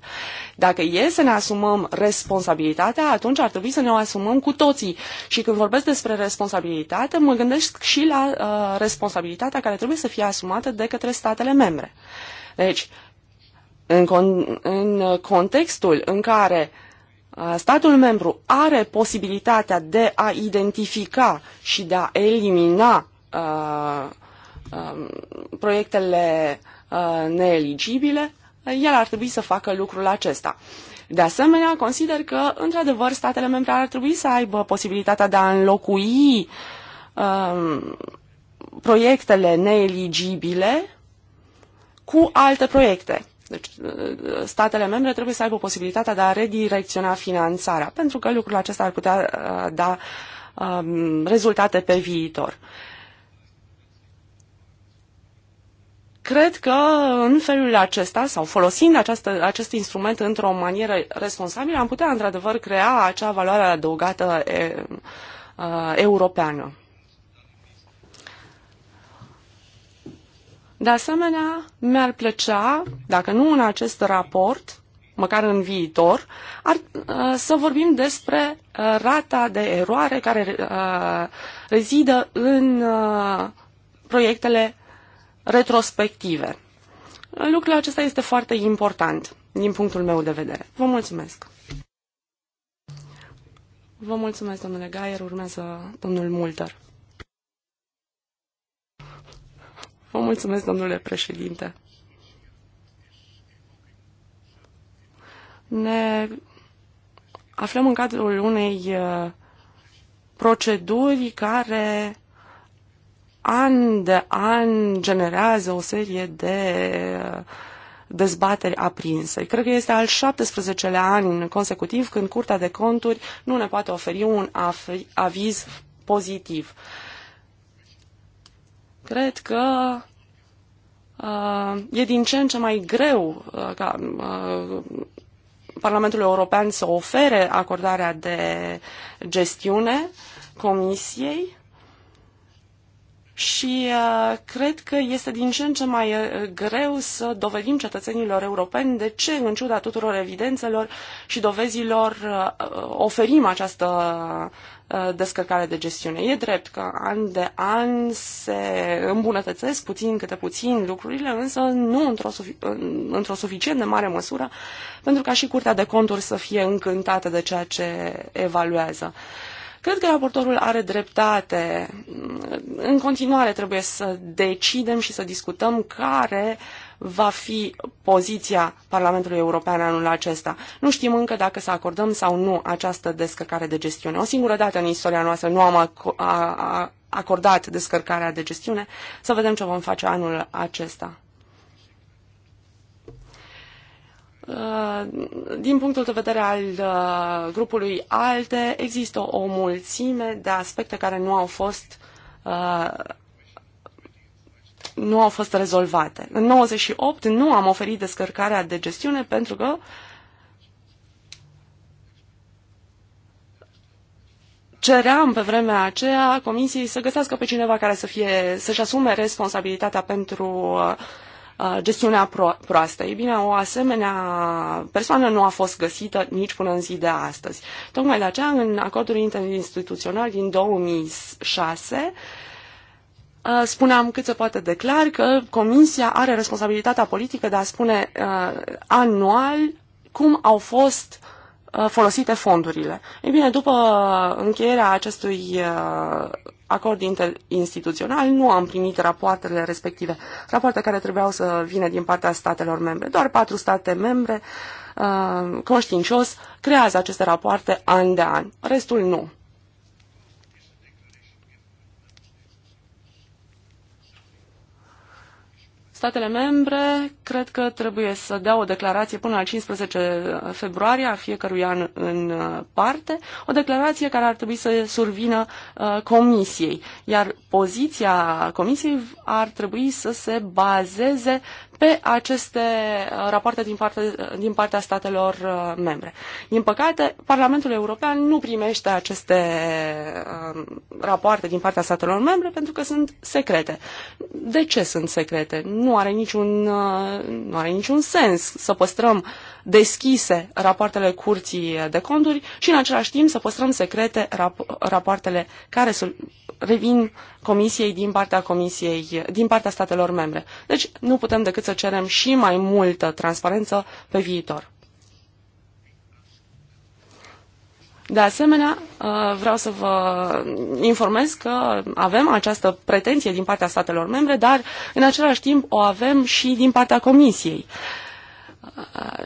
Dacă e să ne asumăm responsabilitatea, atunci ar trebui să ne o asumăm cu toții. Și când vorbesc despre responsabilitate, mă gândesc și la uh, responsabilitatea care trebuie să fie asumată de către statele membre. Deci, în, con- în contextul în care uh, statul membru are posibilitatea de a identifica și de a elimina uh, uh, proiectele uh, neeligibile, el ar trebui să facă lucrul acesta. De asemenea, consider că, într-adevăr, statele membre ar trebui să aibă posibilitatea de a înlocui um, proiectele neeligibile cu alte proiecte. Deci ă, statele membre trebuie să aibă posibilitatea de a redirecționa finanțarea, pentru că lucrul acesta ar putea ă, da ă, rezultate pe viitor. Cred că în felul acesta sau folosind această, acest instrument într-o manieră responsabilă am putea într-adevăr crea acea valoare adăugată e, uh, europeană. De asemenea, mi-ar plăcea, dacă nu în acest raport, măcar în viitor, ar, uh, să vorbim despre uh, rata de eroare care uh, rezidă în proiectele retrospective. Lucrul acesta este foarte important din punctul meu de vedere. Vă mulțumesc! Vă mulțumesc, domnule Gaier. Urmează domnul Mulder. Vă mulțumesc, domnule președinte. Ne aflăm în cadrul unei uh, proceduri care an de an generează o serie de uh, dezbateri aprinse. Cred că este al 17-lea an consecutiv când Curtea de Conturi nu ne poate oferi un aviz pozitiv. Uh, Cred că uh, e din ce în ce mai greu uh, ca uh, Parlamentul European să ofere acordarea de gestiune Comisiei și cred că este din ce în ce mai greu să dovedim cetățenilor europeni de ce, în ciuda tuturor evidențelor și dovezilor, oferim această Uh, descărcare de gestiune. E drept că an de an se îmbunătățesc puțin câte puțin lucrurile, însă nu într-o, într suficient de mare măsură pentru ca și Curtea de Conturi să fie încântată de ceea ce evaluează. Cred că raportorul are dreptate. În continuare trebuie să decidem și să discutăm care uh, va fi poziția Parlamentului European anul acesta. Nu știm încă dacă să acordăm sau nu această descărcare de gestiune. O singură dată în istoria noastră nu am acordat descărcarea de gestiune. Să vedem ce vom face anul acesta. Uh, din punctul de vedere al uh, grupului ALTE, există o mulțime de aspecte care nu au fost uh, nu au fost rezolvate. În 98 nu am oferit descărcarea de gestiune pentru că ceream pe vremea aceea comisiei să găsească pe cineva care să fie, să-și asume responsabilitatea pentru uh, uh, gestiunea pro- proastă. Ei bine, o asemenea persoană nu a fost găsită nici până în zi de astăzi. Tocmai de aceea, în acordul interinstituțional din 2006, Uh, spuneam cât se poate de clar că Comisia are responsabilitatea politică de a spune uh, anual cum au fost uh, folosite fondurile. Ei bine, după încheierea acestui acord interinstituțional, nu am primit rapoartele respective, rapoarte care trebuiau să vină din partea statelor membre. Doar patru state membre, conștiincios, creează aceste rapoarte an de an. Restul nu. Statele membre cred că trebuie să dea o declarație până la 15 februarie a fiecărui an în uh, parte, o declarație care ar trebui să survină uh, comisiei, iar poziția comisiei ar trebui să se bazeze pe aceste uh, rapoarte din, parte, din partea statelor uh, membre. Din păcate, Parlamentul European nu primește aceste uh, rapoarte din partea statelor membre pentru că sunt secrete. De ce sunt secrete? Nu are niciun, nu are niciun sens să păstrăm deschise rapoartele curții de conturi și în același timp să păstrăm secrete rap- rapoartele care revin comisiei din partea comisiei, din partea statelor membre. Deci nu putem decât să cerem și mai multă transparență pe viitor. De asemenea, uh, vreau să vă informez că avem această pretenție din partea statelor membre, dar în același timp o avem și din partea Comisiei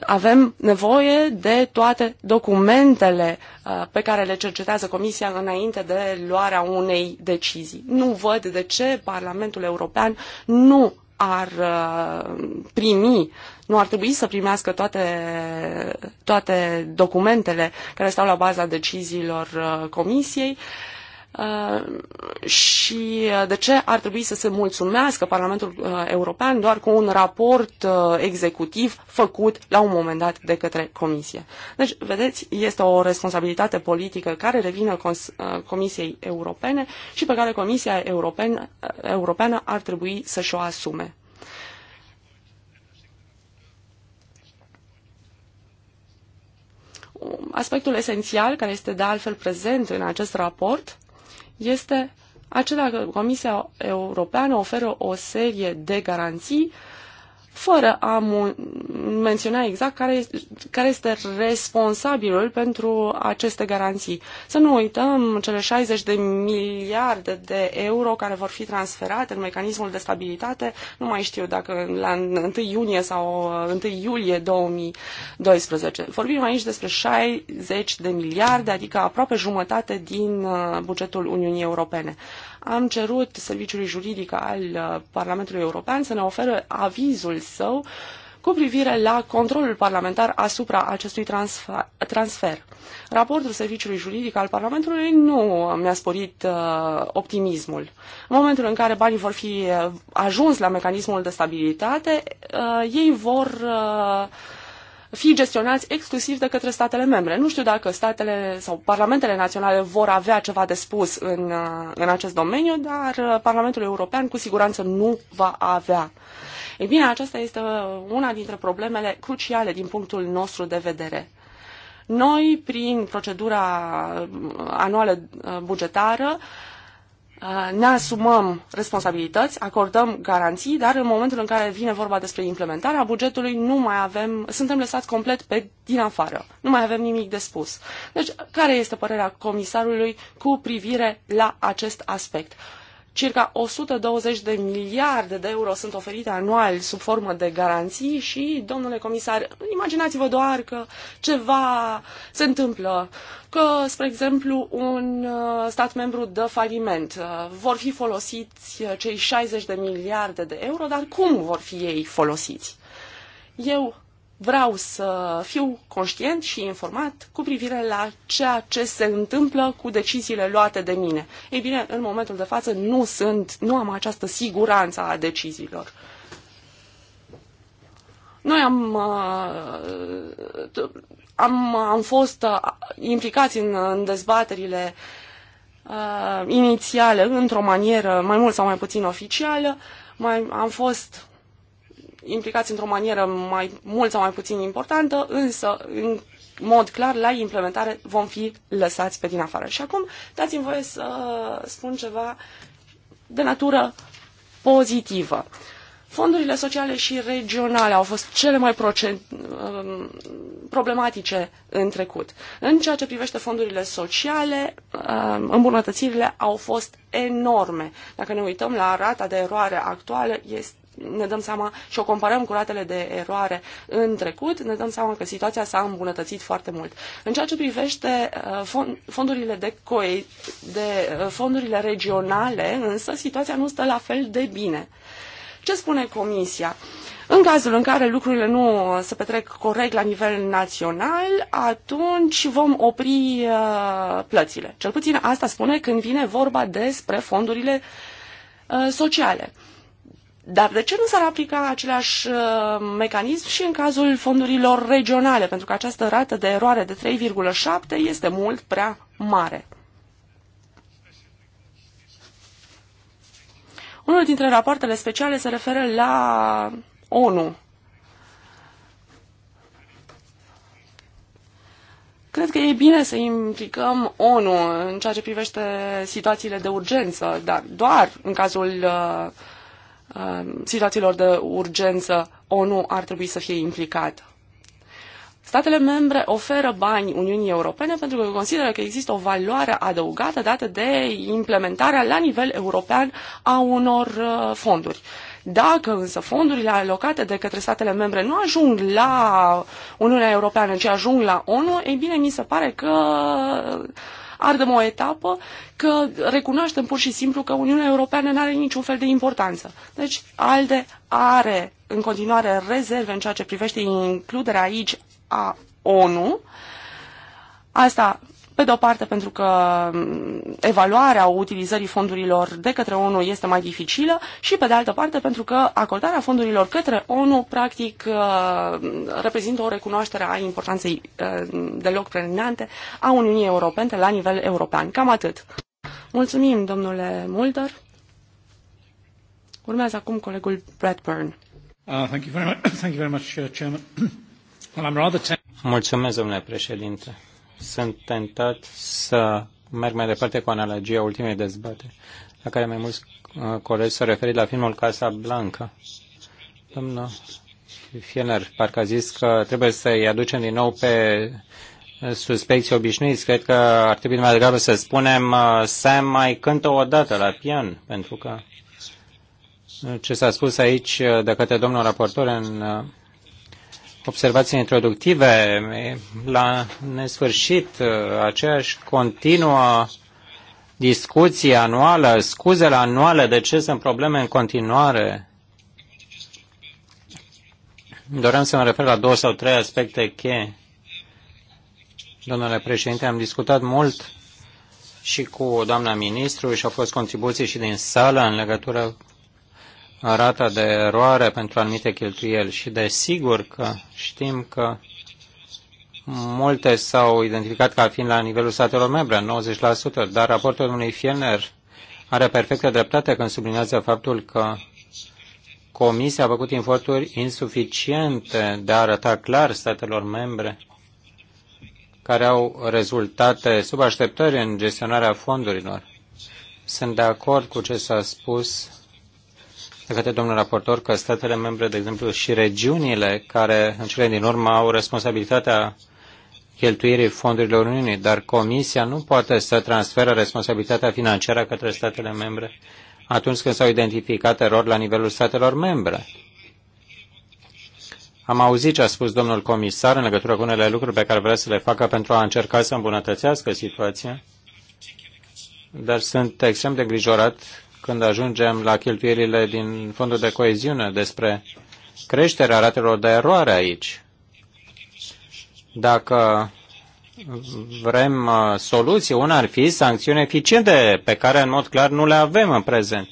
avem nevoie de toate documentele uh, pe care le cercetează Comisia înainte de luarea unei decizii. Nu văd de ce Parlamentul European nu ar uh, primi, nu ar trebui să primească toate, toate documentele care stau la baza deciziilor uh, Comisiei. Uh, Uh, și uh, de ce ar trebui să se mulțumească Parlamentul uh, European doar cu un raport executiv făcut la un moment dat de către Comisie. Deci, vedeți, este o responsabilitate politică care revine Comisiei Europene și pe care Comisia Europeană, Europeană ar trebui să-și o asume. Aspectul esențial care este de altfel prezent în acest raport este acela că Comisia Europeană oferă o serie de garanții uh, fără a menționa exact care, care este responsabilul pentru aceste garanții. Să nu uităm cele 60 de miliarde de euro care vor fi transferate în mecanismul de stabilitate, nu mai știu dacă la 1 iunie sau 1 uh, iulie 2012. Vorbim aici despre 60 de miliarde, adică aproape jumătate din uh, bugetul Uniunii Europene am cerut serviciului juridic al uh, Parlamentului European să ne ofere avizul său cu privire la controlul parlamentar asupra acestui transfer. Raportul Serviciului Juridic al Parlamentului nu mi-a sporit uh, optimismul. În momentul în care banii vor fi uh, ajuns la mecanismul de stabilitate, uh, ei vor. Uh, fi gestionați exclusiv de către statele membre. Nu știu dacă statele sau parlamentele naționale vor avea ceva de spus în, uh, în acest domeniu, dar uh, Parlamentul European cu siguranță nu va avea. Ei bine, aceasta este una dintre problemele cruciale din punctul nostru de vedere. Noi, prin procedura uh, anuală bugetară, uh, Ah, ne asumăm responsabilități, acordăm garanții, dar în momentul în care vine vorba despre implementarea bugetului, nu mai avem, suntem lăsați complet pe din afară. Nu mai avem nimic de spus. Deci, care este părerea comisarului cu privire la acest aspect? Circa 120 de miliarde de euro sunt oferite anual sub formă de garanții și, domnule comisar, imaginați-vă doar că ceva se întâmplă, că, spre exemplu, un uh, stat membru dă faliment. Uh, vor fi folosiți uh, cei 60 de miliarde de euro, dar cum vor fi ei folosiți? Eu vreau să fiu conștient și informat cu privire la ceea ce se întâmplă cu deciziile luate de mine. Ei bine, în momentul de față nu sunt, nu am această siguranță a deciziilor. Noi am, uh, am, am fost uh, implicați în, în dezbaterile uh, inițiale într-o manieră mai mult sau mai puțin oficială. Mai, am fost implicați într-o manieră mai mult sau mai puțin importantă, însă în mod clar la implementare vom fi lăsați pe din afară. Și acum dați-mi voie să spun ceva de natură pozitivă. Fondurile sociale și regionale au fost cele mai procent, um, problematice în trecut. În ceea ce privește fondurile sociale, um, îmbunătățirile au fost enorme. Dacă ne uităm la rata de eroare actuală, este ne dăm seama și o comparăm cu ratele de eroare în trecut, ne dăm seama că situația s-a îmbunătățit foarte mult. În ceea ce privește uh, fondurile de coi, de uh, fondurile regionale, însă situația nu stă la fel de bine. Ce spune Comisia? În cazul în care lucrurile nu uh, se petrec corect la nivel național, atunci vom opri plățile. Cel puțin asta spune când vine vorba despre fondurile sociale. Dar de ce nu s-ar aplica același uh, mecanism și în cazul fondurilor regionale? Pentru că această rată de eroare de 3,7 este mult prea mare. Unul dintre rapoartele speciale se referă la ONU. Cred că e bine să implicăm ONU în ceea ce privește situațiile de urgență, dar doar în cazul uh, Um, situațiilor de urgență ONU ar trebui să fie implicată. Statele membre oferă bani Uniunii Europene pentru că consideră că există o valoare adăugată dată de implementarea la nivel european a unor uh, fonduri. Dacă însă fondurile alocate de către statele membre nu ajung la Uniunea Europeană, ci ajung la ONU, ei bine, mi se pare că ardem o etapă, că recunoaștem pur și simplu că Uniunea Europeană nu are niciun fel de importanță. Deci ALDE are în continuare rezerve în ceea ce privește includerea aici a ONU. Asta pe de o parte, pentru că mm, evaluarea utilizării fondurilor de către ONU este mai dificilă și, pe de altă parte, pentru că acordarea fondurilor către ONU, practic, uh, reprezintă o recunoaștere a importanței uh, deloc pregnante a Uniunii Europene la nivel european. Cam atât. Mulțumim, domnule Mulder. Urmează acum colegul Bradburn. Uh, <coughs> <coughs> Mulțumesc, domnule președinte sunt tentat să merg mai departe cu analogia ultimei dezbate, la care mai mulți uh, colegi s-au referit la filmul Casa Blanca. Domnul Fiener parcă a zis că trebuie să-i aducem din nou pe suspecții obișnuiți. Cred că ar trebui mai degrabă să spunem uh, Sam mai cântă o dată la pian, pentru că uh, ce s-a spus aici de către domnul raportor în observații introductive, la nesfârșit uh, aceeași continuă discuție anuală, scuzele anuale de ce sunt probleme în continuare. Doream să mă refer la două sau trei aspecte cheie. Domnule președinte, am discutat mult și cu doamna ministru și au fost contribuții și din sală în legătură rata de eroare pentru anumite cheltuieli și desigur că știm că multe s-au identificat ca fiind la nivelul statelor membre, 90%, dar raportul domnului Fiener are perfectă dreptate când sublinează faptul că Comisia a făcut eforturi insuficiente de a arăta clar statelor membre care au rezultate sub așteptări în gestionarea fondurilor. Sunt de acord cu ce s-a spus de către domnul raportor că statele membre, de exemplu, și regiunile care în cele din urmă au responsabilitatea cheltuirii fondurilor Uniunii, dar Comisia nu poate să transferă responsabilitatea financiară către statele membre atunci când s-au identificat erori la nivelul statelor membre. Am auzit ce a spus domnul comisar în legătură cu unele lucruri pe care vrea să le facă pentru a încerca să îmbunătățească situația, dar sunt extrem de îngrijorat când ajungem la cheltuielile din fondul de coeziune despre creșterea ratelor de eroare aici. Dacă vrem uh, soluții, una ar fi sancțiuni eficiente pe care în mod clar nu le avem în prezent.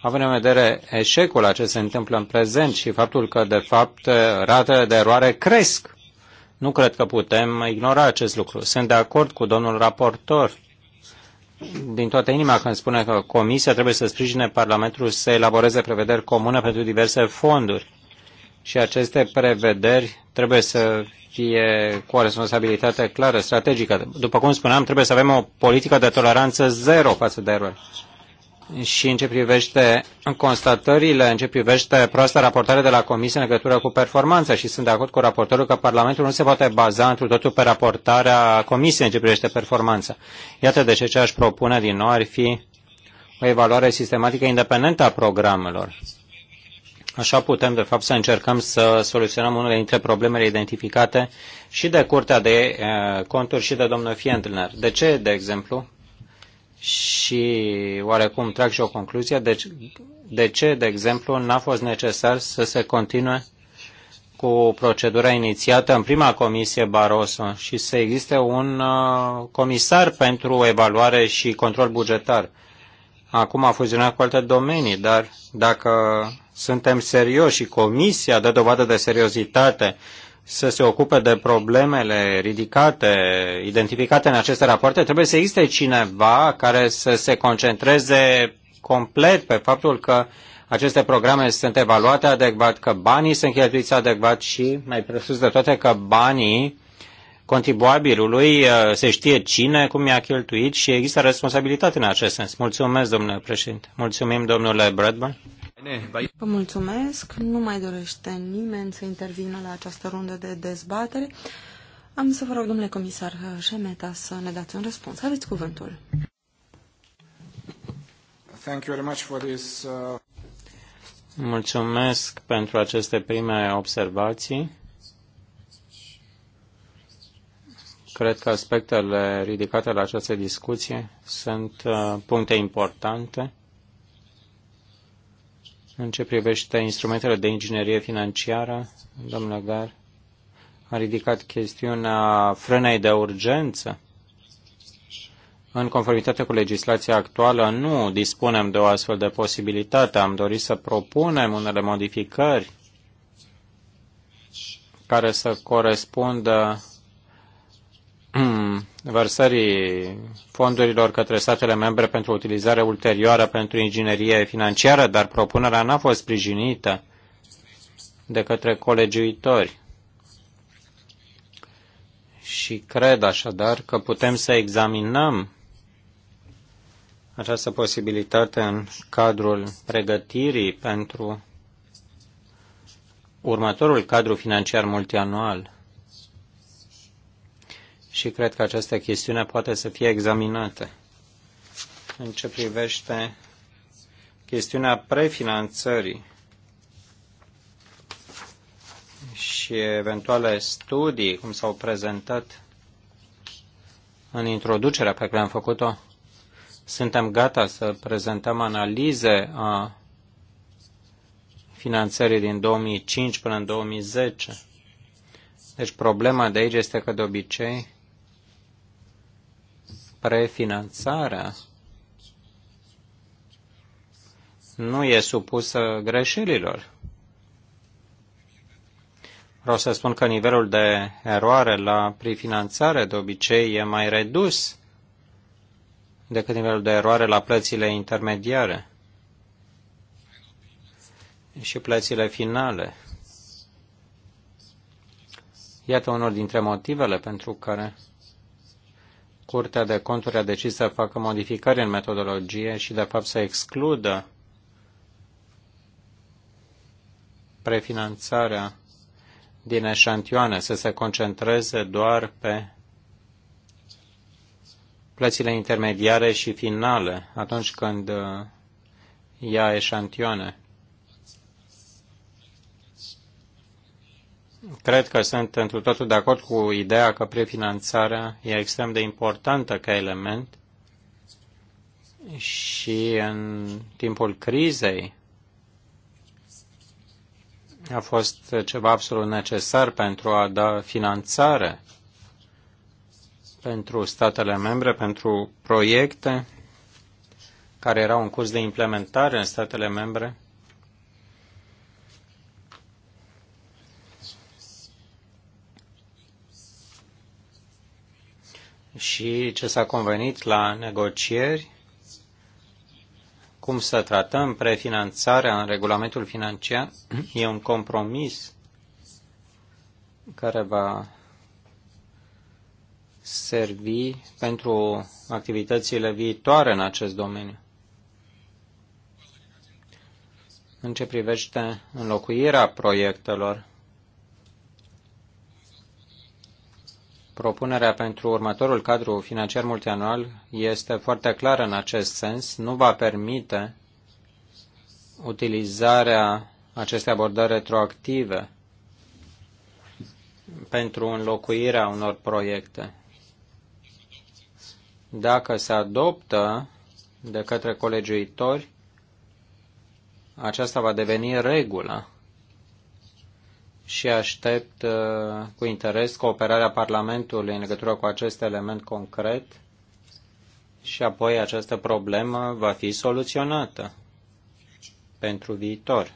Având în vedere eșecul a ce se întâmplă în prezent și faptul că, de fapt, uh, ratele de eroare cresc, nu cred că putem ignora acest lucru. Sunt de acord cu domnul raportor din toată inima când spune că Comisia trebuie să sprijine Parlamentul să elaboreze prevederi comune pentru diverse fonduri și aceste prevederi trebuie să fie cu o responsabilitate clară, strategică. După cum spuneam, trebuie să avem o politică de toleranță zero față de erori și în ce privește constatările, în ce privește proasta raportare de la Comisie în legătură cu performanța și sunt de acord cu raportorul că Parlamentul nu se poate baza într totul pe raportarea Comisiei în ce privește performanța. Iată de ce ce aș propune din nou ar fi o evaluare sistematică independentă a programelor. Așa putem, de fapt, să încercăm să soluționăm unele dintre problemele identificate și de Curtea de eh, Conturi și de domnul Fientlner. De ce, de exemplu, și oarecum trag și o concluzie, deci de ce, de exemplu, n-a fost necesar să se continue cu procedura inițiată în prima comisie Barroso și să existe un uh, comisar pentru evaluare și control bugetar. Acum a fuzionat cu alte domenii, dar dacă suntem serioși și comisia dă dovadă de seriozitate să se ocupe de problemele ridicate, identificate în aceste rapoarte, trebuie să existe cineva care să se concentreze complet pe faptul că aceste programe sunt evaluate adecvat, că banii sunt cheltuiți adecvat și, mai presus de toate, că banii contribuabilului uh, se știe cine, cum i-a cheltuit și există responsabilitate în acest sens. Mulțumesc, domnule președinte. Mulțumim, domnule Bradburn. Vă mulțumesc. Nu mai dorește nimeni să intervină la această rundă de dezbatere. Am să vă rog, domnule comisar Șemeta, să ne dați un răspuns. Aveți cuvântul. Thank you very much for this, uh... Mulțumesc pentru aceste prime observații. Cred că aspectele ridicate la această discuție sunt uh, puncte importante în ce privește instrumentele de inginerie financiară, domnul Gar a ridicat chestiunea frânei de urgență. În conformitate cu legislația actuală, nu dispunem de o astfel de posibilitate. Am dorit să propunem unele modificări care să corespundă Mm. vărsării fondurilor către statele membre pentru utilizare ulterioară pentru inginerie financiară, dar propunerea n-a fost sprijinită de către colegiuitori. Și cred așadar că putem să examinăm această posibilitate în cadrul pregătirii pentru următorul cadru financiar multianual și cred că această chestiune poate să fie examinată. În ce privește chestiunea prefinanțării și eventuale studii, cum s-au prezentat în introducerea pe care am făcut-o, suntem gata să prezentăm analize a finanțării din 2005 până în 2010. Deci problema de aici este că de obicei prefinanțarea nu e supusă greșelilor. Vreau să spun că nivelul de eroare la prefinanțare de obicei e mai redus decât nivelul de eroare la plățile intermediare și plățile finale. Iată unul dintre motivele pentru care Curtea de Conturi a decis să facă modificări în metodologie și, de fapt, să excludă prefinanțarea din eșantioane, să se concentreze doar pe plățile intermediare și finale, atunci când uh, ia eșantioane. Cred că sunt întru totul de acord cu ideea că prefinanțarea e extrem de importantă ca element și în timpul crizei a fost ceva absolut necesar pentru a da finanțare pentru statele membre, pentru proiecte care erau în curs de implementare în statele membre și ce s-a convenit la negocieri, cum să tratăm prefinanțarea în regulamentul financiar. <clears throat> E un compromis care va servi pentru activitățile viitoare în acest domeniu. În ce privește înlocuirea proiectelor, Propunerea pentru următorul cadru financiar multianual este foarte clară în acest sens, nu va permite utilizarea acestei abordări retroactive pentru înlocuirea unor proiecte. Dacă se adoptă de către colegiuitori, aceasta va deveni regulă și aștept uh, cu interes cooperarea Parlamentului în legătură cu acest element concret și apoi această problemă va fi soluționată pentru viitor.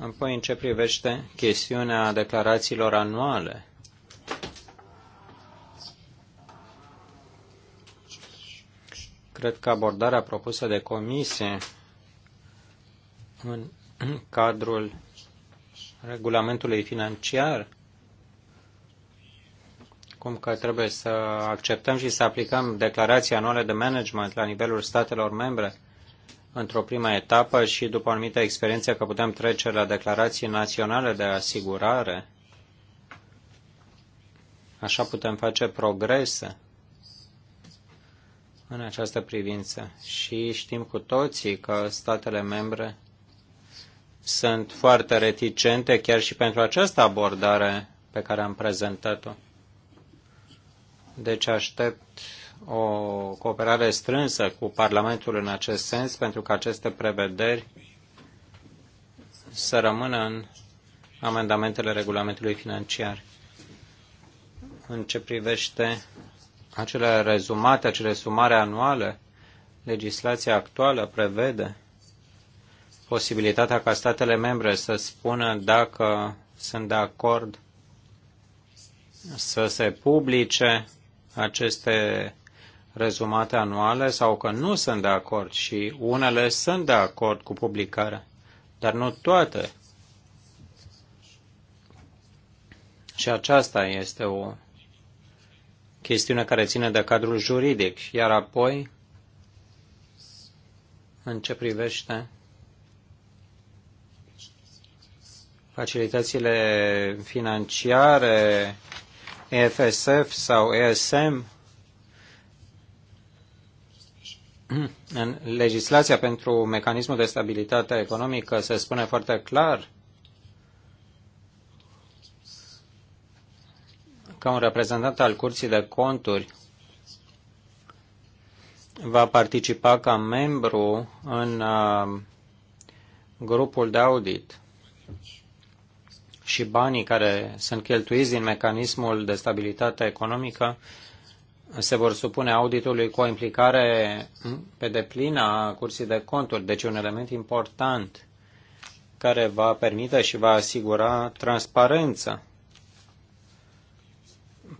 Apoi, în ce privește chestiunea declarațiilor anuale, cred că abordarea propusă de comisie în <clears throat> cadrul regulamentului financiar, cum că trebuie să acceptăm și să aplicăm declarații anuale de management la nivelul statelor membre într-o primă etapă și după o anumită experiență că putem trece la declarații naționale de asigurare. Așa putem face progrese în această privință. Și știm cu toții că statele membre sunt foarte reticente chiar și pentru această abordare pe care am prezentat-o. Deci aștept o cooperare strânsă cu Parlamentul în acest sens pentru că aceste prevederi să rămână în amendamentele regulamentului financiar. În ce privește acele rezumate, acele sumare anuale, legislația actuală prevede posibilitatea ca statele membre să spună dacă sunt de acord să se publice aceste rezumate anuale sau că nu sunt de acord și unele sunt de acord cu publicarea, dar nu toate. Și aceasta este o chestiune care ține de cadrul juridic, iar apoi, în ce privește facilitățile financiare, EFSF sau ESM, în legislația pentru mecanismul de stabilitate economică se spune foarte clar că un reprezentant al Curții de Conturi va participa ca membru în uh, grupul de audit și banii care sunt cheltuiți din mecanismul de stabilitate economică se vor supune auditului cu o implicare pe deplin a curții de conturi. Deci un element important care va permite și va asigura transparența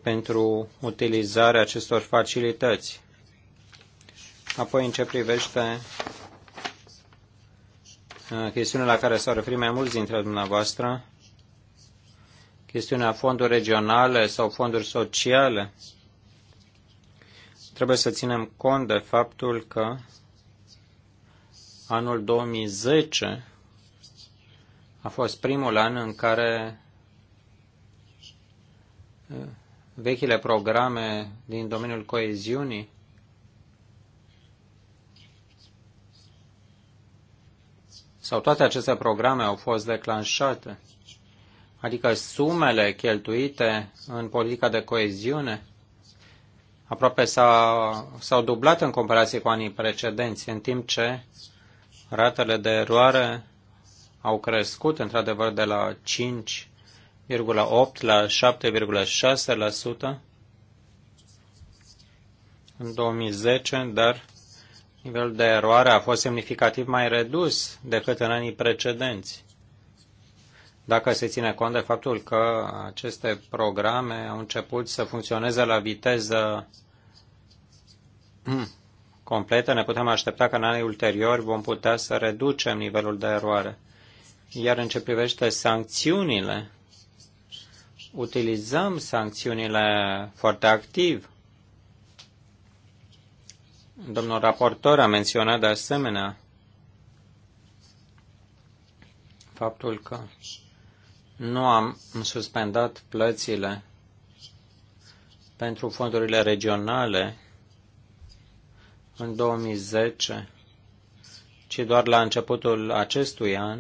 pentru utilizarea acestor facilități. Apoi, în ce privește uh, chestiunea la care s-au referit mai mulți dintre dumneavoastră, chestiunea fonduri regionale sau fonduri sociale, trebuie să ținem cont de faptul că anul 2010 a fost primul an în care uh, vechile programe din domeniul coeziunii sau toate aceste programe au fost declanșate adică sumele cheltuite în politica de coeziune, aproape s-au dublat în comparație cu anii precedenți, în timp ce ratele de eroare au crescut, într-adevăr, de la 5,8 la 7,6% în 2010, dar nivelul de eroare a fost semnificativ mai redus decât în anii precedenți dacă se ține cont de faptul că aceste programe au început să funcționeze la viteză hmm, completă, ne putem aștepta că în anii ulteriori vom putea să reducem nivelul de eroare. Iar în ce privește sancțiunile, utilizăm sancțiunile foarte activ. Domnul raportor a menționat de asemenea faptul că nu am suspendat plățile pentru fondurile regionale în 2010, ci doar la începutul acestui an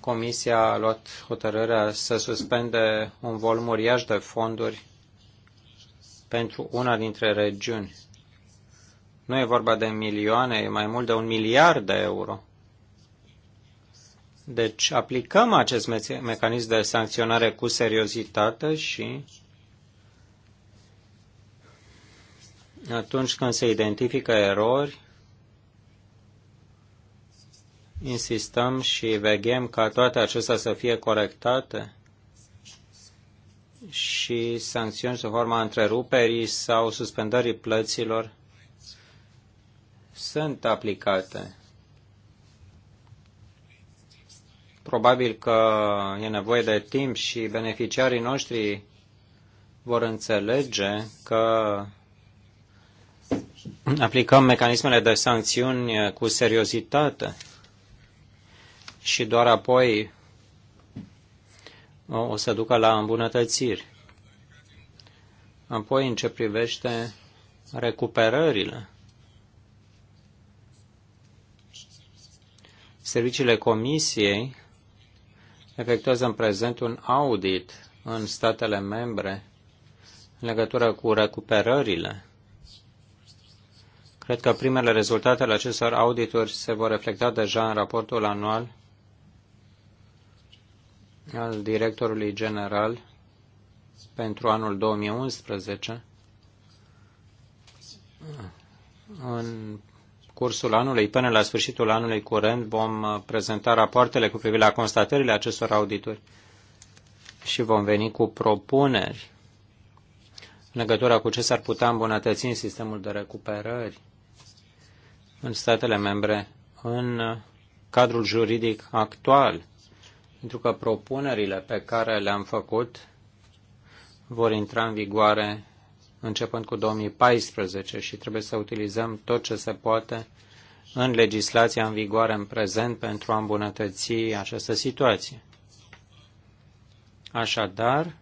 Comisia a luat hotărârea să suspende un volum uriaș de fonduri pentru una dintre regiuni. Nu e vorba de milioane, e mai mult de un miliard de euro deci aplicăm acest me- mecanism de sancționare cu seriozitate și atunci când se identifică erori, insistăm și veghem ca toate acestea să fie corectate și sancțiuni sub forma întreruperii sau suspendării plăților sunt aplicate Probabil că e nevoie de timp și beneficiarii noștri vor înțelege că aplicăm mecanismele de sancțiuni cu seriozitate și doar apoi o să ducă la îmbunătățiri. Apoi, în ce privește recuperările, serviciile comisiei efectuează în prezent un audit în statele membre în legătură cu recuperările. Cred că primele rezultate ale acestor audituri se vor reflecta deja în raportul anual al directorului general pentru anul 2011 în cursul anului, până la sfârșitul anului curent, vom uh, prezenta rapoartele cu privire la constatările acestor audituri și vom veni cu propuneri în legătură cu ce s-ar putea îmbunătăți în sistemul de recuperări în statele membre, în uh, cadrul juridic actual, pentru că propunerile pe care le-am făcut vor intra în vigoare începând cu 2014 și trebuie să utilizăm tot ce se poate în legislația în vigoare în prezent pentru a îmbunătăți această situație. Așadar,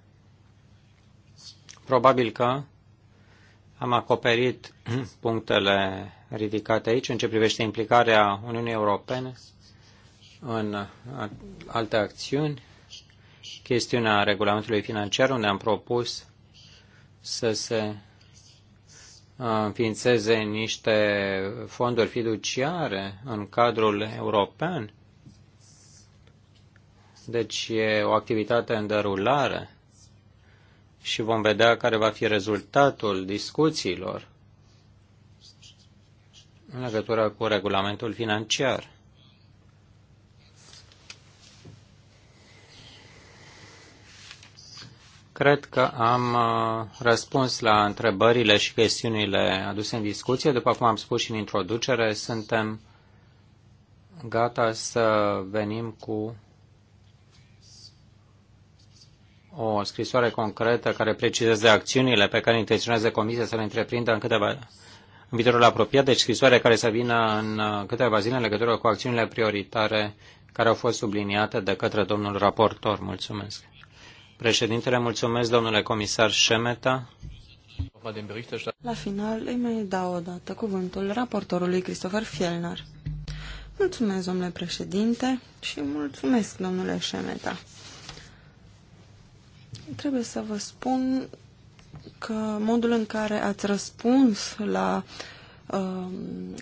probabil că am acoperit <clears throat> punctele ridicate aici în ce privește implicarea Uniunii Europene în alte acțiuni, chestiunea regulamentului financiar, unde am propus să se uh, înființeze niște fonduri fiduciare în cadrul european. Deci e o activitate în derulare și vom vedea care va fi rezultatul discuțiilor în legătură cu regulamentul financiar. Cred că am uh, răspuns la întrebările și chestiunile aduse în discuție. După cum am spus și în introducere, suntem gata să venim cu o scrisoare concretă care precizează acțiunile pe care intenționează Comisia să le întreprindă în câteva în viitorul apropiat, deci scrisoare care să vină în uh, câteva zile în legătură cu acțiunile prioritare care au fost subliniate de către domnul raportor. Mulțumesc. Președintele, mulțumesc, domnule comisar Șemeta. La final îi mai dau o dată cuvântul raportorului Christopher Fielner. Mulțumesc, domnule președinte, și mulțumesc, domnule Șemeta. Trebuie să vă spun că modul în care ați răspuns la uh,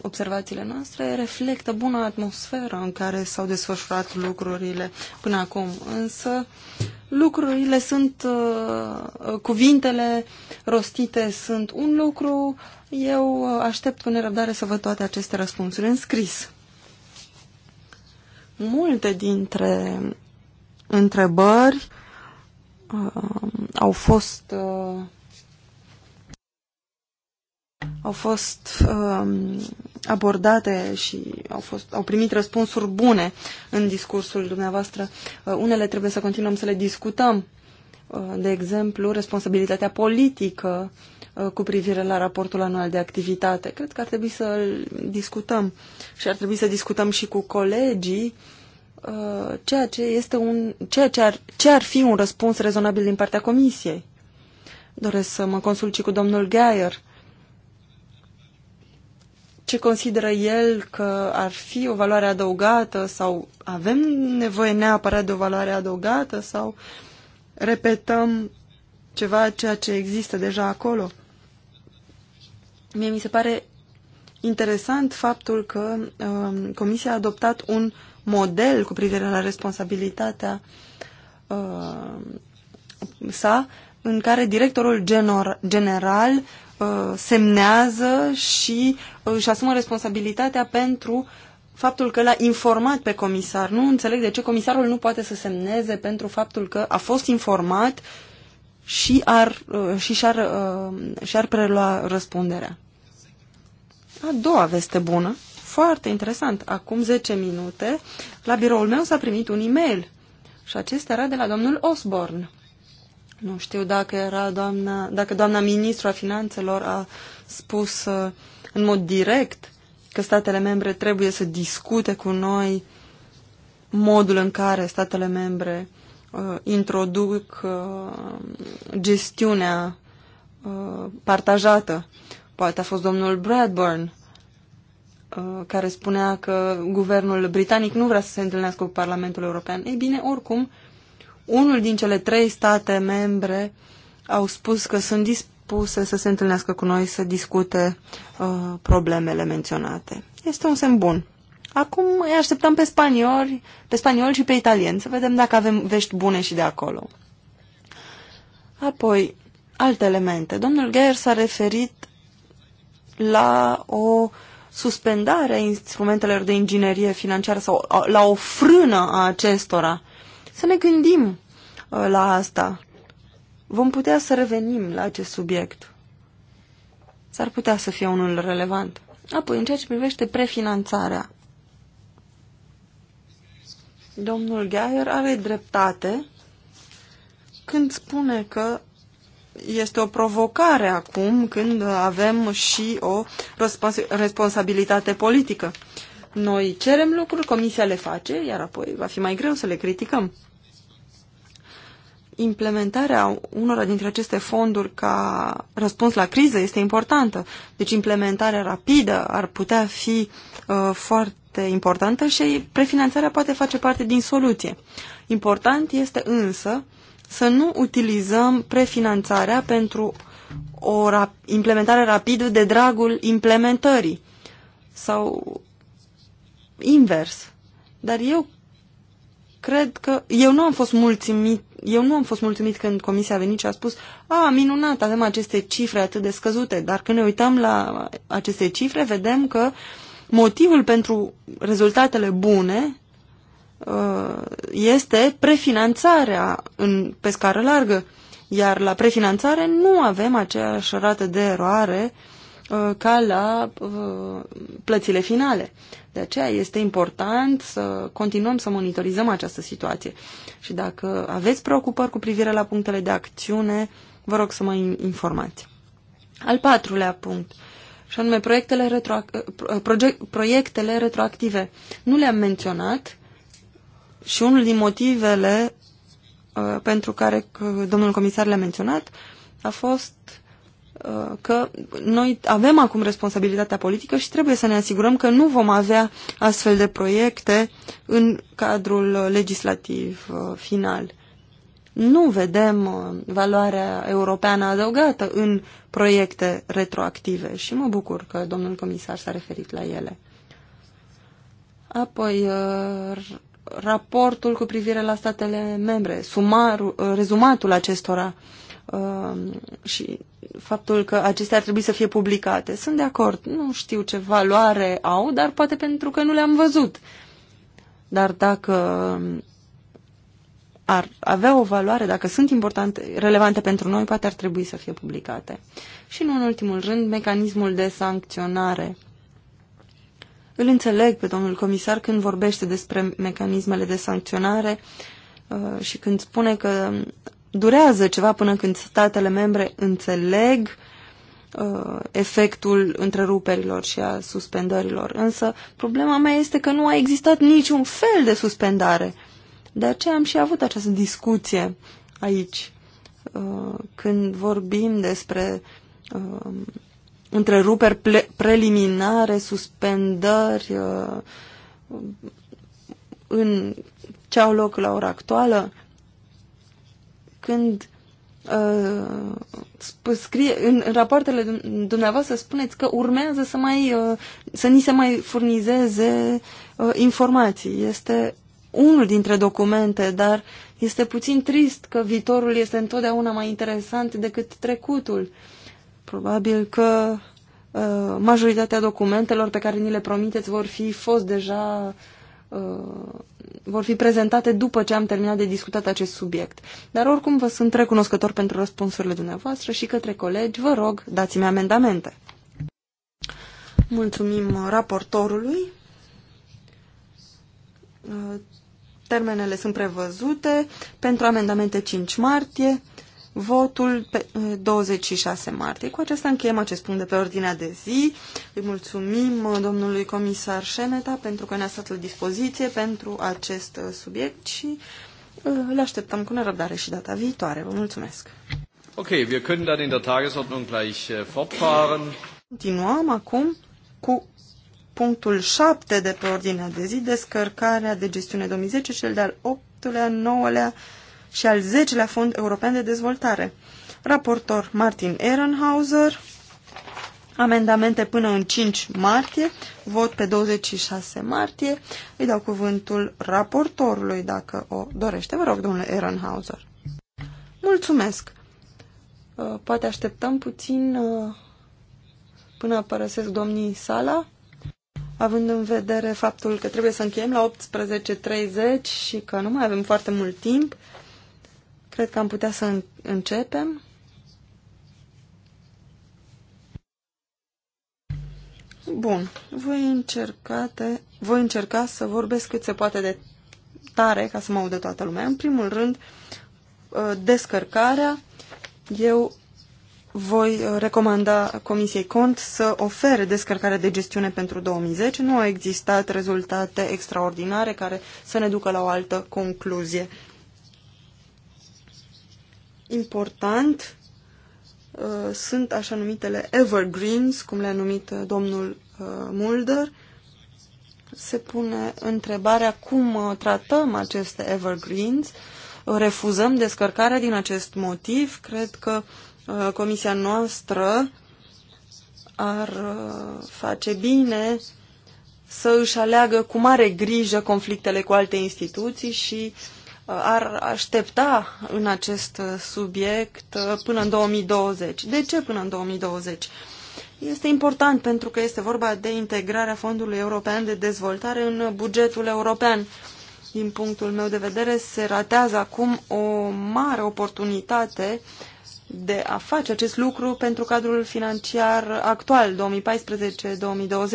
observațiile noastre reflectă bună atmosferă în care s-au desfășurat lucrurile până acum. Însă, uh, lucrurile sunt, uh, cuvintele rostite sunt un lucru, eu uh, aștept cu nerăbdare să văd toate aceste răspunsuri în scris. Multe dintre întrebări uh, au fost uh, au fost um, abordate și au, fost, au primit răspunsuri bune în discursul dumneavoastră. Uh, unele trebuie să continuăm să le discutăm, uh, de exemplu, responsabilitatea politică uh, cu privire la raportul anual de activitate. Cred că ar trebui să discutăm și ar trebui să discutăm și cu colegii uh, ceea ce, este un, ceea ce, ar, ce ar fi un răspuns rezonabil din partea Comisiei. Doresc să mă consult și cu domnul Geier ce consideră el că ar fi o valoare adăugată sau avem nevoie neapărat de o valoare adăugată sau repetăm ceva ceea ce există deja acolo. Mie mi se pare interesant faptul că um, Comisia a adoptat un model cu privire la responsabilitatea uh, sa în care directorul general uh, semnează și uh, își asumă responsabilitatea pentru faptul că l-a informat pe comisar. Nu înțeleg de ce comisarul nu poate să semneze pentru faptul că a fost informat și ar, uh, și și-ar, și-ar prelua răspunderea. A doua veste bună, foarte interesant. Acum 10 minute, la biroul meu s-a primit un e-mail și acesta era de la domnul Osborne. Nu știu dacă era doamna, dacă doamna ministru a finanțelor a spus uh, în mod direct că statele membre trebuie să discute cu noi modul în care statele membre uh, introduc uh, gestiunea uh, partajată. Poate a fost domnul Bradburn uh, care spunea că guvernul britanic nu vrea să se întâlnească cu Parlamentul European. Ei bine, oricum, uh, unul din cele trei state membre au spus că sunt dispuse să se întâlnească cu noi să discute uh, problemele menționate. Este un semn bun. Acum îi așteptăm pe spanioli, pe spanioli și pe italieni să vedem dacă avem vești bune și de acolo. Apoi, alte elemente. Domnul Geier s-a referit la o suspendare a instrumentelor de inginerie financiară sau la o frână a acestora să ne gândim uh, la asta. Vom putea să revenim la acest subiect. S-ar putea să fie unul relevant. Apoi, în ceea ce privește prefinanțarea, domnul Geier are dreptate când spune că este o provocare acum când avem și o respons responsabilitate politică. Noi cerem lucruri, comisia le face, iar apoi va fi mai greu să le criticăm implementarea unora dintre aceste fonduri ca răspuns la criză este importantă. Deci implementarea rapidă ar putea fi uh, foarte importantă și prefinanțarea poate face parte din soluție. Important este însă să nu utilizăm prefinanțarea pentru o rap implementare rapidă de dragul implementării sau invers. Dar eu cred că eu nu am fost mulțumit eu nu am fost mulțumit când comisia a venit și a spus a, minunat, avem aceste cifre atât de scăzute, dar când ne uităm la aceste cifre, vedem că motivul pentru rezultatele bune uh, este prefinanțarea în, pe scară largă, iar la prefinanțare nu avem aceeași rată de eroare uh, Uh, ca la uh, plățile finale. De aceea este important să continuăm să monitorizăm această situație. Și dacă aveți preocupări cu privire la punctele de acțiune, vă rog să mă informați. Al patrulea punct, și anume proiectele, retroac- uh, proiect, proiectele retroactive. Nu le-am menționat și unul din motivele uh, pentru care domnul comisar le-a menționat a fost uh, Uh, că noi avem acum responsabilitatea politică și trebuie să ne asigurăm că nu vom avea astfel de proiecte în cadrul legislativ uh, final. Nu vedem uh, valoarea europeană adăugată în proiecte retroactive și mă bucur că domnul comisar s-a referit la ele. Apoi, raportul cu privire la statele membre, sumarul, rezumatul acestora Um, și faptul că acestea ar trebui să fie publicate. Sunt de acord, nu știu ce valoare au, dar poate pentru că nu le-am văzut. Dar dacă um, ar avea o valoare, dacă sunt importante, relevante pentru noi, poate ar trebui să fie publicate. Și nu în ultimul rând, mecanismul de sancționare. Îl înțeleg pe domnul comisar când vorbește despre mecanismele de sancționare uh, și când spune că durează ceva până când statele membre înțeleg uh, efectul întreruperilor și a suspendărilor. Însă problema mea este că nu a existat niciun fel de suspendare. De aceea am și avut această discuție aici. Uh, când vorbim despre uh, întreruperi preliminare, suspendări uh, în ce au loc la ora actuală, când uh, scrie, în rapoartele dumneavoastră spuneți că urmează să, mai, uh, să ni se mai furnizeze uh, informații. Este unul dintre documente, dar este puțin trist că viitorul este întotdeauna mai interesant decât trecutul. Probabil că uh, majoritatea documentelor pe care ni le promiteți vor fi fost deja uh, Uh, vor fi prezentate după ce am terminat de discutat acest subiect. Dar oricum vă sunt recunoscător pentru răspunsurile dumneavoastră și către colegi, vă rog, dați-mi amendamente. Mulțumim raportorului. Uh, termenele sunt prevăzute pentru amendamente 5 martie, votul pe 26 uh, martie. Cu acesta încheiem acest punct de pe ordinea de zi. Îi mulțumim uh, domnului comisar Șemeta pentru că ne-a stat la dispoziție pentru acest uh, subiect și îl așteptăm cu nerăbdare și data viitoare. Vă mulțumesc! Ok, wir können dann in der Tagesordnung gleich äh, fortfahren. Continuăm acum cu punctul 7 de pe ordinea de zi, descărcarea de gestiune 2010, cel de-al 8-lea, 9-lea, și al 10-lea Fond European de Dezvoltare. Raportor Martin Ehrenhauser. Amendamente până în 5 martie, vot pe 26 martie. Îi dau cuvântul raportorului dacă o dorește. Vă rog, domnule Ehrenhauser. Mulțumesc. Uh, poate așteptăm puțin uh, până părăsesc domnii sala, având în vedere faptul că trebuie să încheiem la 18.30 și că nu mai avem foarte mult timp. Cred că am putea să începem. Bun, voi încerca, te, voi încerca să vorbesc cât se poate de tare ca să mă audă toată lumea. În primul rând, uh, descărcarea. Eu voi uh, recomanda Comisiei Cont să ofere descărcarea de gestiune pentru 2010. Nu au existat rezultate extraordinare care să ne ducă la o altă concluzie important uh, sunt așa numitele evergreens, cum le-a numit uh, domnul uh, Mulder. Se pune întrebarea cum tratăm aceste evergreens. Refuzăm descărcarea din acest motiv. Cred că comisia noastră ar face bine să își aleagă cu mare grijă conflictele cu alte instituții și uh, ar aștepta în acest subiect uh, până în 2020. De ce până în 2020? Este important pentru că este vorba de integrarea Fondului European de Dezvoltare în bugetul european. Din punctul meu de vedere, se ratează acum o mare oportunitate de a face acest lucru pentru cadrul financiar actual,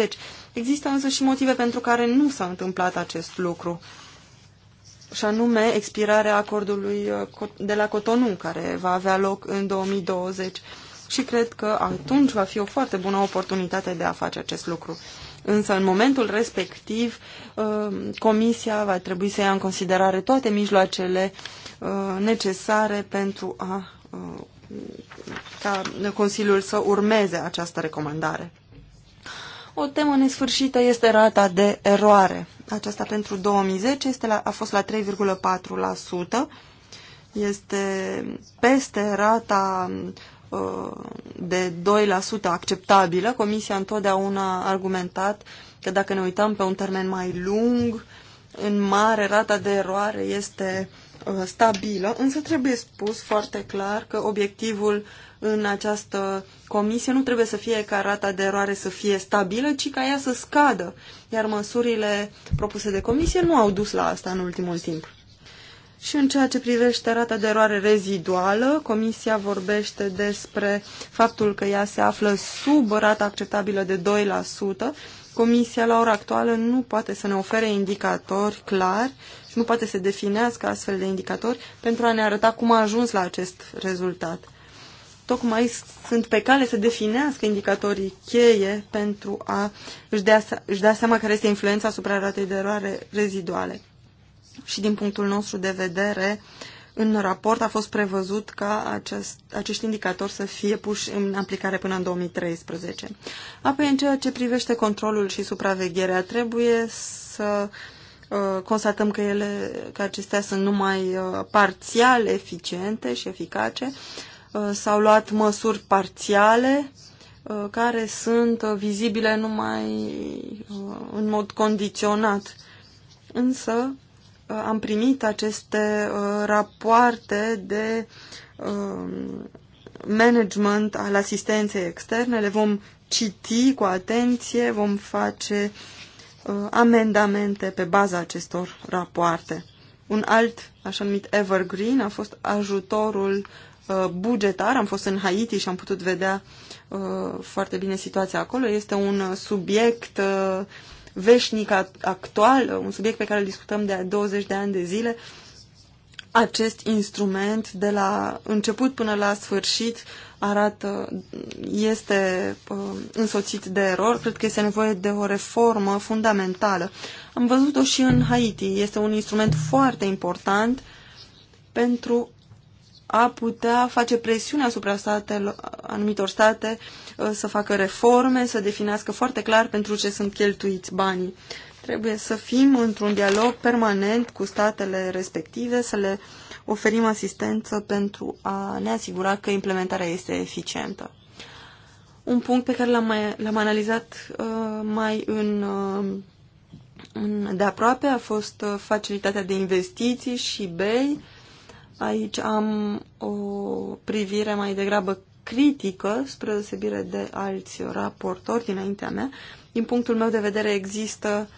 2014-2020. Există însă și motive pentru care nu s-a întâmplat acest lucru și anume expirarea acordului uh, de la Cotonou, care va avea loc în 2020. Și cred că atunci va fi o foarte bună oportunitate de a face acest lucru. Însă, în momentul respectiv, uh, Comisia va trebui să ia în considerare toate mijloacele uh, necesare pentru a, ca Consiliul să urmeze această recomandare. O temă nesfârșită este rata de eroare aceasta pentru 2010 este la, a fost la 3,4%, este peste rata uh, de 2% acceptabilă. Comisia întotdeauna a argumentat că dacă ne uităm pe un termen mai lung, în mare rata de eroare este uh, stabilă, însă trebuie spus foarte clar că obiectivul în această comisie nu trebuie să fie ca rata de eroare să fie stabilă, ci ca ea să scadă. Iar măsurile propuse de comisie nu au dus la asta în ultimul timp. Și în ceea ce privește rata de eroare reziduală, Comisia vorbește despre faptul că ea se află sub rata acceptabilă de 2%. Comisia, la ora actuală, nu poate să ne ofere indicatori clari și nu poate să definească astfel de indicatori pentru a ne arăta cum a ajuns la acest rezultat tocmai sunt pe cale să definească indicatorii cheie pentru a își dea, își dea seama care este influența asupra ratei de eroare reziduale. Și din punctul nostru de vedere, în raport a fost prevăzut ca acest, acești indicatori să fie puși în aplicare până în 2013. Apoi, în ceea ce privește controlul și supravegherea, trebuie să uh, constatăm că, ele, că acestea sunt numai uh, parțial eficiente și eficace, Uh, s-au luat măsuri parțiale uh, care sunt uh, vizibile numai în mod condiționat. Însă am primit aceste rapoarte de management al asistenței externe, le vom citi cu atenție, vom face amendamente pe baza acestor rapoarte. Un alt, așa numit evergreen, a fost ajutorul Uh, bugetar. Am fost în Haiti și am putut vedea uh, foarte bine situația acolo. Este un subiect uh, veșnic actual, un subiect pe care îl discutăm de 20 de ani de zile. Acest instrument de la început până la sfârșit arată, este însoțit de erori, cred că este nevoie de o reformă fundamentală. Am văzut-o și în Haiti. Este un instrument foarte important pentru a putea face presiune asupra statelor, anumitor state uh, să facă reforme, să definească foarte clar pentru ce sunt cheltuiți banii. Trebuie să fim într-un dialog permanent cu statele respective, să le oferim asistență pentru a ne asigura că implementarea este eficientă. Un punct pe care l-am, mai, l-am analizat uh, mai în, uh, în, de aproape a fost uh, facilitatea de investiții și BEI. Uh, Aici am o privire mai degrabă critică, spre deosebire de alți raportori dinaintea mea. Din punctul meu de vedere există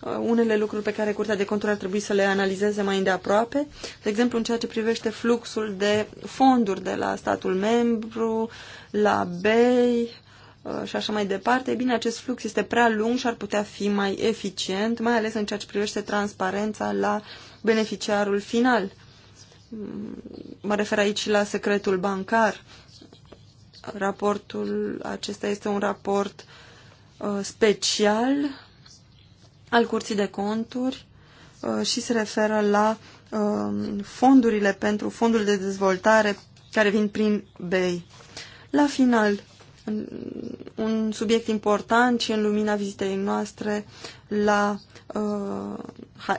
uh, unele lucruri pe care Curtea de Conturi ar trebui să le analizeze mai îndeaproape, de exemplu în ceea ce privește fluxul de fonduri de la statul membru, la BEI uh, și așa mai departe. E bine, acest flux este prea lung și ar putea fi mai eficient, mai ales în ceea ce privește transparența la beneficiarul final. Mă refer aici la secretul bancar. Raportul acesta este un raport uh, special al Curții de Conturi uh, și se referă la uh, fondurile pentru fondul de dezvoltare care vin prin BEI. La final, un subiect important și în lumina vizitei noastre la,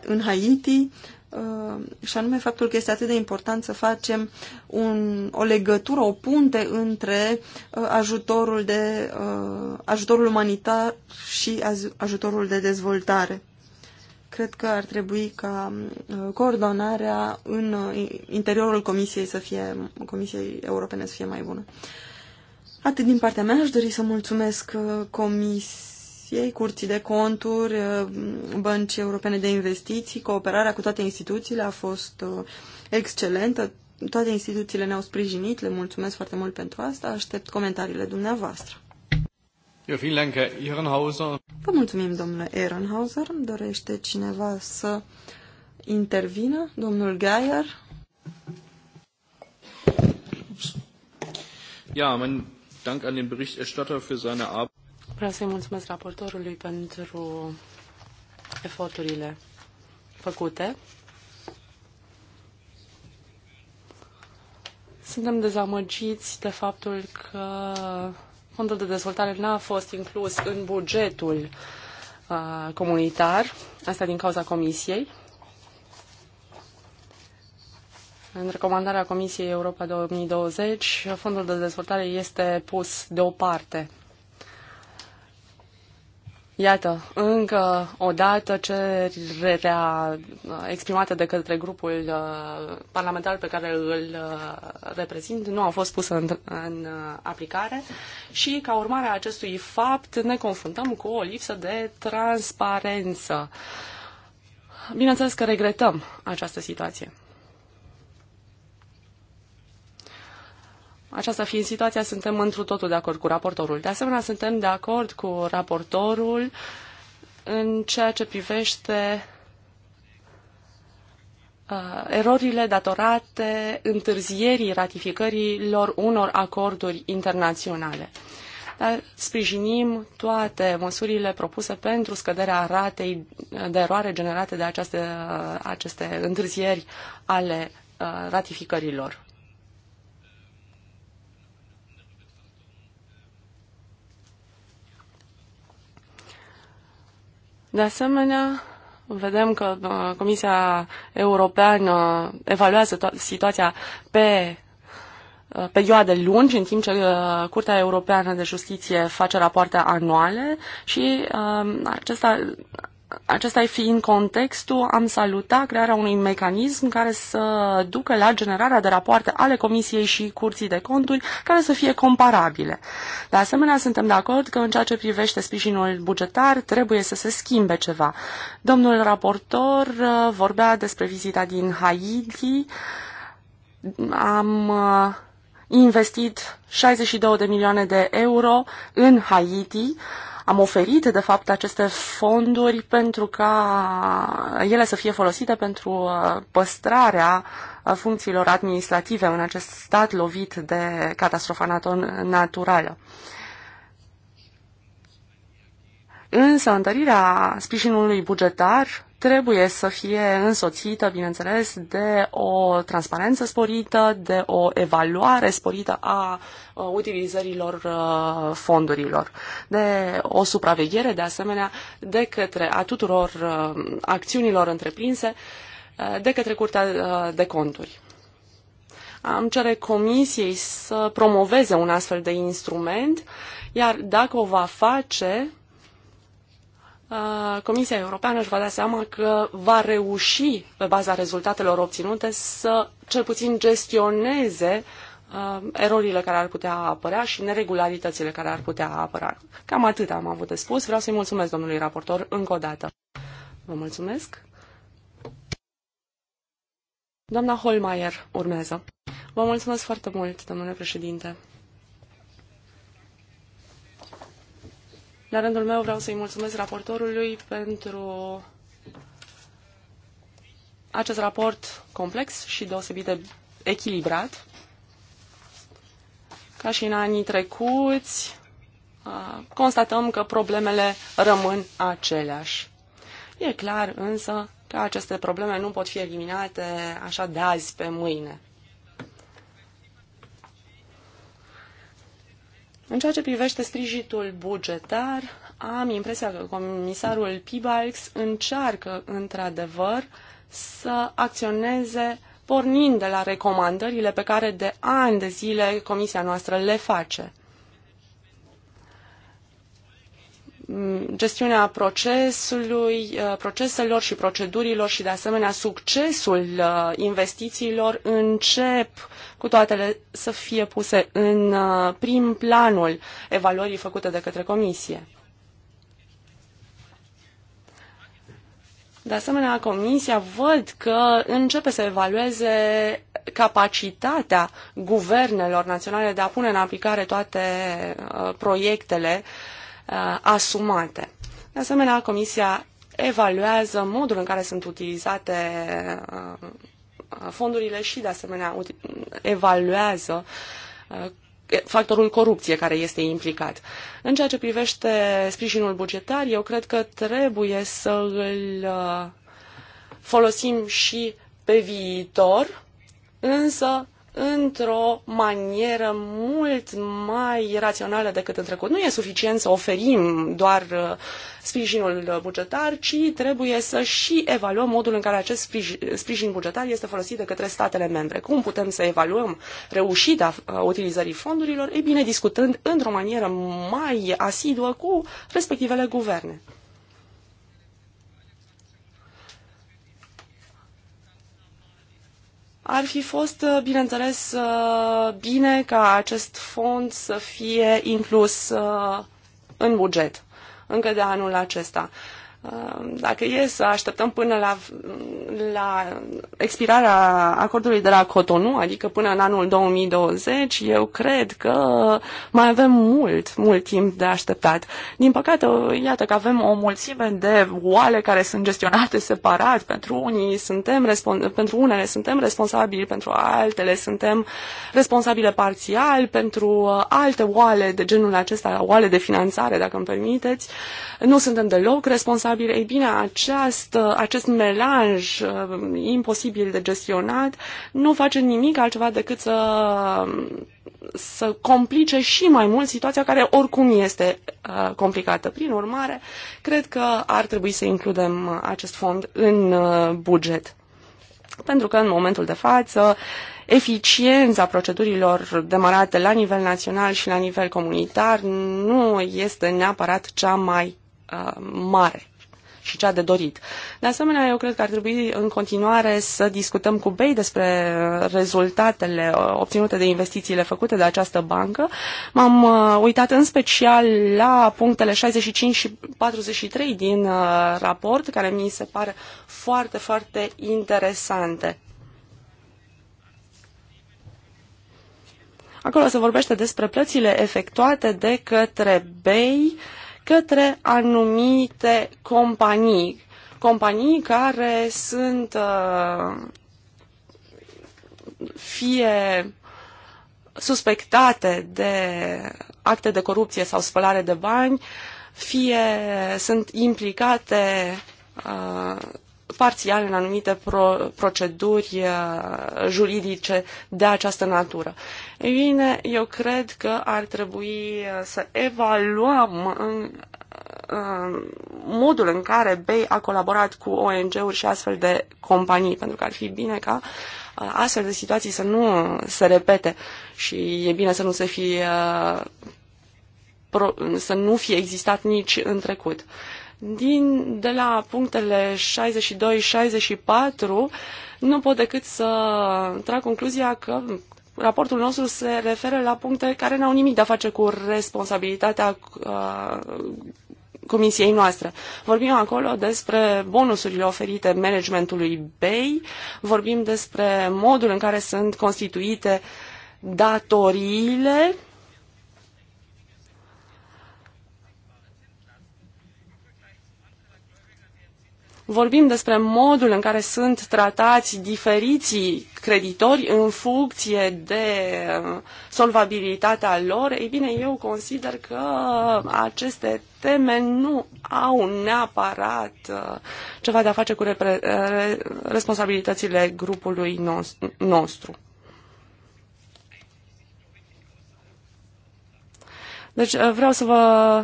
în Haiti, Uh, și anume faptul că este atât de important să facem un, o legătură, o punte între uh, ajutorul, de, uh, ajutorul umanitar și ajutorul de dezvoltare. Cred că ar trebui ca coordonarea în interiorul Comisiei, să fie, Comisiei Europene să fie mai bună. Atât din partea mea, aș dori să mulțumesc Comisiei Comisiei, Curții de Conturi, uh, bănci Europene de Investiții. Cooperarea cu toate instituțiile a fost uh, excelentă. Toate instituțiile ne-au sprijinit. Le mulțumesc foarte mult pentru asta. Aștept comentariile dumneavoastră. Vă mulțumim, domnule Ehrenhauser. Dorește cineva să intervină? Domnul Geier? Ja, mein Dank an den Berichterstatter für seine Arbeit. Vreau să-i mulțumesc raportorului pentru eforturile făcute. Suntem dezamăgiți de faptul că fondul de dezvoltare n-a fost inclus în bugetul uh, comunitar, asta din cauza Comisiei. În recomandarea Comisiei Europa 2020, fondul de dezvoltare este pus deoparte. Iată, încă o dată cererea uh, exprimată de către grupul uh, parlamentar pe care îl uh, reprezint nu a fost pusă în, în aplicare și, ca urmare a acestui fapt, ne confruntăm cu o lipsă de transparență. Bineînțeles că regretăm această situație. Aceasta fiind situația, suntem întru totul de acord cu raportorul. De asemenea, suntem de acord cu raportorul în ceea ce privește uh, erorile datorate întârzierii ratificărilor unor acorduri internaționale. Dar sprijinim toate măsurile propuse pentru scăderea ratei de eroare generate de aceste, aceste întârzieri ale uh, ratificărilor. De asemenea, vedem că uh, Comisia Europeană evaluează situația pe uh, perioade lungi, în timp ce uh, Curtea Europeană de Justiție face rapoarte anuale și acesta acesta fiind contextul, am salutat crearea unui mecanism care să ducă la generarea de rapoarte ale Comisiei și Curții de Conturi care să fie comparabile. De asemenea, suntem de acord că în ceea ce privește sprijinul bugetar trebuie să se schimbe ceva. Domnul raportor uh, vorbea despre vizita din Haiti. Am uh, investit 62 de milioane de euro în Haiti am oferit, de fapt, aceste fonduri pentru ca ele să fie folosite pentru uh, păstrarea uh, funcțiilor administrative în acest stat lovit de catastrofa naturală. Însă întărirea sprijinului bugetar trebuie să fie însoțită, bineînțeles, de o transparență sporită, de o evaluare sporită a utilizărilor fondurilor, de o supraveghere, de asemenea, de către a tuturor acțiunilor întreprinse, de către Curtea de Conturi. Am cere comisiei să promoveze un astfel de instrument, iar dacă o va face, Comisia Europeană își va da seama că va reuși, pe baza rezultatelor obținute, să cel puțin gestioneze erorile care ar putea apărea și neregularitățile care ar putea apărea. Cam atât am avut de spus. Vreau să-i mulțumesc domnului raportor încă o dată. Vă mulțumesc. Doamna Holmeier urmează. Vă mulțumesc foarte mult, domnule președinte. La rândul meu vreau să-i mulțumesc raportorului pentru acest raport complex și deosebit de echilibrat. Ca și în anii trecuți, constatăm că problemele rămân aceleași. E clar însă că aceste probleme nu pot fi eliminate așa de azi pe mâine. În ceea ce privește sprijinul bugetar, am impresia că comisarul Pibalx încearcă, într-adevăr, să acționeze pornind de la recomandările pe care de ani de zile comisia noastră le face. gestiunea procesului, uh, proceselor și procedurilor și, de asemenea, succesul uh, investițiilor încep cu toate să fie puse în uh, prim planul evaluării făcute de către Comisie. De asemenea, Comisia văd că începe să evalueze capacitatea guvernelor naționale de a pune în aplicare toate proiectele uh, Uh, asumate. De asemenea, Comisia evaluează modul în care sunt utilizate uh, fondurile și, de asemenea, evaluează uh, factorul corupție care este implicat. În ceea ce privește sprijinul bugetar, eu cred că trebuie să îl folosim și pe viitor, însă într-o manieră mult mai rațională decât în trecut. Nu e suficient să oferim doar uh, sprijinul bugetar, ci trebuie să și evaluăm modul în care acest sprijin bugetar este folosit de către statele membre. Cum putem să evaluăm reușita uh, utilizării fondurilor? Ei bine, discutând într-o manieră mai asiduă cu respectivele guverne. Ar fi fost, uh, bineînțeles, uh, bine ca acest fond să fie inclus uh, în buget încă de anul acesta. Uh, dacă e să așteptăm până la, la expirarea acordului de la Cotonou, adică până în anul 2020, eu cred că mai avem mult, mult timp de așteptat. Din păcate, iată că avem o mulțime de oale care sunt gestionate separat. Pentru, unii suntem pentru unele suntem responsabili, pentru altele suntem responsabile parțial, pentru uh, alte oale de genul acesta, oale de finanțare, dacă îmi permiteți, nu suntem deloc responsabili durabil, ei bine, acest, acest melanj uh, imposibil de gestionat nu face nimic altceva decât să să complice și mai mult situația care oricum este uh, complicată. Prin urmare, cred că ar trebui să includem acest fond în uh, buget. Pentru că în momentul de față eficiența procedurilor demarate la nivel național și la nivel comunitar nu este neapărat cea mai uh, mare și cea de dorit. De asemenea, eu cred că ar trebui în continuare să discutăm cu BEI despre rezultatele uh, obținute de investițiile făcute de această bancă. M-am uh, uitat în special la punctele 65 și 43 din uh, raport, care mi se pare foarte, foarte interesante. Acolo se vorbește despre plățile efectuate de către BEI uh, către anumite companii, companii care sunt uh, fie suspectate de acte de corupție sau spălare de bani, fie sunt implicate uh, parțial în anumite pro- proceduri uh, juridice de această natură. Ei bine, eu cred că ar trebui uh, să evaluăm în, uh, modul în care Bay a colaborat cu ONG-uri și astfel de companii, pentru că ar fi bine ca uh, astfel de situații să nu se repete și e bine să nu se fie să nu fie existat nici în trecut. Din, de la punctele 62-64 nu pot decât să trag concluzia că raportul nostru se referă la puncte care n-au nimic de a face cu responsabilitatea uh, comisiei noastre. Vorbim acolo despre bonusurile oferite managementului BEI, vorbim despre modul în care sunt constituite datoriile Vorbim despre modul în care sunt tratați diferiții creditori în funcție de uh, solvabilitatea lor. Ei bine, eu consider că aceste teme nu au neapărat uh, ceva de a face cu uh, responsabilitățile grupului nostru. Deci vreau să vă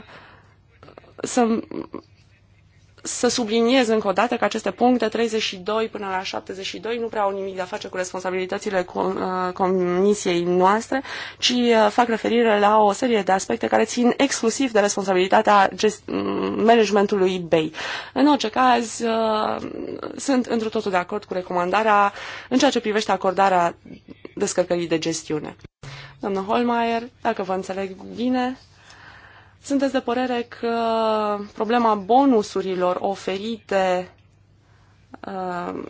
să să subliniez încă o dată că aceste puncte 32 până la 72 nu prea au nimic de a face cu responsabilitățile uh, comisiei noastre, ci uh, fac referire la o serie de aspecte care țin exclusiv de responsabilitatea mm, managementului BEI. În orice caz, uh, sunt într totul de acord cu recomandarea în ceea ce privește acordarea descărcării de gestiune. Doamnă Holmeier, dacă vă înțeleg bine, sunteți de părere că problema bonusurilor oferite uh,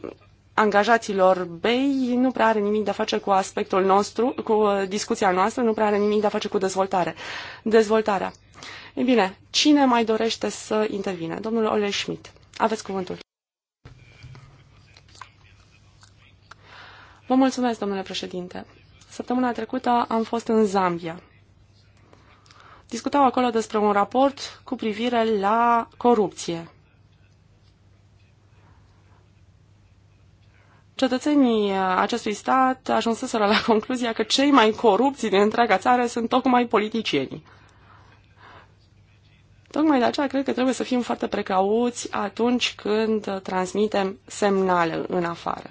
angajaților BEI nu prea are nimic de a face cu aspectul nostru, cu discuția noastră, nu prea are nimic de a face cu dezvoltare. dezvoltarea. Ei bine, cine mai dorește să intervine? Domnul Ole Schmidt, aveți cuvântul. Vă mulțumesc, domnule președinte. Săptămâna trecută am fost în Zambia discutau acolo despre un raport cu privire la corupție. Cetățenii acestui stat ajunseseră la <laughs> concluzia că cei mai corupți din întreaga țară sunt tocmai politicienii. Tocmai de aceea cred că trebuie să fim foarte precauți atunci când transmitem semnale în afară.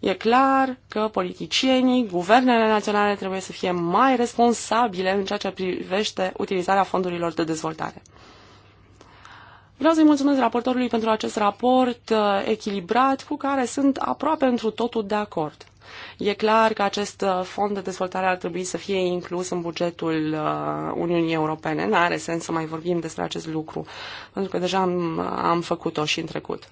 E clar că politicienii, guvernele naționale trebuie să fie mai responsabile în ceea ce privește utilizarea fondurilor de dezvoltare. Vreau să-i mulțumesc raportorului pentru acest raport uh, echilibrat cu care sunt aproape întru totul de acord. E clar că acest uh, fond de dezvoltare ar trebui să fie inclus în bugetul uh, Uniunii Europene. Nu are sens să mai vorbim despre acest lucru, pentru că deja am, am făcut-o și în trecut.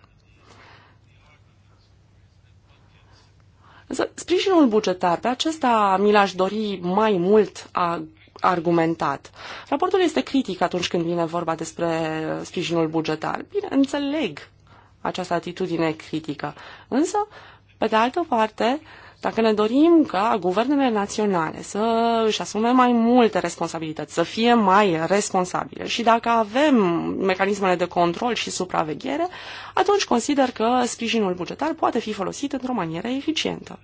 Însă, sprijinul bugetar, pe acesta mi l-aș dori mai mult a argumentat. Raportul este critic atunci când vine vorba despre sprijinul bugetar. Bine, înțeleg această atitudine critică. Însă, pe de altă parte, uh, dacă ne dorim ca guvernele naționale să își asume mai multe responsabilități, să fie mai responsabile și dacă avem mecanismele de control și supraveghere, atunci consider că sprijinul bugetar poate fi folosit într-o manieră eficientă.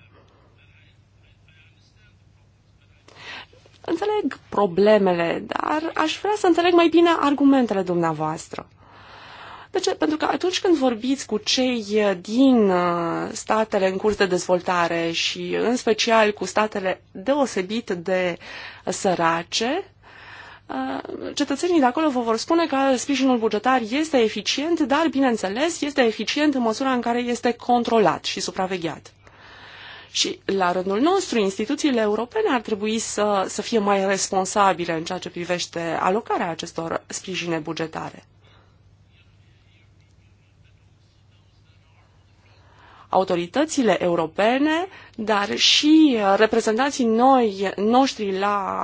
Înțeleg problemele, dar aș vrea să înțeleg mai bine argumentele dumneavoastră. De ce? Pentru că atunci când vorbiți cu cei din uh, statele în curs de dezvoltare și în special cu statele deosebit de sărace, uh, cetățenii de acolo vă vor spune că sprijinul bugetar este eficient, dar, bineînțeles, este eficient în măsura în care este controlat și supravegheat. Și, la rândul nostru, instituțiile europene ar trebui să, să fie mai responsabile în ceea ce privește alocarea acestor sprijine bugetare. autoritățile europene, dar și reprezentanții noi, noștri la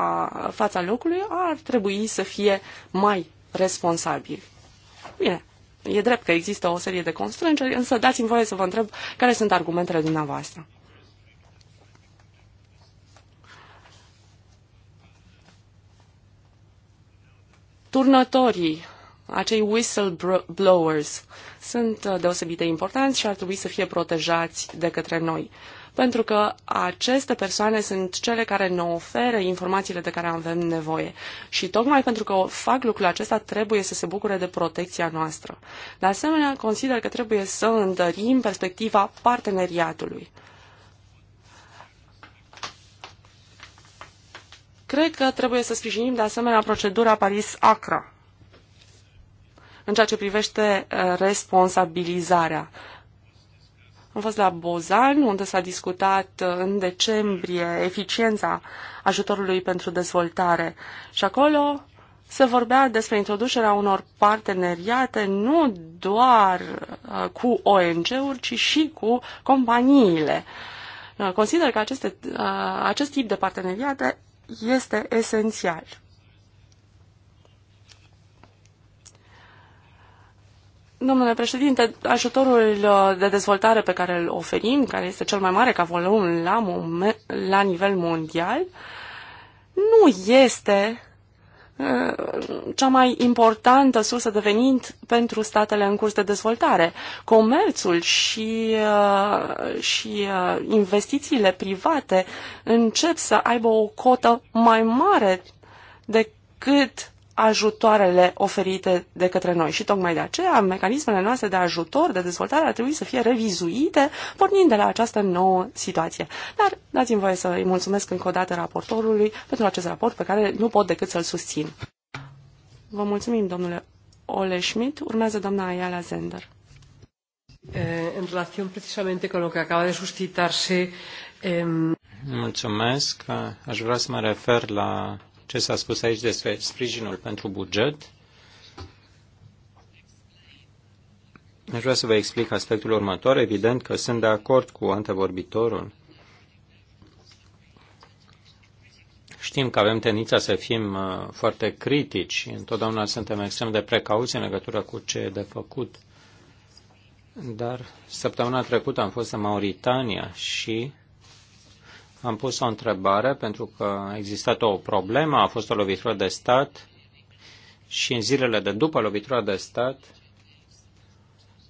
fața locului ar trebui să fie mai responsabili. Bine, e drept că există o serie de constrângeri, însă dați-mi voie să vă întreb care sunt argumentele dumneavoastră. Turnătorii, acei whistleblowers, uh, sunt uh, deosebit de importanți și ar trebui să fie protejați de către noi. Pentru că aceste persoane sunt cele care ne oferă informațiile de care avem nevoie. Și tocmai pentru că fac lucrul acesta, trebuie să se bucure de protecția noastră. De asemenea, consider că trebuie să întărim perspectiva parteneriatului. Cred că trebuie să sprijinim de asemenea procedura Paris-Acra în ceea ce privește uh, responsabilizarea. Am fost la Bozan, unde s-a discutat uh, în decembrie eficiența ajutorului pentru dezvoltare și acolo se vorbea despre introducerea unor parteneriate nu doar uh, cu ONG-uri, ci și cu companiile. Consider că aceste, acest tip de parteneriate este esențial. Domnule președinte, ajutorul uh, de dezvoltare pe care îl oferim, care este cel mai mare ca volum la, moment, la nivel mondial, nu este uh, cea mai importantă sursă de venit pentru statele în curs de dezvoltare. Comerțul și, uh, și investițiile private încep să aibă o cotă mai mare decât ajutoarele oferite de către noi. Și tocmai de aceea, mecanismele noastre de ajutor, de dezvoltare, ar trebui să fie revizuite, pornind de la această nouă situație. Dar dați-mi voie să îi mulțumesc încă o dată raportorului pentru acest raport pe care nu pot decât să-l susțin. Vă mulțumim, domnule Ole Schmidt. Urmează doamna Ayala Zender. În eh, relație precisamente cu lo que acaba de suscitarse... Mulțumesc. Aș vrea să mă refer la ce s-a spus aici despre sprijinul pentru buget. Aș vrea să vă explic aspectul următor. Evident că sunt de acord cu antevorbitorul. Știm că avem tendința să fim uh, foarte critici, întotdeauna suntem extrem de precauți în legătură cu ce e de făcut. Dar săptămâna trecută am fost în Mauritania și am pus o întrebare pentru că a existat o problemă, a fost o lovitură de stat și în zilele de după lovitura de stat,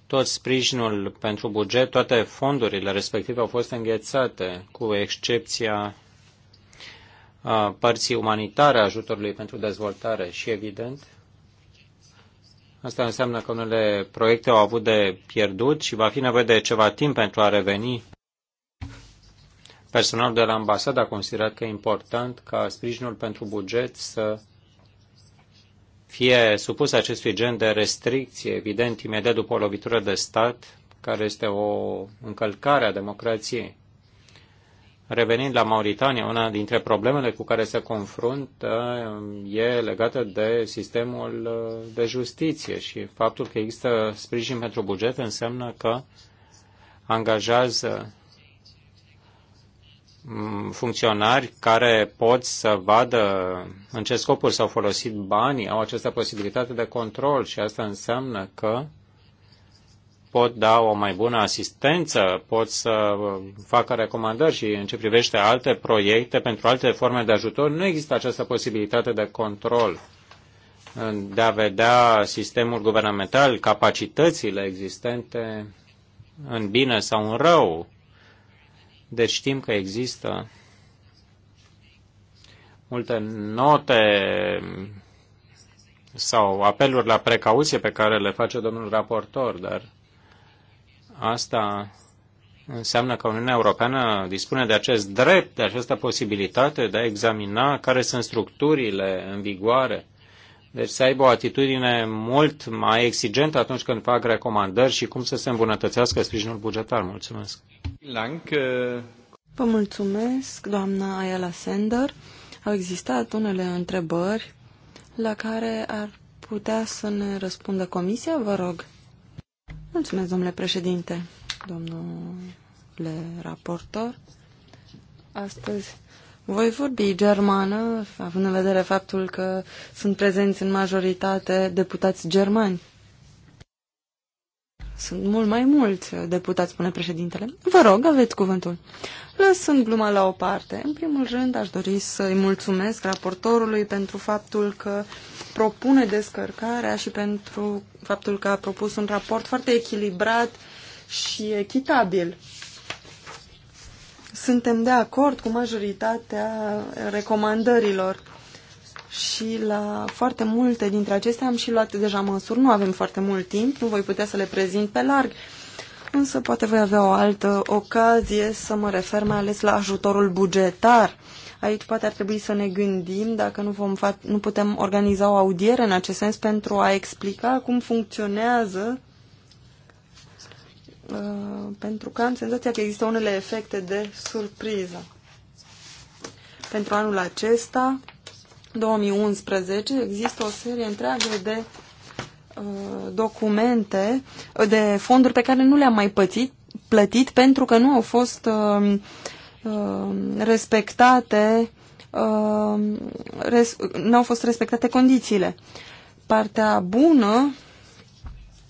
tot sprijinul pentru buget, toate fondurile respective au fost înghețate, cu excepția părții umanitare a ajutorului pentru dezvoltare și, evident, asta înseamnă că unele proiecte au avut de pierdut și va fi nevoie de ceva timp pentru a reveni Personalul de la ambasada a considerat că e important ca sprijinul pentru buget să fie supus acestui gen de restricție, evident, imediat după o lovitură de stat, care este o încălcare a democrației. Revenind la Mauritania, una dintre problemele cu care se confruntă um, e legată de sistemul uh, de justiție și faptul că există sprijin pentru buget înseamnă că angajează Mm, funcționari care pot să vadă în ce scopuri s-au folosit banii, au această posibilitate de control și asta înseamnă că pot da o mai bună asistență, pot să facă recomandări și în ce privește alte proiecte, pentru alte forme de ajutor, nu există această posibilitate de control de a vedea sistemul guvernamental, capacitățile existente în bine sau în rău deci știm că există multe note sau apeluri la precauție pe care le face domnul raportor, dar asta înseamnă că Uniunea Europeană dispune de acest drept, de această posibilitate de a examina care sunt structurile în vigoare deci să aibă o atitudine mult mai exigentă atunci când fac recomandări și cum să se îmbunătățească sprijinul bugetar. Mulțumesc! Vă mulțumesc, doamna Ayala Sender. Au existat unele întrebări la care ar putea să ne răspundă comisia, vă rog. Mulțumesc, domnule președinte, domnule raportor. Astăzi voi vorbi germană, având în vedere faptul că sunt prezenți în majoritate deputați germani. Sunt mult mai mulți deputați, spune președintele. Vă rog, aveți cuvântul. Lăsând gluma la o parte, în primul rând aș dori să-i mulțumesc raportorului pentru faptul că propune descărcarea și pentru faptul că a propus un raport foarte echilibrat și echitabil suntem de acord cu majoritatea recomandărilor și la foarte multe dintre acestea am și luat deja măsuri. Nu avem foarte mult timp, nu voi putea să le prezint pe larg, însă poate voi avea o altă ocazie să mă refer mai ales la ajutorul bugetar. Aici poate ar trebui să ne gândim dacă nu, vom fa- nu putem organiza o audiere în acest sens pentru a explica cum funcționează Uh, pentru că am senzația că există unele efecte de surpriză. Pentru anul acesta, 2011, există o serie întreagă de uh, documente, uh, de fonduri pe care nu le-am mai pățit, plătit pentru că nu au fost uh, uh, respectate uh, res, nu au fost respectate condițiile. Partea bună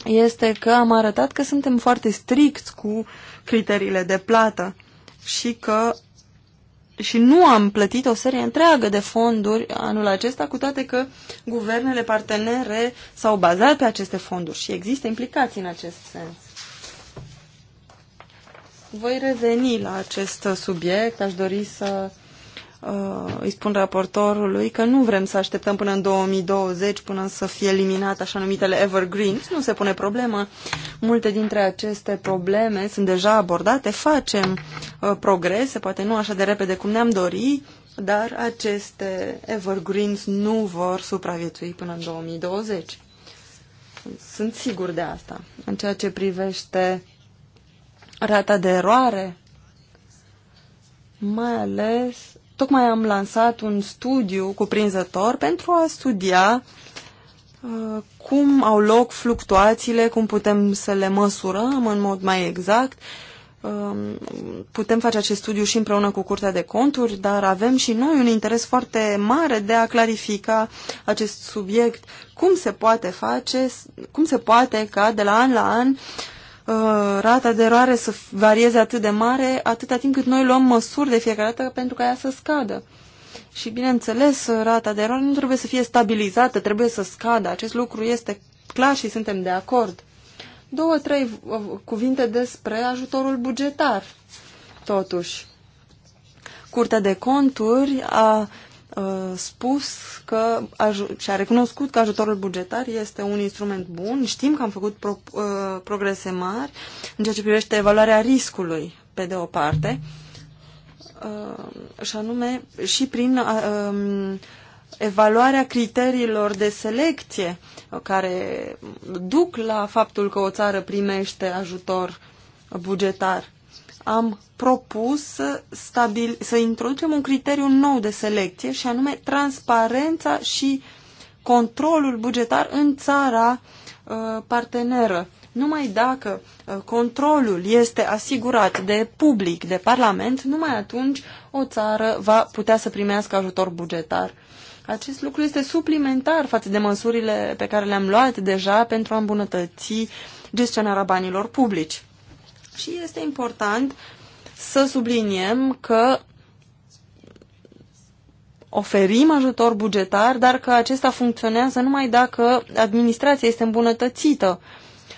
este că am arătat că suntem foarte stricți cu criteriile de plată și că și nu am plătit o serie întreagă de fonduri anul acesta, cu toate că guvernele partenere s-au bazat pe aceste fonduri și există implicații în acest sens. Voi reveni la acest subiect, aș dori să uh, îi spun raportorului că nu vrem să așteptăm până în 2020 până să fie eliminat așa numitele evergreens. Nu se pune problema. Multe dintre aceste probleme sunt deja abordate. Facem uh, progrese, poate nu așa de repede cum ne-am dori, dar aceste evergreens nu vor supraviețui până în 2020. Sunt sigur de asta. În ceea ce privește rata de eroare, mai ales Tocmai am lansat un studiu cuprinzător pentru a studia uh, cum au loc fluctuațiile, cum putem să le măsurăm în mod mai exact. Um, putem face acest studiu și împreună cu Curtea de Conturi, dar avem și noi un interes foarte mare de a clarifica acest subiect. Cum se poate face, cum se poate ca de la an la an uh, Uh, rata de eroare să varieze atât de mare atâta timp cât noi luăm măsuri de fiecare dată pentru ca ea să scadă. Și bineînțeles, rata de eroare nu trebuie să fie stabilizată, trebuie să scadă. Acest lucru este clar și suntem de acord. Două, trei uh, cuvinte despre ajutorul bugetar, totuși. Curtea de conturi a Uh, spus că și-a recunoscut că ajutorul bugetar este un instrument bun. Știm că am făcut pro, uh, progrese mari în ceea ce privește evaluarea riscului, pe de o parte, uh, și anume și prin uh, um, evaluarea criteriilor de selecție uh, care duc la faptul că o țară primește ajutor bugetar am propus să, stabil, să introducem un criteriu nou de selecție și anume transparența și controlul bugetar în țara uh, parteneră. Numai dacă uh, controlul este asigurat de public, de parlament, numai atunci o țară va putea să primească ajutor bugetar. Acest lucru este suplimentar față de măsurile pe care le-am luat deja pentru a îmbunătăți gestionarea banilor publici. Și este important să subliniem că oferim ajutor bugetar, dar că acesta funcționează numai dacă administrația este îmbunătățită.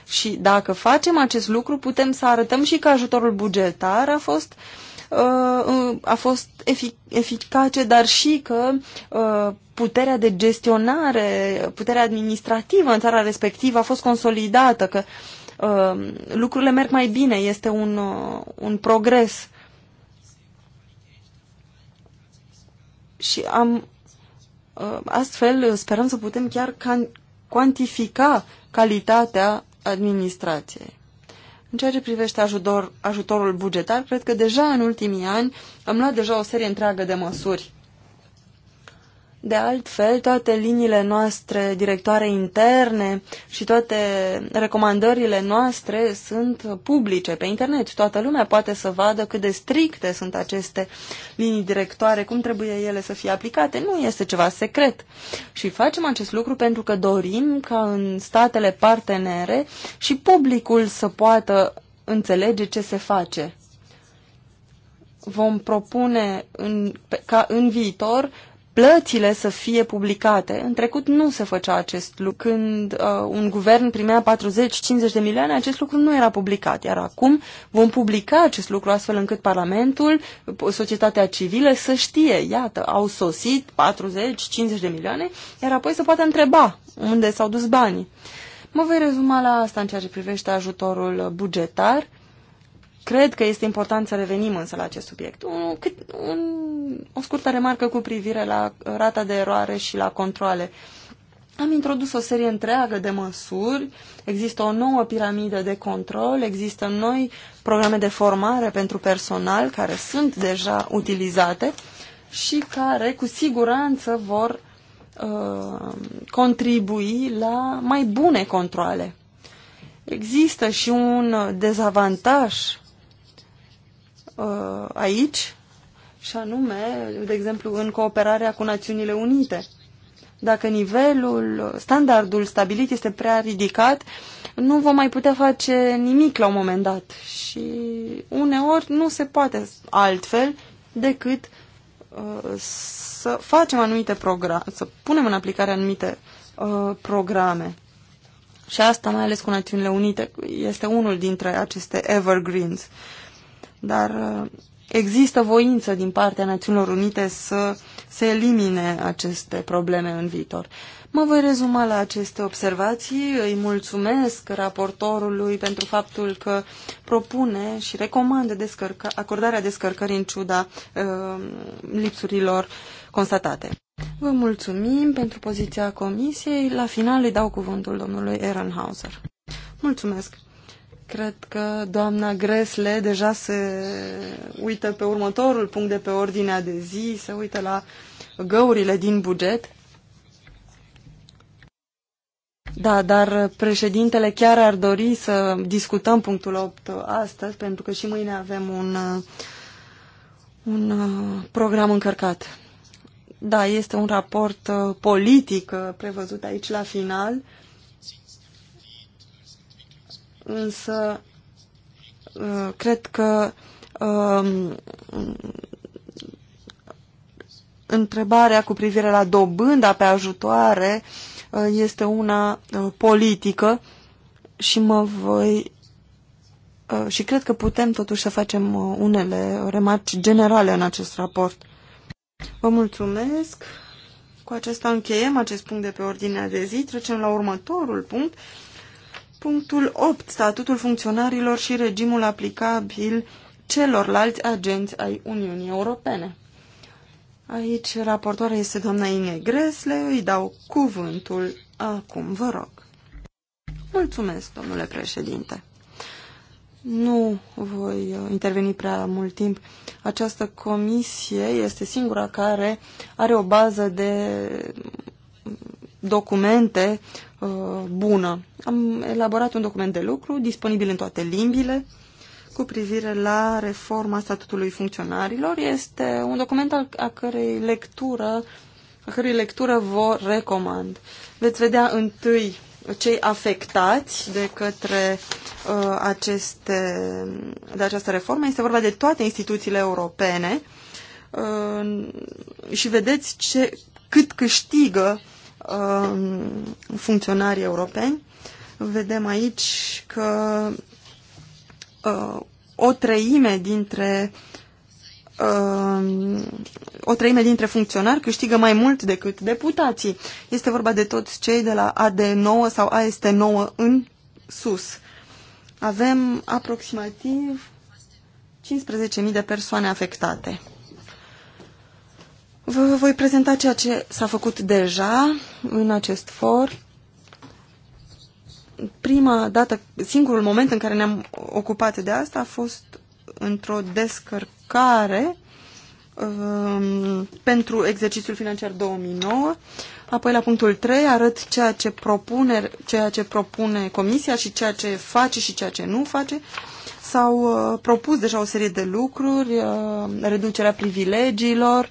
Și dacă facem acest lucru, putem să arătăm și că ajutorul bugetar a fost, uh, a fost efic eficace, dar și că uh, puterea de gestionare, puterea administrativă în țara respectivă a fost consolidată, că Uh, lucrurile merg mai bine, este un, uh, un progres. Și am uh, astfel sperăm să putem chiar cuantifica calitatea administrației. În ceea ce privește ajutor, ajutorul bugetar, cred că deja în ultimii ani am luat deja o serie întreagă de măsuri. De altfel, toate liniile noastre directoare interne și toate recomandările noastre sunt publice pe internet. Toată lumea poate să vadă cât de stricte sunt aceste linii directoare, cum trebuie ele să fie aplicate. Nu este ceva secret. Și facem acest lucru pentru că dorim ca în statele partenere și publicul să poată înțelege ce se face vom propune în, ca în viitor plățile să fie publicate. În trecut nu se făcea acest lucru. Când uh, un guvern primea 40-50 de milioane, acest lucru nu era publicat. Iar acum vom publica acest lucru astfel încât Parlamentul, societatea civilă să știe, iată, au sosit 40-50 de milioane, iar apoi să poată întreba unde s-au dus banii. Mă voi rezuma la asta în ceea ce privește ajutorul bugetar. Cred că este important să revenim însă la acest subiect. Un, cât, un, o scurtă remarcă cu privire la rata de eroare și la controle. Am introdus o serie întreagă de măsuri, există o nouă piramidă de control, există noi programe de formare pentru personal care sunt deja utilizate și care cu siguranță vor uh, contribui la mai bune controle. Există și un dezavantaj Uh, aici, și anume, de exemplu, în cooperarea cu Națiunile Unite. Dacă nivelul, standardul stabilit este prea ridicat, nu vom mai putea face nimic la un moment dat și uneori nu se poate altfel decât uh, să facem anumite programe, să punem în aplicare anumite uh, programe. Și asta, mai ales cu Națiunile Unite, este unul dintre aceste evergreens. Uh, dar uh, există voință din partea Națiunilor Unite să se elimine aceste probleme în viitor. Mă voi rezuma la aceste observații. Îi mulțumesc raportorului pentru faptul că propune și recomandă descărca, acordarea descărcării în ciuda uh, lipsurilor constatate. Vă mulțumim pentru poziția comisiei. La final îi dau cuvântul domnului Ehrenhauser. Mulțumesc! Cred că doamna Gresle deja se uită pe următorul punct de pe ordinea de zi, se uită la găurile din buget. Da, dar președintele chiar ar dori să discutăm punctul 8 astăzi, pentru că și mâine avem un, un uh, program încărcat. Da, este un raport uh, politic uh, prevăzut aici la final însă uh, cred că um, întrebarea cu privire la dobânda pe ajutoare uh, este una uh, politică și mă voi și cred că putem totuși să facem unele remarci generale în acest raport. Vă mulțumesc. Cu acesta încheiem acest punct de pe ordinea de zi. Trecem la următorul punct, Punctul 8. Statutul funcționarilor și regimul aplicabil celorlalți agenți ai Uniunii Europene. Aici raportoarea este doamna Inge Gresle, îi dau cuvântul acum, vă rog. Mulțumesc, domnule președinte. Nu voi uh, interveni prea mult timp. Această comisie este singura care are o bază de mm, documente Uh, bună. Am elaborat un document de lucru disponibil în toate limbile cu privire la reforma statutului funcționarilor. Este un document al, a cărei lectură a cărui lectură vă recomand. Veți vedea întâi cei afectați de către uh, aceste, de această reformă. Este vorba de toate instituțiile europene uh, și vedeți ce, cât câștigă Um, funcționarii europeni. Vedem aici că uh, o treime dintre um, o treime dintre funcționari câștigă mai mult decât deputații. Este vorba de toți cei de la AD9 sau AST9 în sus. Avem aproximativ 15.000 de persoane afectate. Vă voi prezenta ceea ce s-a făcut deja în acest for. Prima dată, singurul moment în care ne-am ocupat de asta a fost într-o descărcare um, pentru exercițiul financiar 2009. Apoi la punctul 3 arăt ceea ce, propune, ceea ce propune comisia și ceea ce face și ceea ce nu face. S-au uh, propus deja o serie de lucruri, uh, reducerea privilegiilor, uh,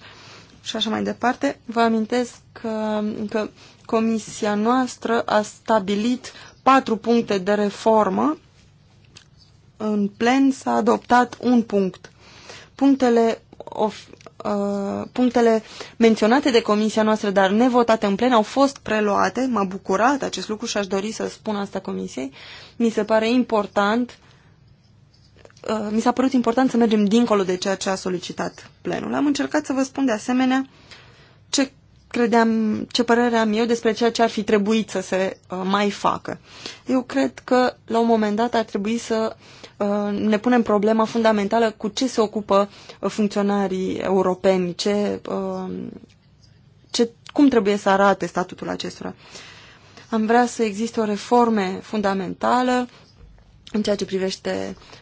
și așa mai departe. Vă amintesc că, că comisia noastră a stabilit patru puncte de reformă. În plen s-a adoptat un punct. Punctele, of, uh, punctele menționate de comisia noastră, dar nevotate în plen, au fost preluate. M-a bucurat acest lucru și aș dori să spun asta comisiei. Mi se pare important uh, Uh, mi s-a părut important să mergem dincolo de ceea ce a solicitat plenul. Am încercat să vă spun de asemenea ce credeam, ce părere am eu despre ceea ce ar fi trebuit să se uh, mai facă. Eu cred că la un moment dat ar trebui să uh, ne punem problema fundamentală cu ce se ocupă uh, funcționarii europeni, ce, uh, ce, cum trebuie să arate statutul acestora. Am vrea să existe o reforme fundamentală în ceea ce privește uh,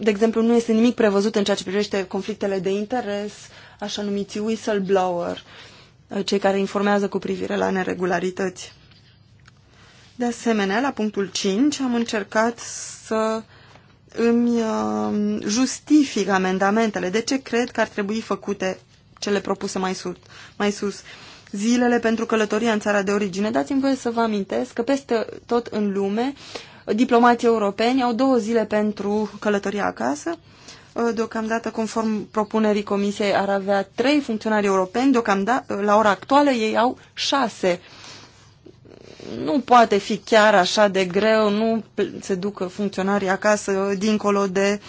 de exemplu, nu este nimic prevăzut în ceea ce privește conflictele de interes, așa numiți whistleblower, uh, cei care informează cu privire la neregularități. De asemenea, la punctul 5 am încercat să îmi uh, justific amendamentele. De ce cred că ar trebui făcute cele propuse mai sus? Mai sus? Zilele pentru călătoria în țara de origine. Dați-mi voie să vă amintesc că peste tot în lume uh, diplomații europeni au două zile pentru călătoria acasă. Uh, deocamdată, conform propunerii Comisiei, ar avea trei funcționari europeni. Deocamdată, la ora actuală, ei au șase. Nu poate fi chiar așa de greu, nu se ducă funcționarii acasă dincolo de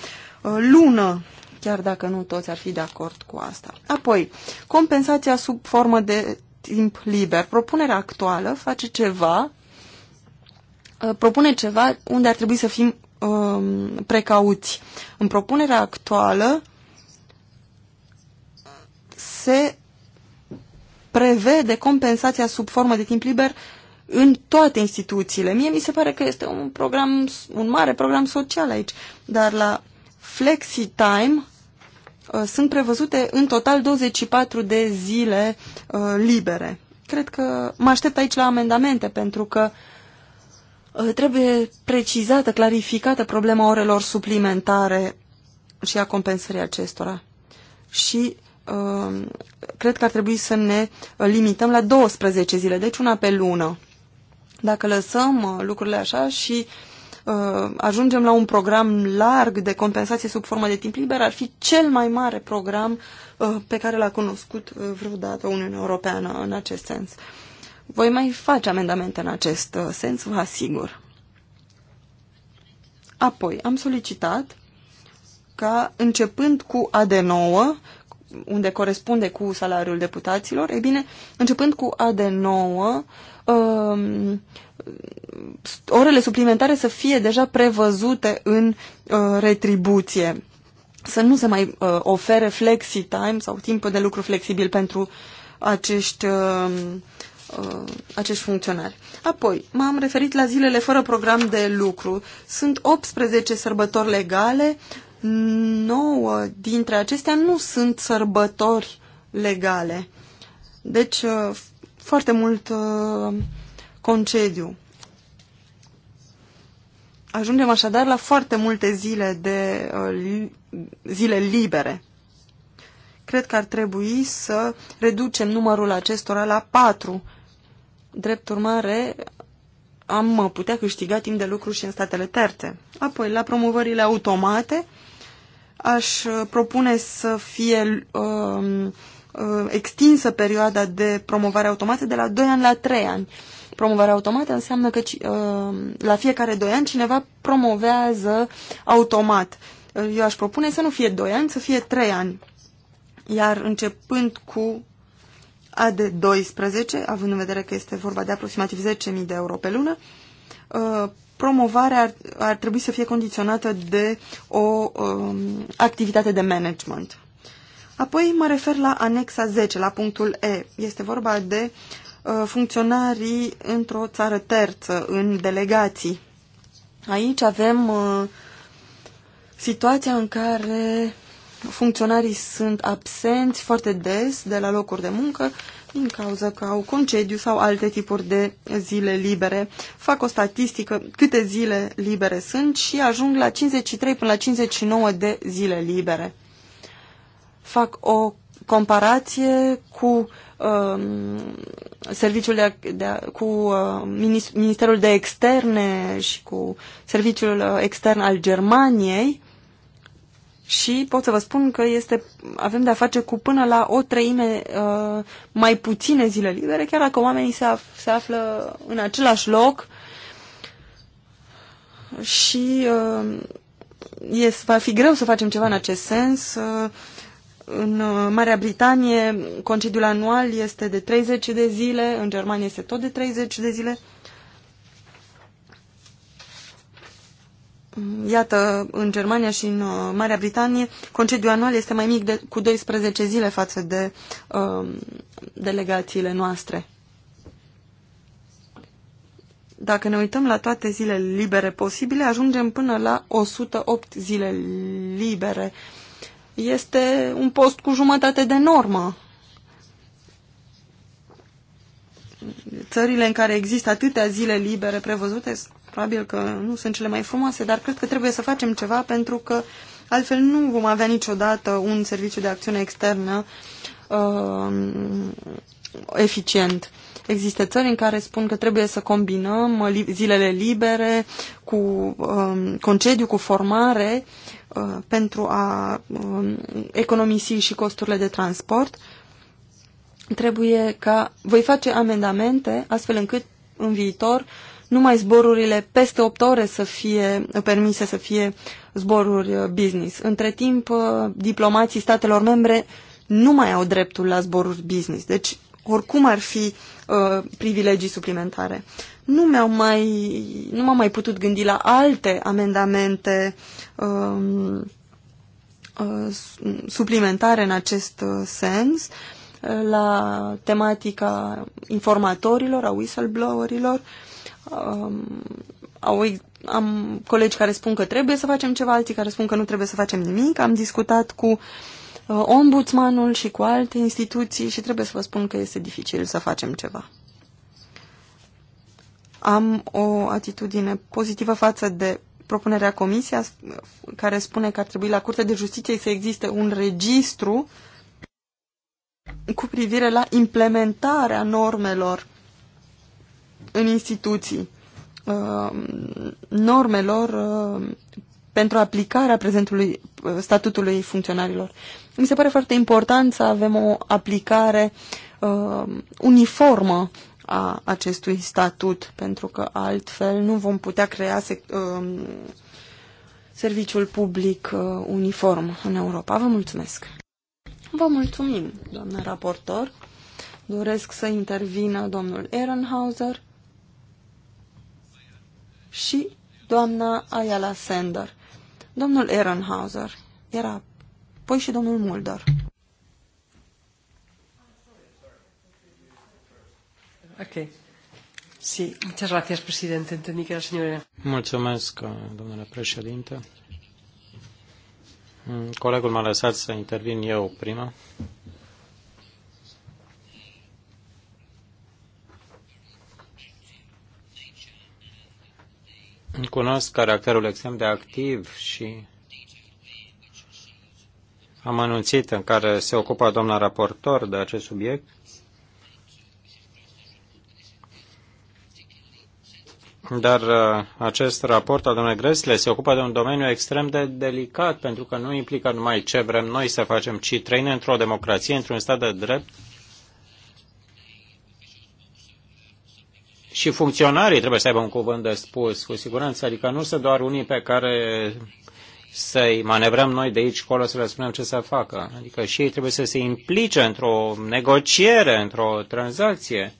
uh, lună chiar dacă nu toți ar fi de acord cu asta. Apoi, compensația sub formă de timp liber. Propunerea actuală face ceva Uh, propune ceva unde ar trebui să fim um, precauți. În propunerea actuală se prevede compensația sub formă de timp liber în toate instituțiile. Mie mi se pare că este un program, un mare program social aici, dar la Flexi Time uh, sunt prevăzute în total 24 de zile uh, libere. Cred că mă aștept aici la amendamente pentru că uh, Uh, trebuie precizată, clarificată problema orelor suplimentare și a compensării acestora. Și uh, cred că ar trebui să ne uh, limităm la 12 zile, deci una pe lună. Dacă lăsăm lucrurile așa și ajungem la un program larg de compensație sub formă de timp liber, ar fi cel mai mare program pe care l-a cunoscut vreodată Uniunea Europeană în acest sens. Voi mai face amendamente în acest uh, sens, vă asigur. Apoi, am solicitat ca începând cu AD9, unde corespunde cu salariul deputaților, e bine, începând cu AD9, uh, um, orele suplimentare să fie deja prevăzute în uh, retribuție. Să nu se mai uh, ofere flexi time sau timp de lucru flexibil pentru acești uh, Uh, acești funcționari. Apoi, m-am referit la zilele fără program de lucru. Sunt 18 sărbători legale, 9 dintre acestea nu sunt sărbători legale. Deci, uh, foarte mult uh, concediu. Ajungem așadar la foarte multe zile, de, zile libere cred că ar trebui să reducem numărul acestora la patru Drept urmare, am putea câștiga timp de lucru și în statele terțe. Apoi, la promovările automate, aș uh, propune să fie um, extinsă perioada de promovare automată de la 2 ani la 3 ani. Promovarea automată înseamnă că uh, la fiecare 2 ani cineva promovează automat. Eu aș propune să nu fie 2 ani, să fie 3 ani. Iar începând cu AD12, având în vedere că este vorba de aproximativ 10.000 de euro pe lună, uh, promovarea ar, ar trebui să fie condiționată de o um, activitate de management. Apoi mă refer la anexa 10, la punctul E. Este vorba de uh, funcționarii într-o țară terță, în delegații. Aici avem uh, situația în care funcționarii sunt absenți foarte des de la locuri de muncă din cauza că au concediu sau alte tipuri de zile libere. Fac o statistică câte zile libere sunt și ajung la 53 până la 59 de zile libere. Fac o comparație cu uh, serviciul de, de cu uh, Ministerul de Externe și cu serviciul uh, extern al Germaniei și pot să vă spun că este, avem de-a face cu până la o treime uh, mai puține zile libere, chiar dacă oamenii se, af- se află în același loc și uh, yes, va fi greu să facem ceva în acest sens. Uh, în uh, Marea Britanie concediul anual este de 30 de zile, în Germania este tot de 30 de zile. Iată, în Germania și în uh, Marea Britanie, concediul anual este mai mic de, cu 12 zile față de uh, delegațiile noastre. Dacă ne uităm la toate zilele libere posibile, ajungem până la 108 zile libere. Este un post cu jumătate de normă. țările în care există atâtea zile libere prevăzute, probabil că nu sunt cele mai frumoase, dar cred că trebuie să facem ceva pentru că altfel nu vom avea niciodată un serviciu de acțiune externă uh, eficient. Există țări în care spun că trebuie să combinăm zilele libere cu um, concediu, cu formare uh, pentru a um, economisi și costurile de transport trebuie ca... Voi face amendamente astfel încât în viitor numai zborurile peste 8 ore să fie permise să fie zboruri uh, business. Între timp, uh, diplomații statelor membre nu mai au dreptul la zboruri business. Deci, oricum ar fi uh, privilegii suplimentare. Nu m-am mai, nu m-am mai putut gândi la alte amendamente um, uh, uh, suplimentare în acest uh, sens. Uh, la tematica informatorilor, a whistleblowerilor. Um, au, am colegi care spun că trebuie să facem ceva, alții care spun că nu trebuie să facem nimic. Am discutat cu uh, ombudsmanul și cu alte instituții și trebuie să vă spun că este dificil să facem ceva. Am o atitudine pozitivă față de propunerea comisia care spune că ar trebui la Curtea de Justiție să existe un registru cu privire la implementarea normelor în instituții, uh, normelor uh, pentru aplicarea prezentului uh, statutului funcționarilor. Mi se pare foarte important să avem o aplicare uniformă a acestui statut, pentru că altfel nu vom putea crea serviciul public uniform în Europa. Vă mulțumesc! Vă mulțumim, doamnă raportor. Doresc să intervină domnul Ehrenhauser și doamna Ayala Sender. Domnul Ehrenhauser era, poi și domnul Mulder. Ok. Sí, muchas gracias, presidente. Entendí que la señora... Mulțumesc, domnule președinte. Mm, colegul m-a lăsat să intervin eu prima. Cunosc caracterul extrem de activ și am anunțit în care se ocupa doamna raportor de acest subiect. Dar uh, acest raport al domnului Gresle se ocupă de un domeniu extrem de delicat, pentru că nu implică numai ce vrem noi să facem, ci trăim într-o democrație, într-un stat de drept. Și funcționarii trebuie să aibă un cuvânt de spus, cu siguranță, adică nu sunt doar unii pe care să-i manevrăm noi de aici colo să le spunem ce să facă. Adică și ei trebuie să se implice într-o negociere, într-o tranzacție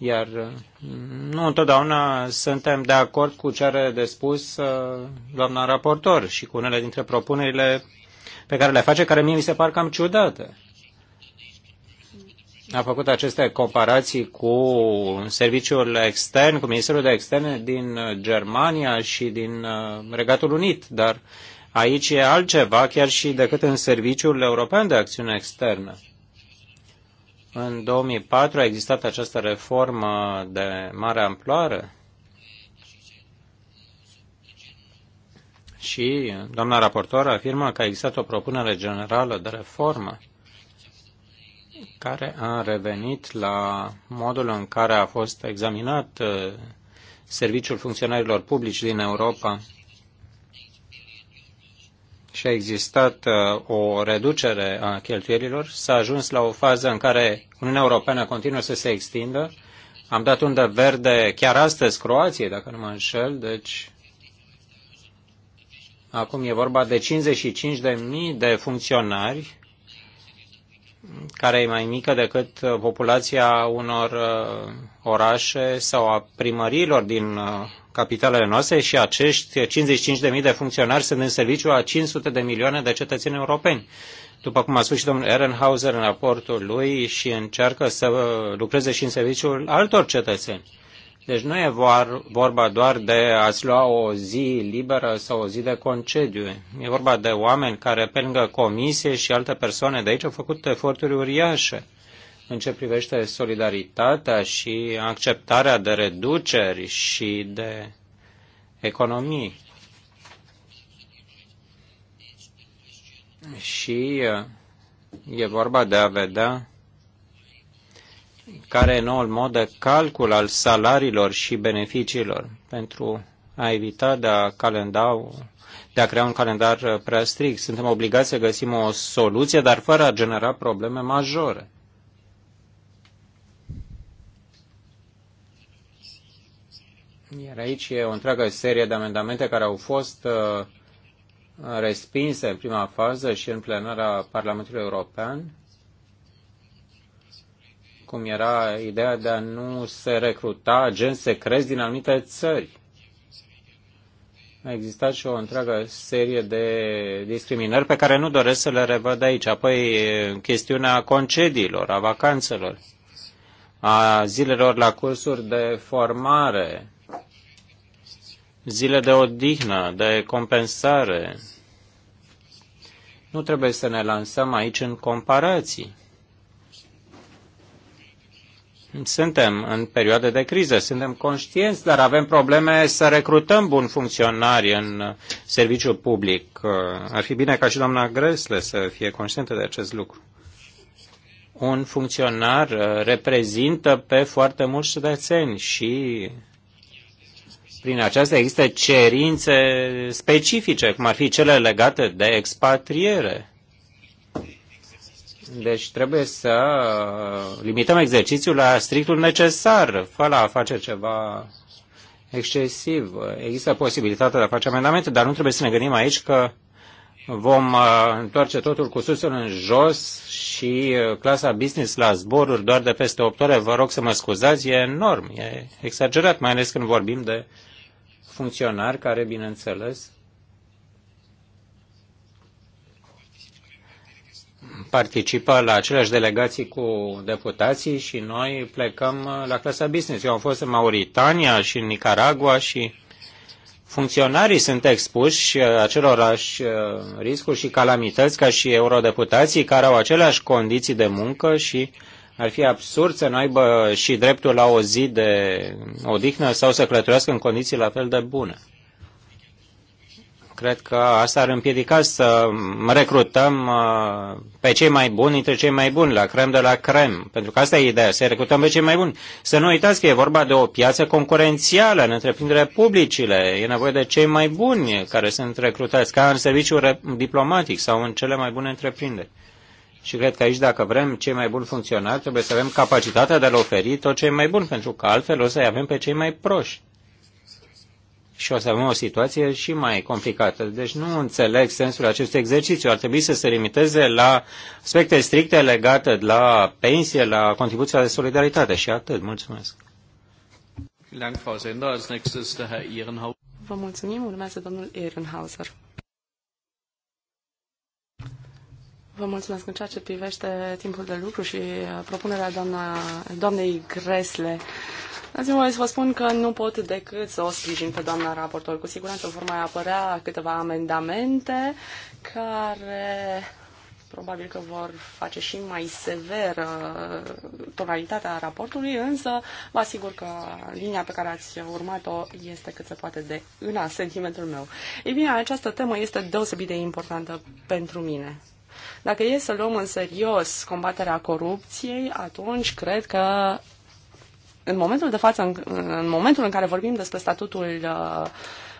iar uh, nu întotdeauna suntem de acord cu ce are de spus uh, doamna raportor și cu unele dintre propunerile pe care le face, care mie mi se par cam ciudate. A făcut aceste comparații cu serviciul extern, cu Ministerul de Externe din uh, Germania și din Regatul Unit, dar aici e altceva chiar și decât în serviciul european de acțiune externă. În 2004 a existat această reformă de mare amploare și doamna raportor afirmă că a existat o propunere generală de reformă care a revenit la modul în care a fost examinat eh, serviciul funcționarilor publici din Europa și a existat uh, o reducere a cheltuielilor, s-a ajuns la o fază în care Uniunea Europeană continuă să se extindă. Am dat undă verde chiar astăzi Croației, dacă nu mă înșel, deci acum e vorba de 55.000 de funcționari care e mai mică decât uh, populația unor uh, orașe sau a primărilor din capitalele noastre și acești 55.000 de funcționari sunt în serviciu a 500 de milioane de cetățeni europeni. După cum a spus și domnul Ehrenhauser în raportul lui și încearcă să lucreze și în serviciul altor cetățeni. Deci nu e vorba doar de a-ți lua o zi liberă sau o zi de concediu. E vorba de oameni care, pe lângă comisie și alte persoane de aici, au făcut eforturi uriașe în ce privește solidaritatea și acceptarea de reduceri și de economii. Și uh, e vorba de a vedea care e noul mod de calcul al salariilor și beneficiilor pentru a evita de a, calenda, de a crea un calendar uh, prea strict. Suntem obligați să găsim o soluție, dar fără a genera probleme majore. Iar aici e o întreagă serie de amendamente care au fost uh, respinse în prima fază și în plenara Parlamentului European, cum era ideea de a nu se recruta agenți secreți din anumite țări. A existat și o întreagă serie de discriminări pe care nu doresc să le revăd aici. Apoi chestiunea concediilor, a vacanțelor, a zilelor la cursuri de formare, zile de odihnă, de compensare. Nu trebuie să ne lansăm aici în comparații. Suntem în perioade de criză, suntem conștienți, dar avem probleme să recrutăm bun funcționari în serviciul public. Ar fi bine ca și doamna Gresle să fie conștientă de acest lucru. Un funcționar reprezintă pe foarte mulți cetățeni și prin aceasta există cerințe specifice, cum ar fi cele legate de expatriere. Deci trebuie să limităm exercițiul la strictul necesar, fără a face ceva excesiv. Există posibilitatea de a face amendamente, dar nu trebuie să ne gândim aici că vom uh, întoarce totul cu susul în jos și uh, clasa business la zboruri doar de peste 8 ore, vă rog să mă scuzați, e enorm, e exagerat, mai ales când vorbim de funcționari care, bineînțeles, participă la aceleași delegații cu deputații și noi plecăm la clasa business. Eu am fost în Mauritania și în Nicaragua și funcționarii sunt expuși uh, acelorași uh, riscuri și calamități ca și eurodeputații care au aceleași condiții de muncă și ar fi absurd să nu aibă și dreptul la o zi de odihnă sau să călătorească în condiții la fel de bune. Cred că asta ar împiedica să recrutăm uh, pe cei mai buni dintre cei mai buni, la crem de la crem. Pentru că asta e ideea, să recrutăm pe cei mai buni. Să nu uitați că e vorba de o piață concurențială în întreprindere publicile. E nevoie de cei mai buni care sunt recrutați, ca în serviciul diplomatic sau în cele mai bune întreprinderi. Și cred că aici, dacă vrem cei mai buni funcționari, trebuie să avem capacitatea de a le oferi tot ce e mai bun, pentru că altfel o să-i avem pe cei mai proști. Și o să avem o situație și mai complicată. Deci nu înțeleg sensul acestui exercițiu. Ar trebui să se limiteze la aspecte stricte legate de la pensie, la contribuția de solidaritate și atât. Mulțumesc. Vă mulțumim. Urmează domnul Ehrenhauser. Vă mulțumesc în ceea ce privește timpul de lucru și uh, propunerea doamna, doamnei Gresle. Dați-mi să vă spun că nu pot decât să o sprijin pe doamna raportor. Cu siguranță vor mai apărea câteva amendamente care probabil că vor face și mai severă uh, tonalitatea raportului, însă vă asigur că linia pe care ați urmat-o este cât se poate de în sentimentul meu. Ei bine, această temă este deosebit de importantă pentru mine. Dacă e să luăm în serios combaterea corupției, atunci cred că în momentul de față, în, în momentul în care vorbim despre statutul uh,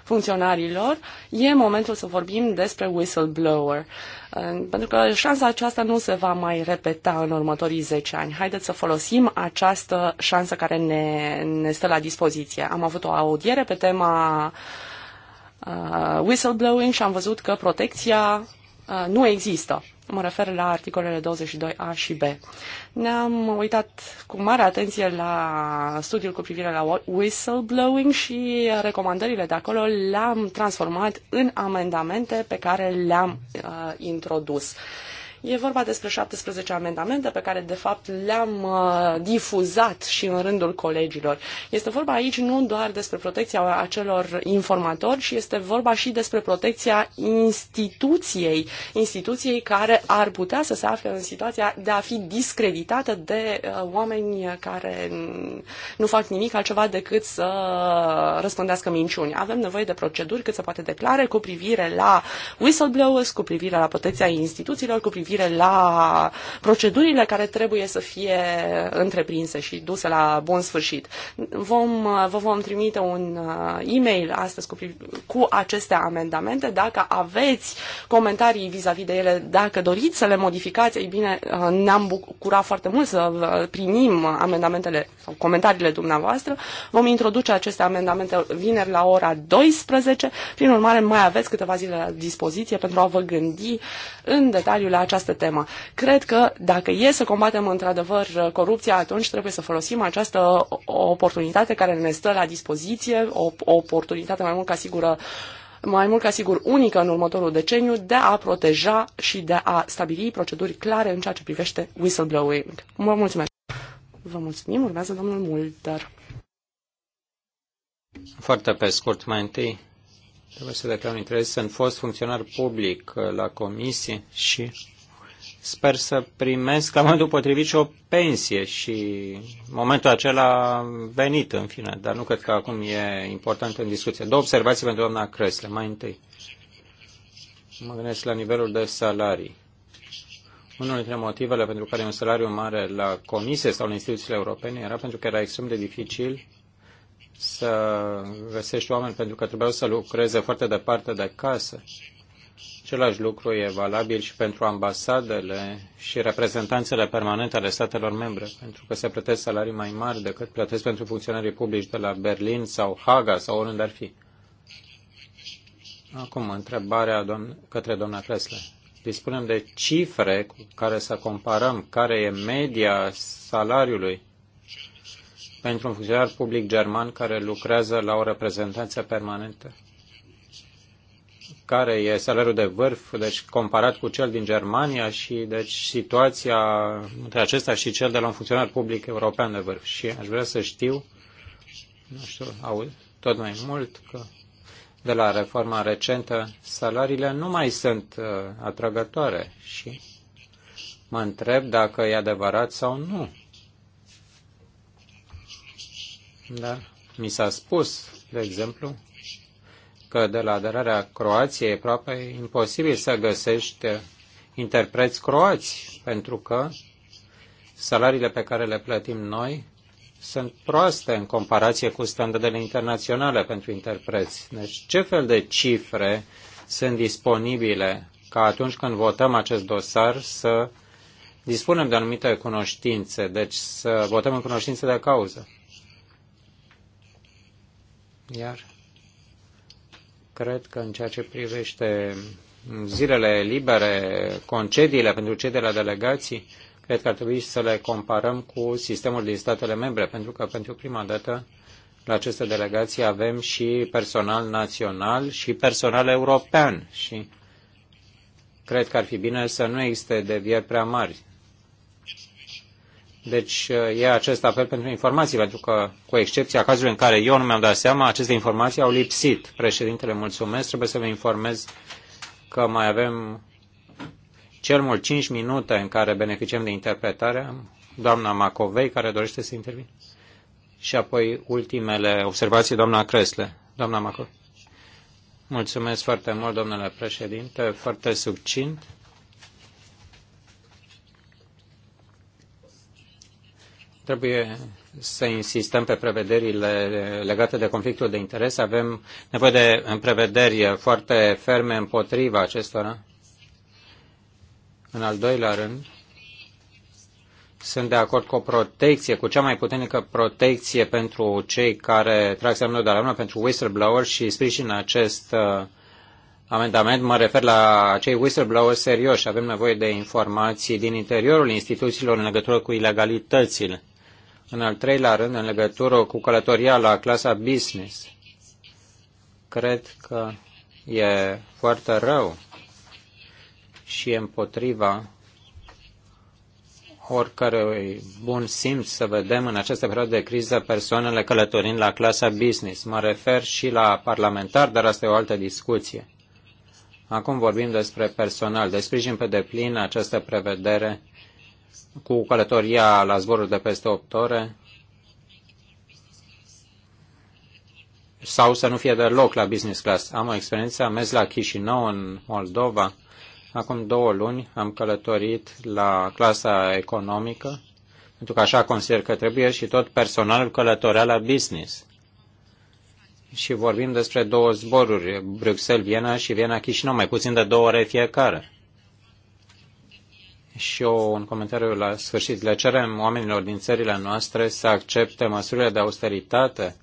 funcționarilor, e momentul să vorbim despre whistleblower. Uh, pentru că șansa aceasta nu se va mai repeta în următorii 10 ani. Haideți să folosim această șansă care ne, ne stă la dispoziție. Am avut o audiere pe tema uh, whistleblowing și am văzut că protecția uh, nu există. Mă refer la articolele 22a și b. Ne-am uitat cu mare atenție la studiul cu privire la whistleblowing și recomandările de acolo le-am transformat în amendamente pe care le-am uh, introdus. Uh, E vorba despre 17 amendamente pe care, de fapt, le-am uh, difuzat și în rândul colegilor. Este vorba aici nu doar despre protecția acelor informatori, ci este vorba și despre protecția instituției, instituției care ar putea să se afle în situația de a fi discreditată de uh, oameni care nu fac nimic altceva decât să răspândească minciuni. Avem nevoie de proceduri cât se poate declare cu privire la whistleblowers, cu privire la protecția instituțiilor, cu privire privire la procedurile care trebuie să fie întreprinse și duse la bun sfârșit. Vom, vă vom trimite un uh, e-mail astăzi cu, cu aceste amendamente. Dacă aveți comentarii vis-a-vis -vis de ele, dacă doriți să le modificați, ei bine, uh, ne-am bucurat foarte mult să primim amendamentele sau comentariile dumneavoastră. Vom introduce aceste amendamente vineri la ora 12. Prin urmare, mai aveți câteva zile la dispoziție pentru a vă gândi în detaliu la această această temă. Cred că dacă e să combatem într-adevăr corupția, atunci trebuie să folosim această oportunitate care ne stă la dispoziție, o oportunitate mai mult ca sigură mai mult ca sigur unică în următorul deceniu de a proteja și de a stabili proceduri clare în ceea ce privește whistleblowing. Vă mulțumesc! Vă mulțumim, urmează domnul Mulder. Foarte pe scurt, mai întâi trebuie să declar un interes. Sunt fost funcționar public la comisie și sper să primesc la momentul potrivit și o pensie și momentul acela venit în fine, dar nu cred că acum e important în discuție. Două observații pentru doamna Cresle, mai întâi. Mă gândesc la nivelul de salarii. Unul dintre motivele pentru care un salariu mare la comisie sau la instituțiile europene era pentru că era extrem de dificil să găsești oameni pentru că trebuiau să lucreze foarte departe de casă Același lucru e valabil și pentru ambasadele și reprezentanțele permanente ale statelor membre, pentru că se plătesc salarii mai mari decât plătesc pentru funcționarii publici de la Berlin sau Haga sau oriunde ar fi. Acum, întrebarea către doamna Cresle. Dispunem de cifre cu care să comparăm care e media salariului pentru un funcționar public german care lucrează la o reprezentanță permanentă care e salariul de vârf, deci comparat cu cel din Germania și deci situația între acesta și cel de la un funcționar public european de vârf. Și aș vrea să știu, nu știu, aud tot mai mult că de la reforma recentă salariile nu mai sunt uh, atrăgătoare și mă întreb dacă e adevărat sau nu. Dar mi s-a spus, de exemplu, că de la aderarea Croației e aproape imposibil să găsești interpreți croați, pentru că salariile pe care le plătim noi sunt proaste în comparație cu standardele internaționale pentru interpreți. Deci ce fel de cifre sunt disponibile ca atunci când votăm acest dosar să dispunem de anumite cunoștințe, deci să votăm în cunoștință de cauză. Iar Cred că în ceea ce privește zilele libere, concediile pentru cei de la delegații, cred că ar trebui să le comparăm cu sistemul din statele membre, pentru că pentru prima dată la aceste delegații avem și personal național și personal european și cred că ar fi bine să nu existe devieri prea mari, deci e acest apel pentru informații, pentru că, cu excepția cazului în care eu nu mi-am dat seama, aceste informații au lipsit. Președintele, mulțumesc, trebuie să vă informez că mai avem cel mult 5 minute în care beneficiem de interpretare. Doamna Macovei, care dorește să intervină. Și apoi ultimele observații, doamna Cresle. Doamna Macovei. Mulțumesc foarte mult, domnule președinte, foarte succint. Trebuie să insistăm pe prevederile legate de conflictul de interes. Avem nevoie de prevederi foarte ferme împotriva acestora. În al doilea rând, sunt de acord cu o protecție, cu cea mai puternică protecție pentru cei care trag semnul de alarmă, pentru whistleblower și sprijin acest uh, amendament. Mă refer la acei whistleblower serioși. Avem nevoie de informații din interiorul instituțiilor în legătură cu ilegalitățile. În al treilea rând, în legătură cu călătoria la clasa business, cred că e foarte rău și e împotriva oricărui bun simț să vedem în această perioadă de criză persoanele călătorind la clasa business. Mă refer și la parlamentar, dar asta e o altă discuție. Acum vorbim despre personal. Desprijin pe deplin această prevedere cu călătoria la zboruri de peste 8 ore sau să nu fie deloc la business class. Am o experiență, am mers la Chișinău, în Moldova. Acum două luni am călătorit la clasa economică, pentru că așa consider că trebuie și tot personalul călătorea la business. Și vorbim despre două zboruri, Bruxelles-Viena și Viena-Chișinău, mai puțin de două ore fiecare și eu, un comentariu la sfârșit. Le cerem oamenilor din țările noastre să accepte măsurile de austeritate,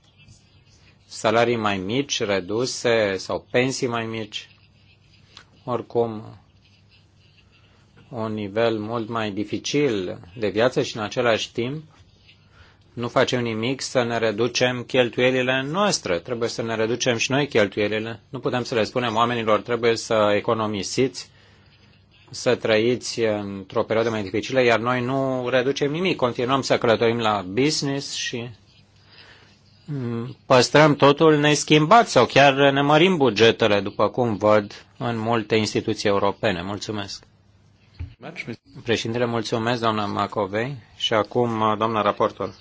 salarii mai mici, reduse sau pensii mai mici. Oricum, un nivel mult mai dificil de viață și în același timp nu facem nimic să ne reducem cheltuielile noastre. Trebuie să ne reducem și noi cheltuielile. Nu putem să le spunem oamenilor trebuie să economisiți să trăiți într-o perioadă mai dificilă, iar noi nu reducem nimic. Continuăm să călătorim la business și păstrăm totul neschimbat sau chiar ne mărim bugetele, după cum văd în multe instituții europene. Mulțumesc. Președintele, mulțumesc, doamna Macovei. Și acum, doamna raportor.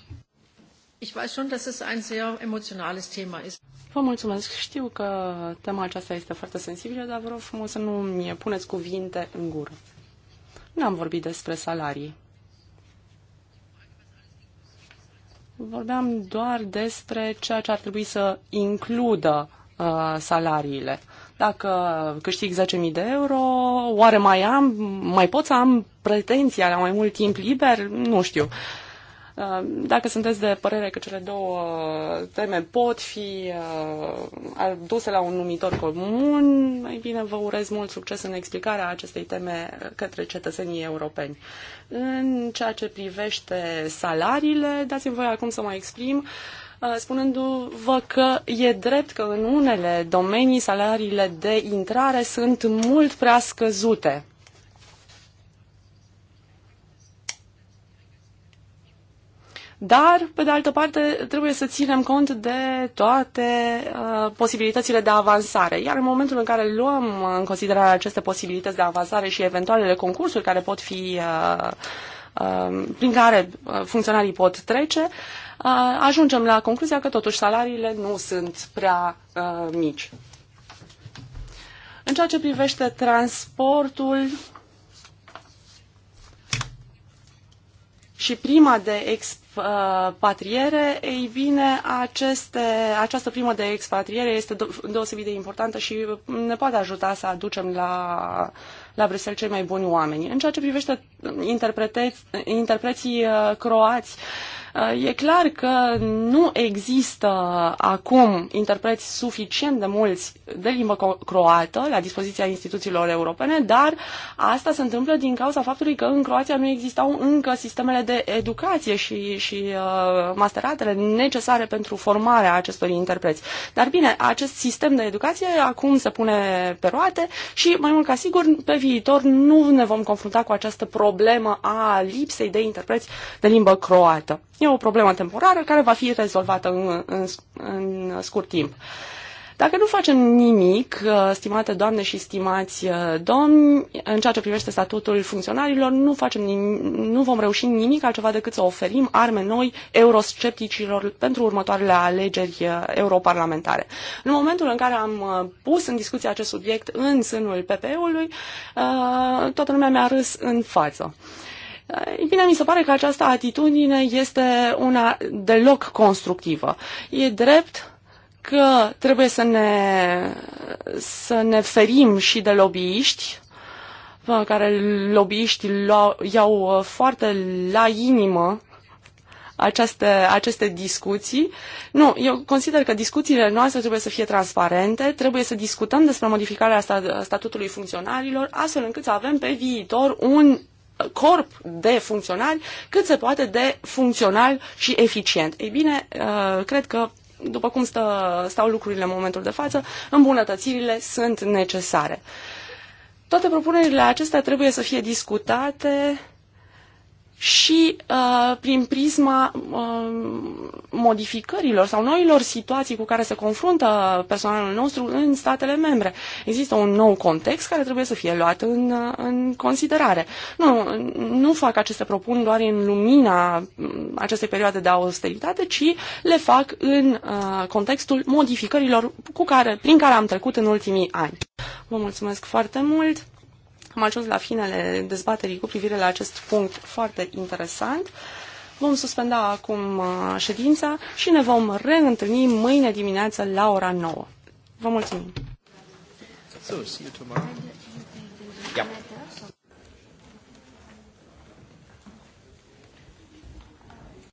Vă mulțumesc. Știu că tema aceasta este foarte sensibilă, dar vă rog frumos să nu-mi puneți cuvinte în gură. Nu am vorbit despre salarii. Vorbeam doar despre ceea ce ar trebui să includă uh, salariile. Dacă câștig 10.000 de euro, oare mai am, mai pot să am pretenția la mai mult timp liber? Nu știu. Uh, Uh, dacă sunteți de părere că cele două teme pot fi uh, aduse la un numitor comun, mai bine vă urez mult succes în explicarea acestei teme către cetățenii europeni. În ceea ce privește salariile, dați-mi voi acum să mă exprim uh, spunându-vă că e drept că în unele domenii salariile de intrare sunt mult prea scăzute. Dar, pe de altă parte, trebuie să ținem cont de toate uh, posibilitățile de avansare. Iar în momentul în care luăm în considerare aceste posibilități de avansare și eventualele concursuri care pot fi, uh, uh, prin care uh, funcționarii pot trece, uh, ajungem la concluzia că totuși salariile nu sunt prea uh, mici. În ceea ce privește transportul, și prima de expatriere, ei bine, aceste, această primă de expatriere este deosebit de importantă și ne poate ajuta să aducem la, la Bruxelles cei mai buni oameni. În ceea ce privește interpreții uh, croați, uh, E clar că nu există acum interpreți suficient de mulți de limba croată la dispoziția instituțiilor europene, dar asta se întâmplă din cauza faptului că în Croația nu existau încă sistemele de educație și, și uh, masteratele necesare pentru formarea acestor interpreți. Dar bine, acest sistem de educație acum se pune pe roate și mai mult ca sigur pe viitor nu ne vom confrunta cu această problemă a lipsei de interpreți de limbă croată. E o problemă temporară care va fi rezolvată în, în, în scurt timp. Dacă nu facem nimic, uh, stimate doamne și stimați uh, domni, în ceea ce privește statutul funcționarilor, nu, facem nimic, nu vom reuși nimic altceva decât să oferim arme noi euroscepticilor pentru următoarele alegeri uh, europarlamentare. În momentul în care am pus în discuție acest subiect în sânul PPE-ului, toată lumea mi-a râs în față. Ei bine, mi se pare că această atitudine este una deloc constructivă. E drept că trebuie să ne, să ne ferim și de lobbyiști, care lobbyiștii iau uh, foarte la inimă aceste, aceste discuții. Nu, eu consider că discuțiile noastre trebuie să fie transparente, trebuie să discutăm despre modificarea statutului funcționarilor, astfel încât să avem pe viitor un corp de funcționari cât se poate de funcțional și eficient. Ei bine, uh, cred că după cum stă, stau lucrurile în momentul de față, îmbunătățirile sunt necesare. Toate propunerile acestea trebuie să fie discutate și uh, prin prisma uh, modificărilor sau noilor situații cu care se confruntă personalul nostru în statele membre. Există un nou context care trebuie să fie luat în, uh, în considerare. Nu, nu fac aceste propuneri doar în lumina mm, acestei perioade de austeritate, ci le fac în uh, contextul modificărilor cu care, prin care am trecut în ultimii ani. Vă mulțumesc foarte mult! Am ajuns la finele dezbaterii cu privire la acest punct foarte interesant. Vom suspenda acum uh, ședința și ne vom reîntâlni mâine dimineață la ora 9. Vă mulțumim! So, see you tomorrow. Yep.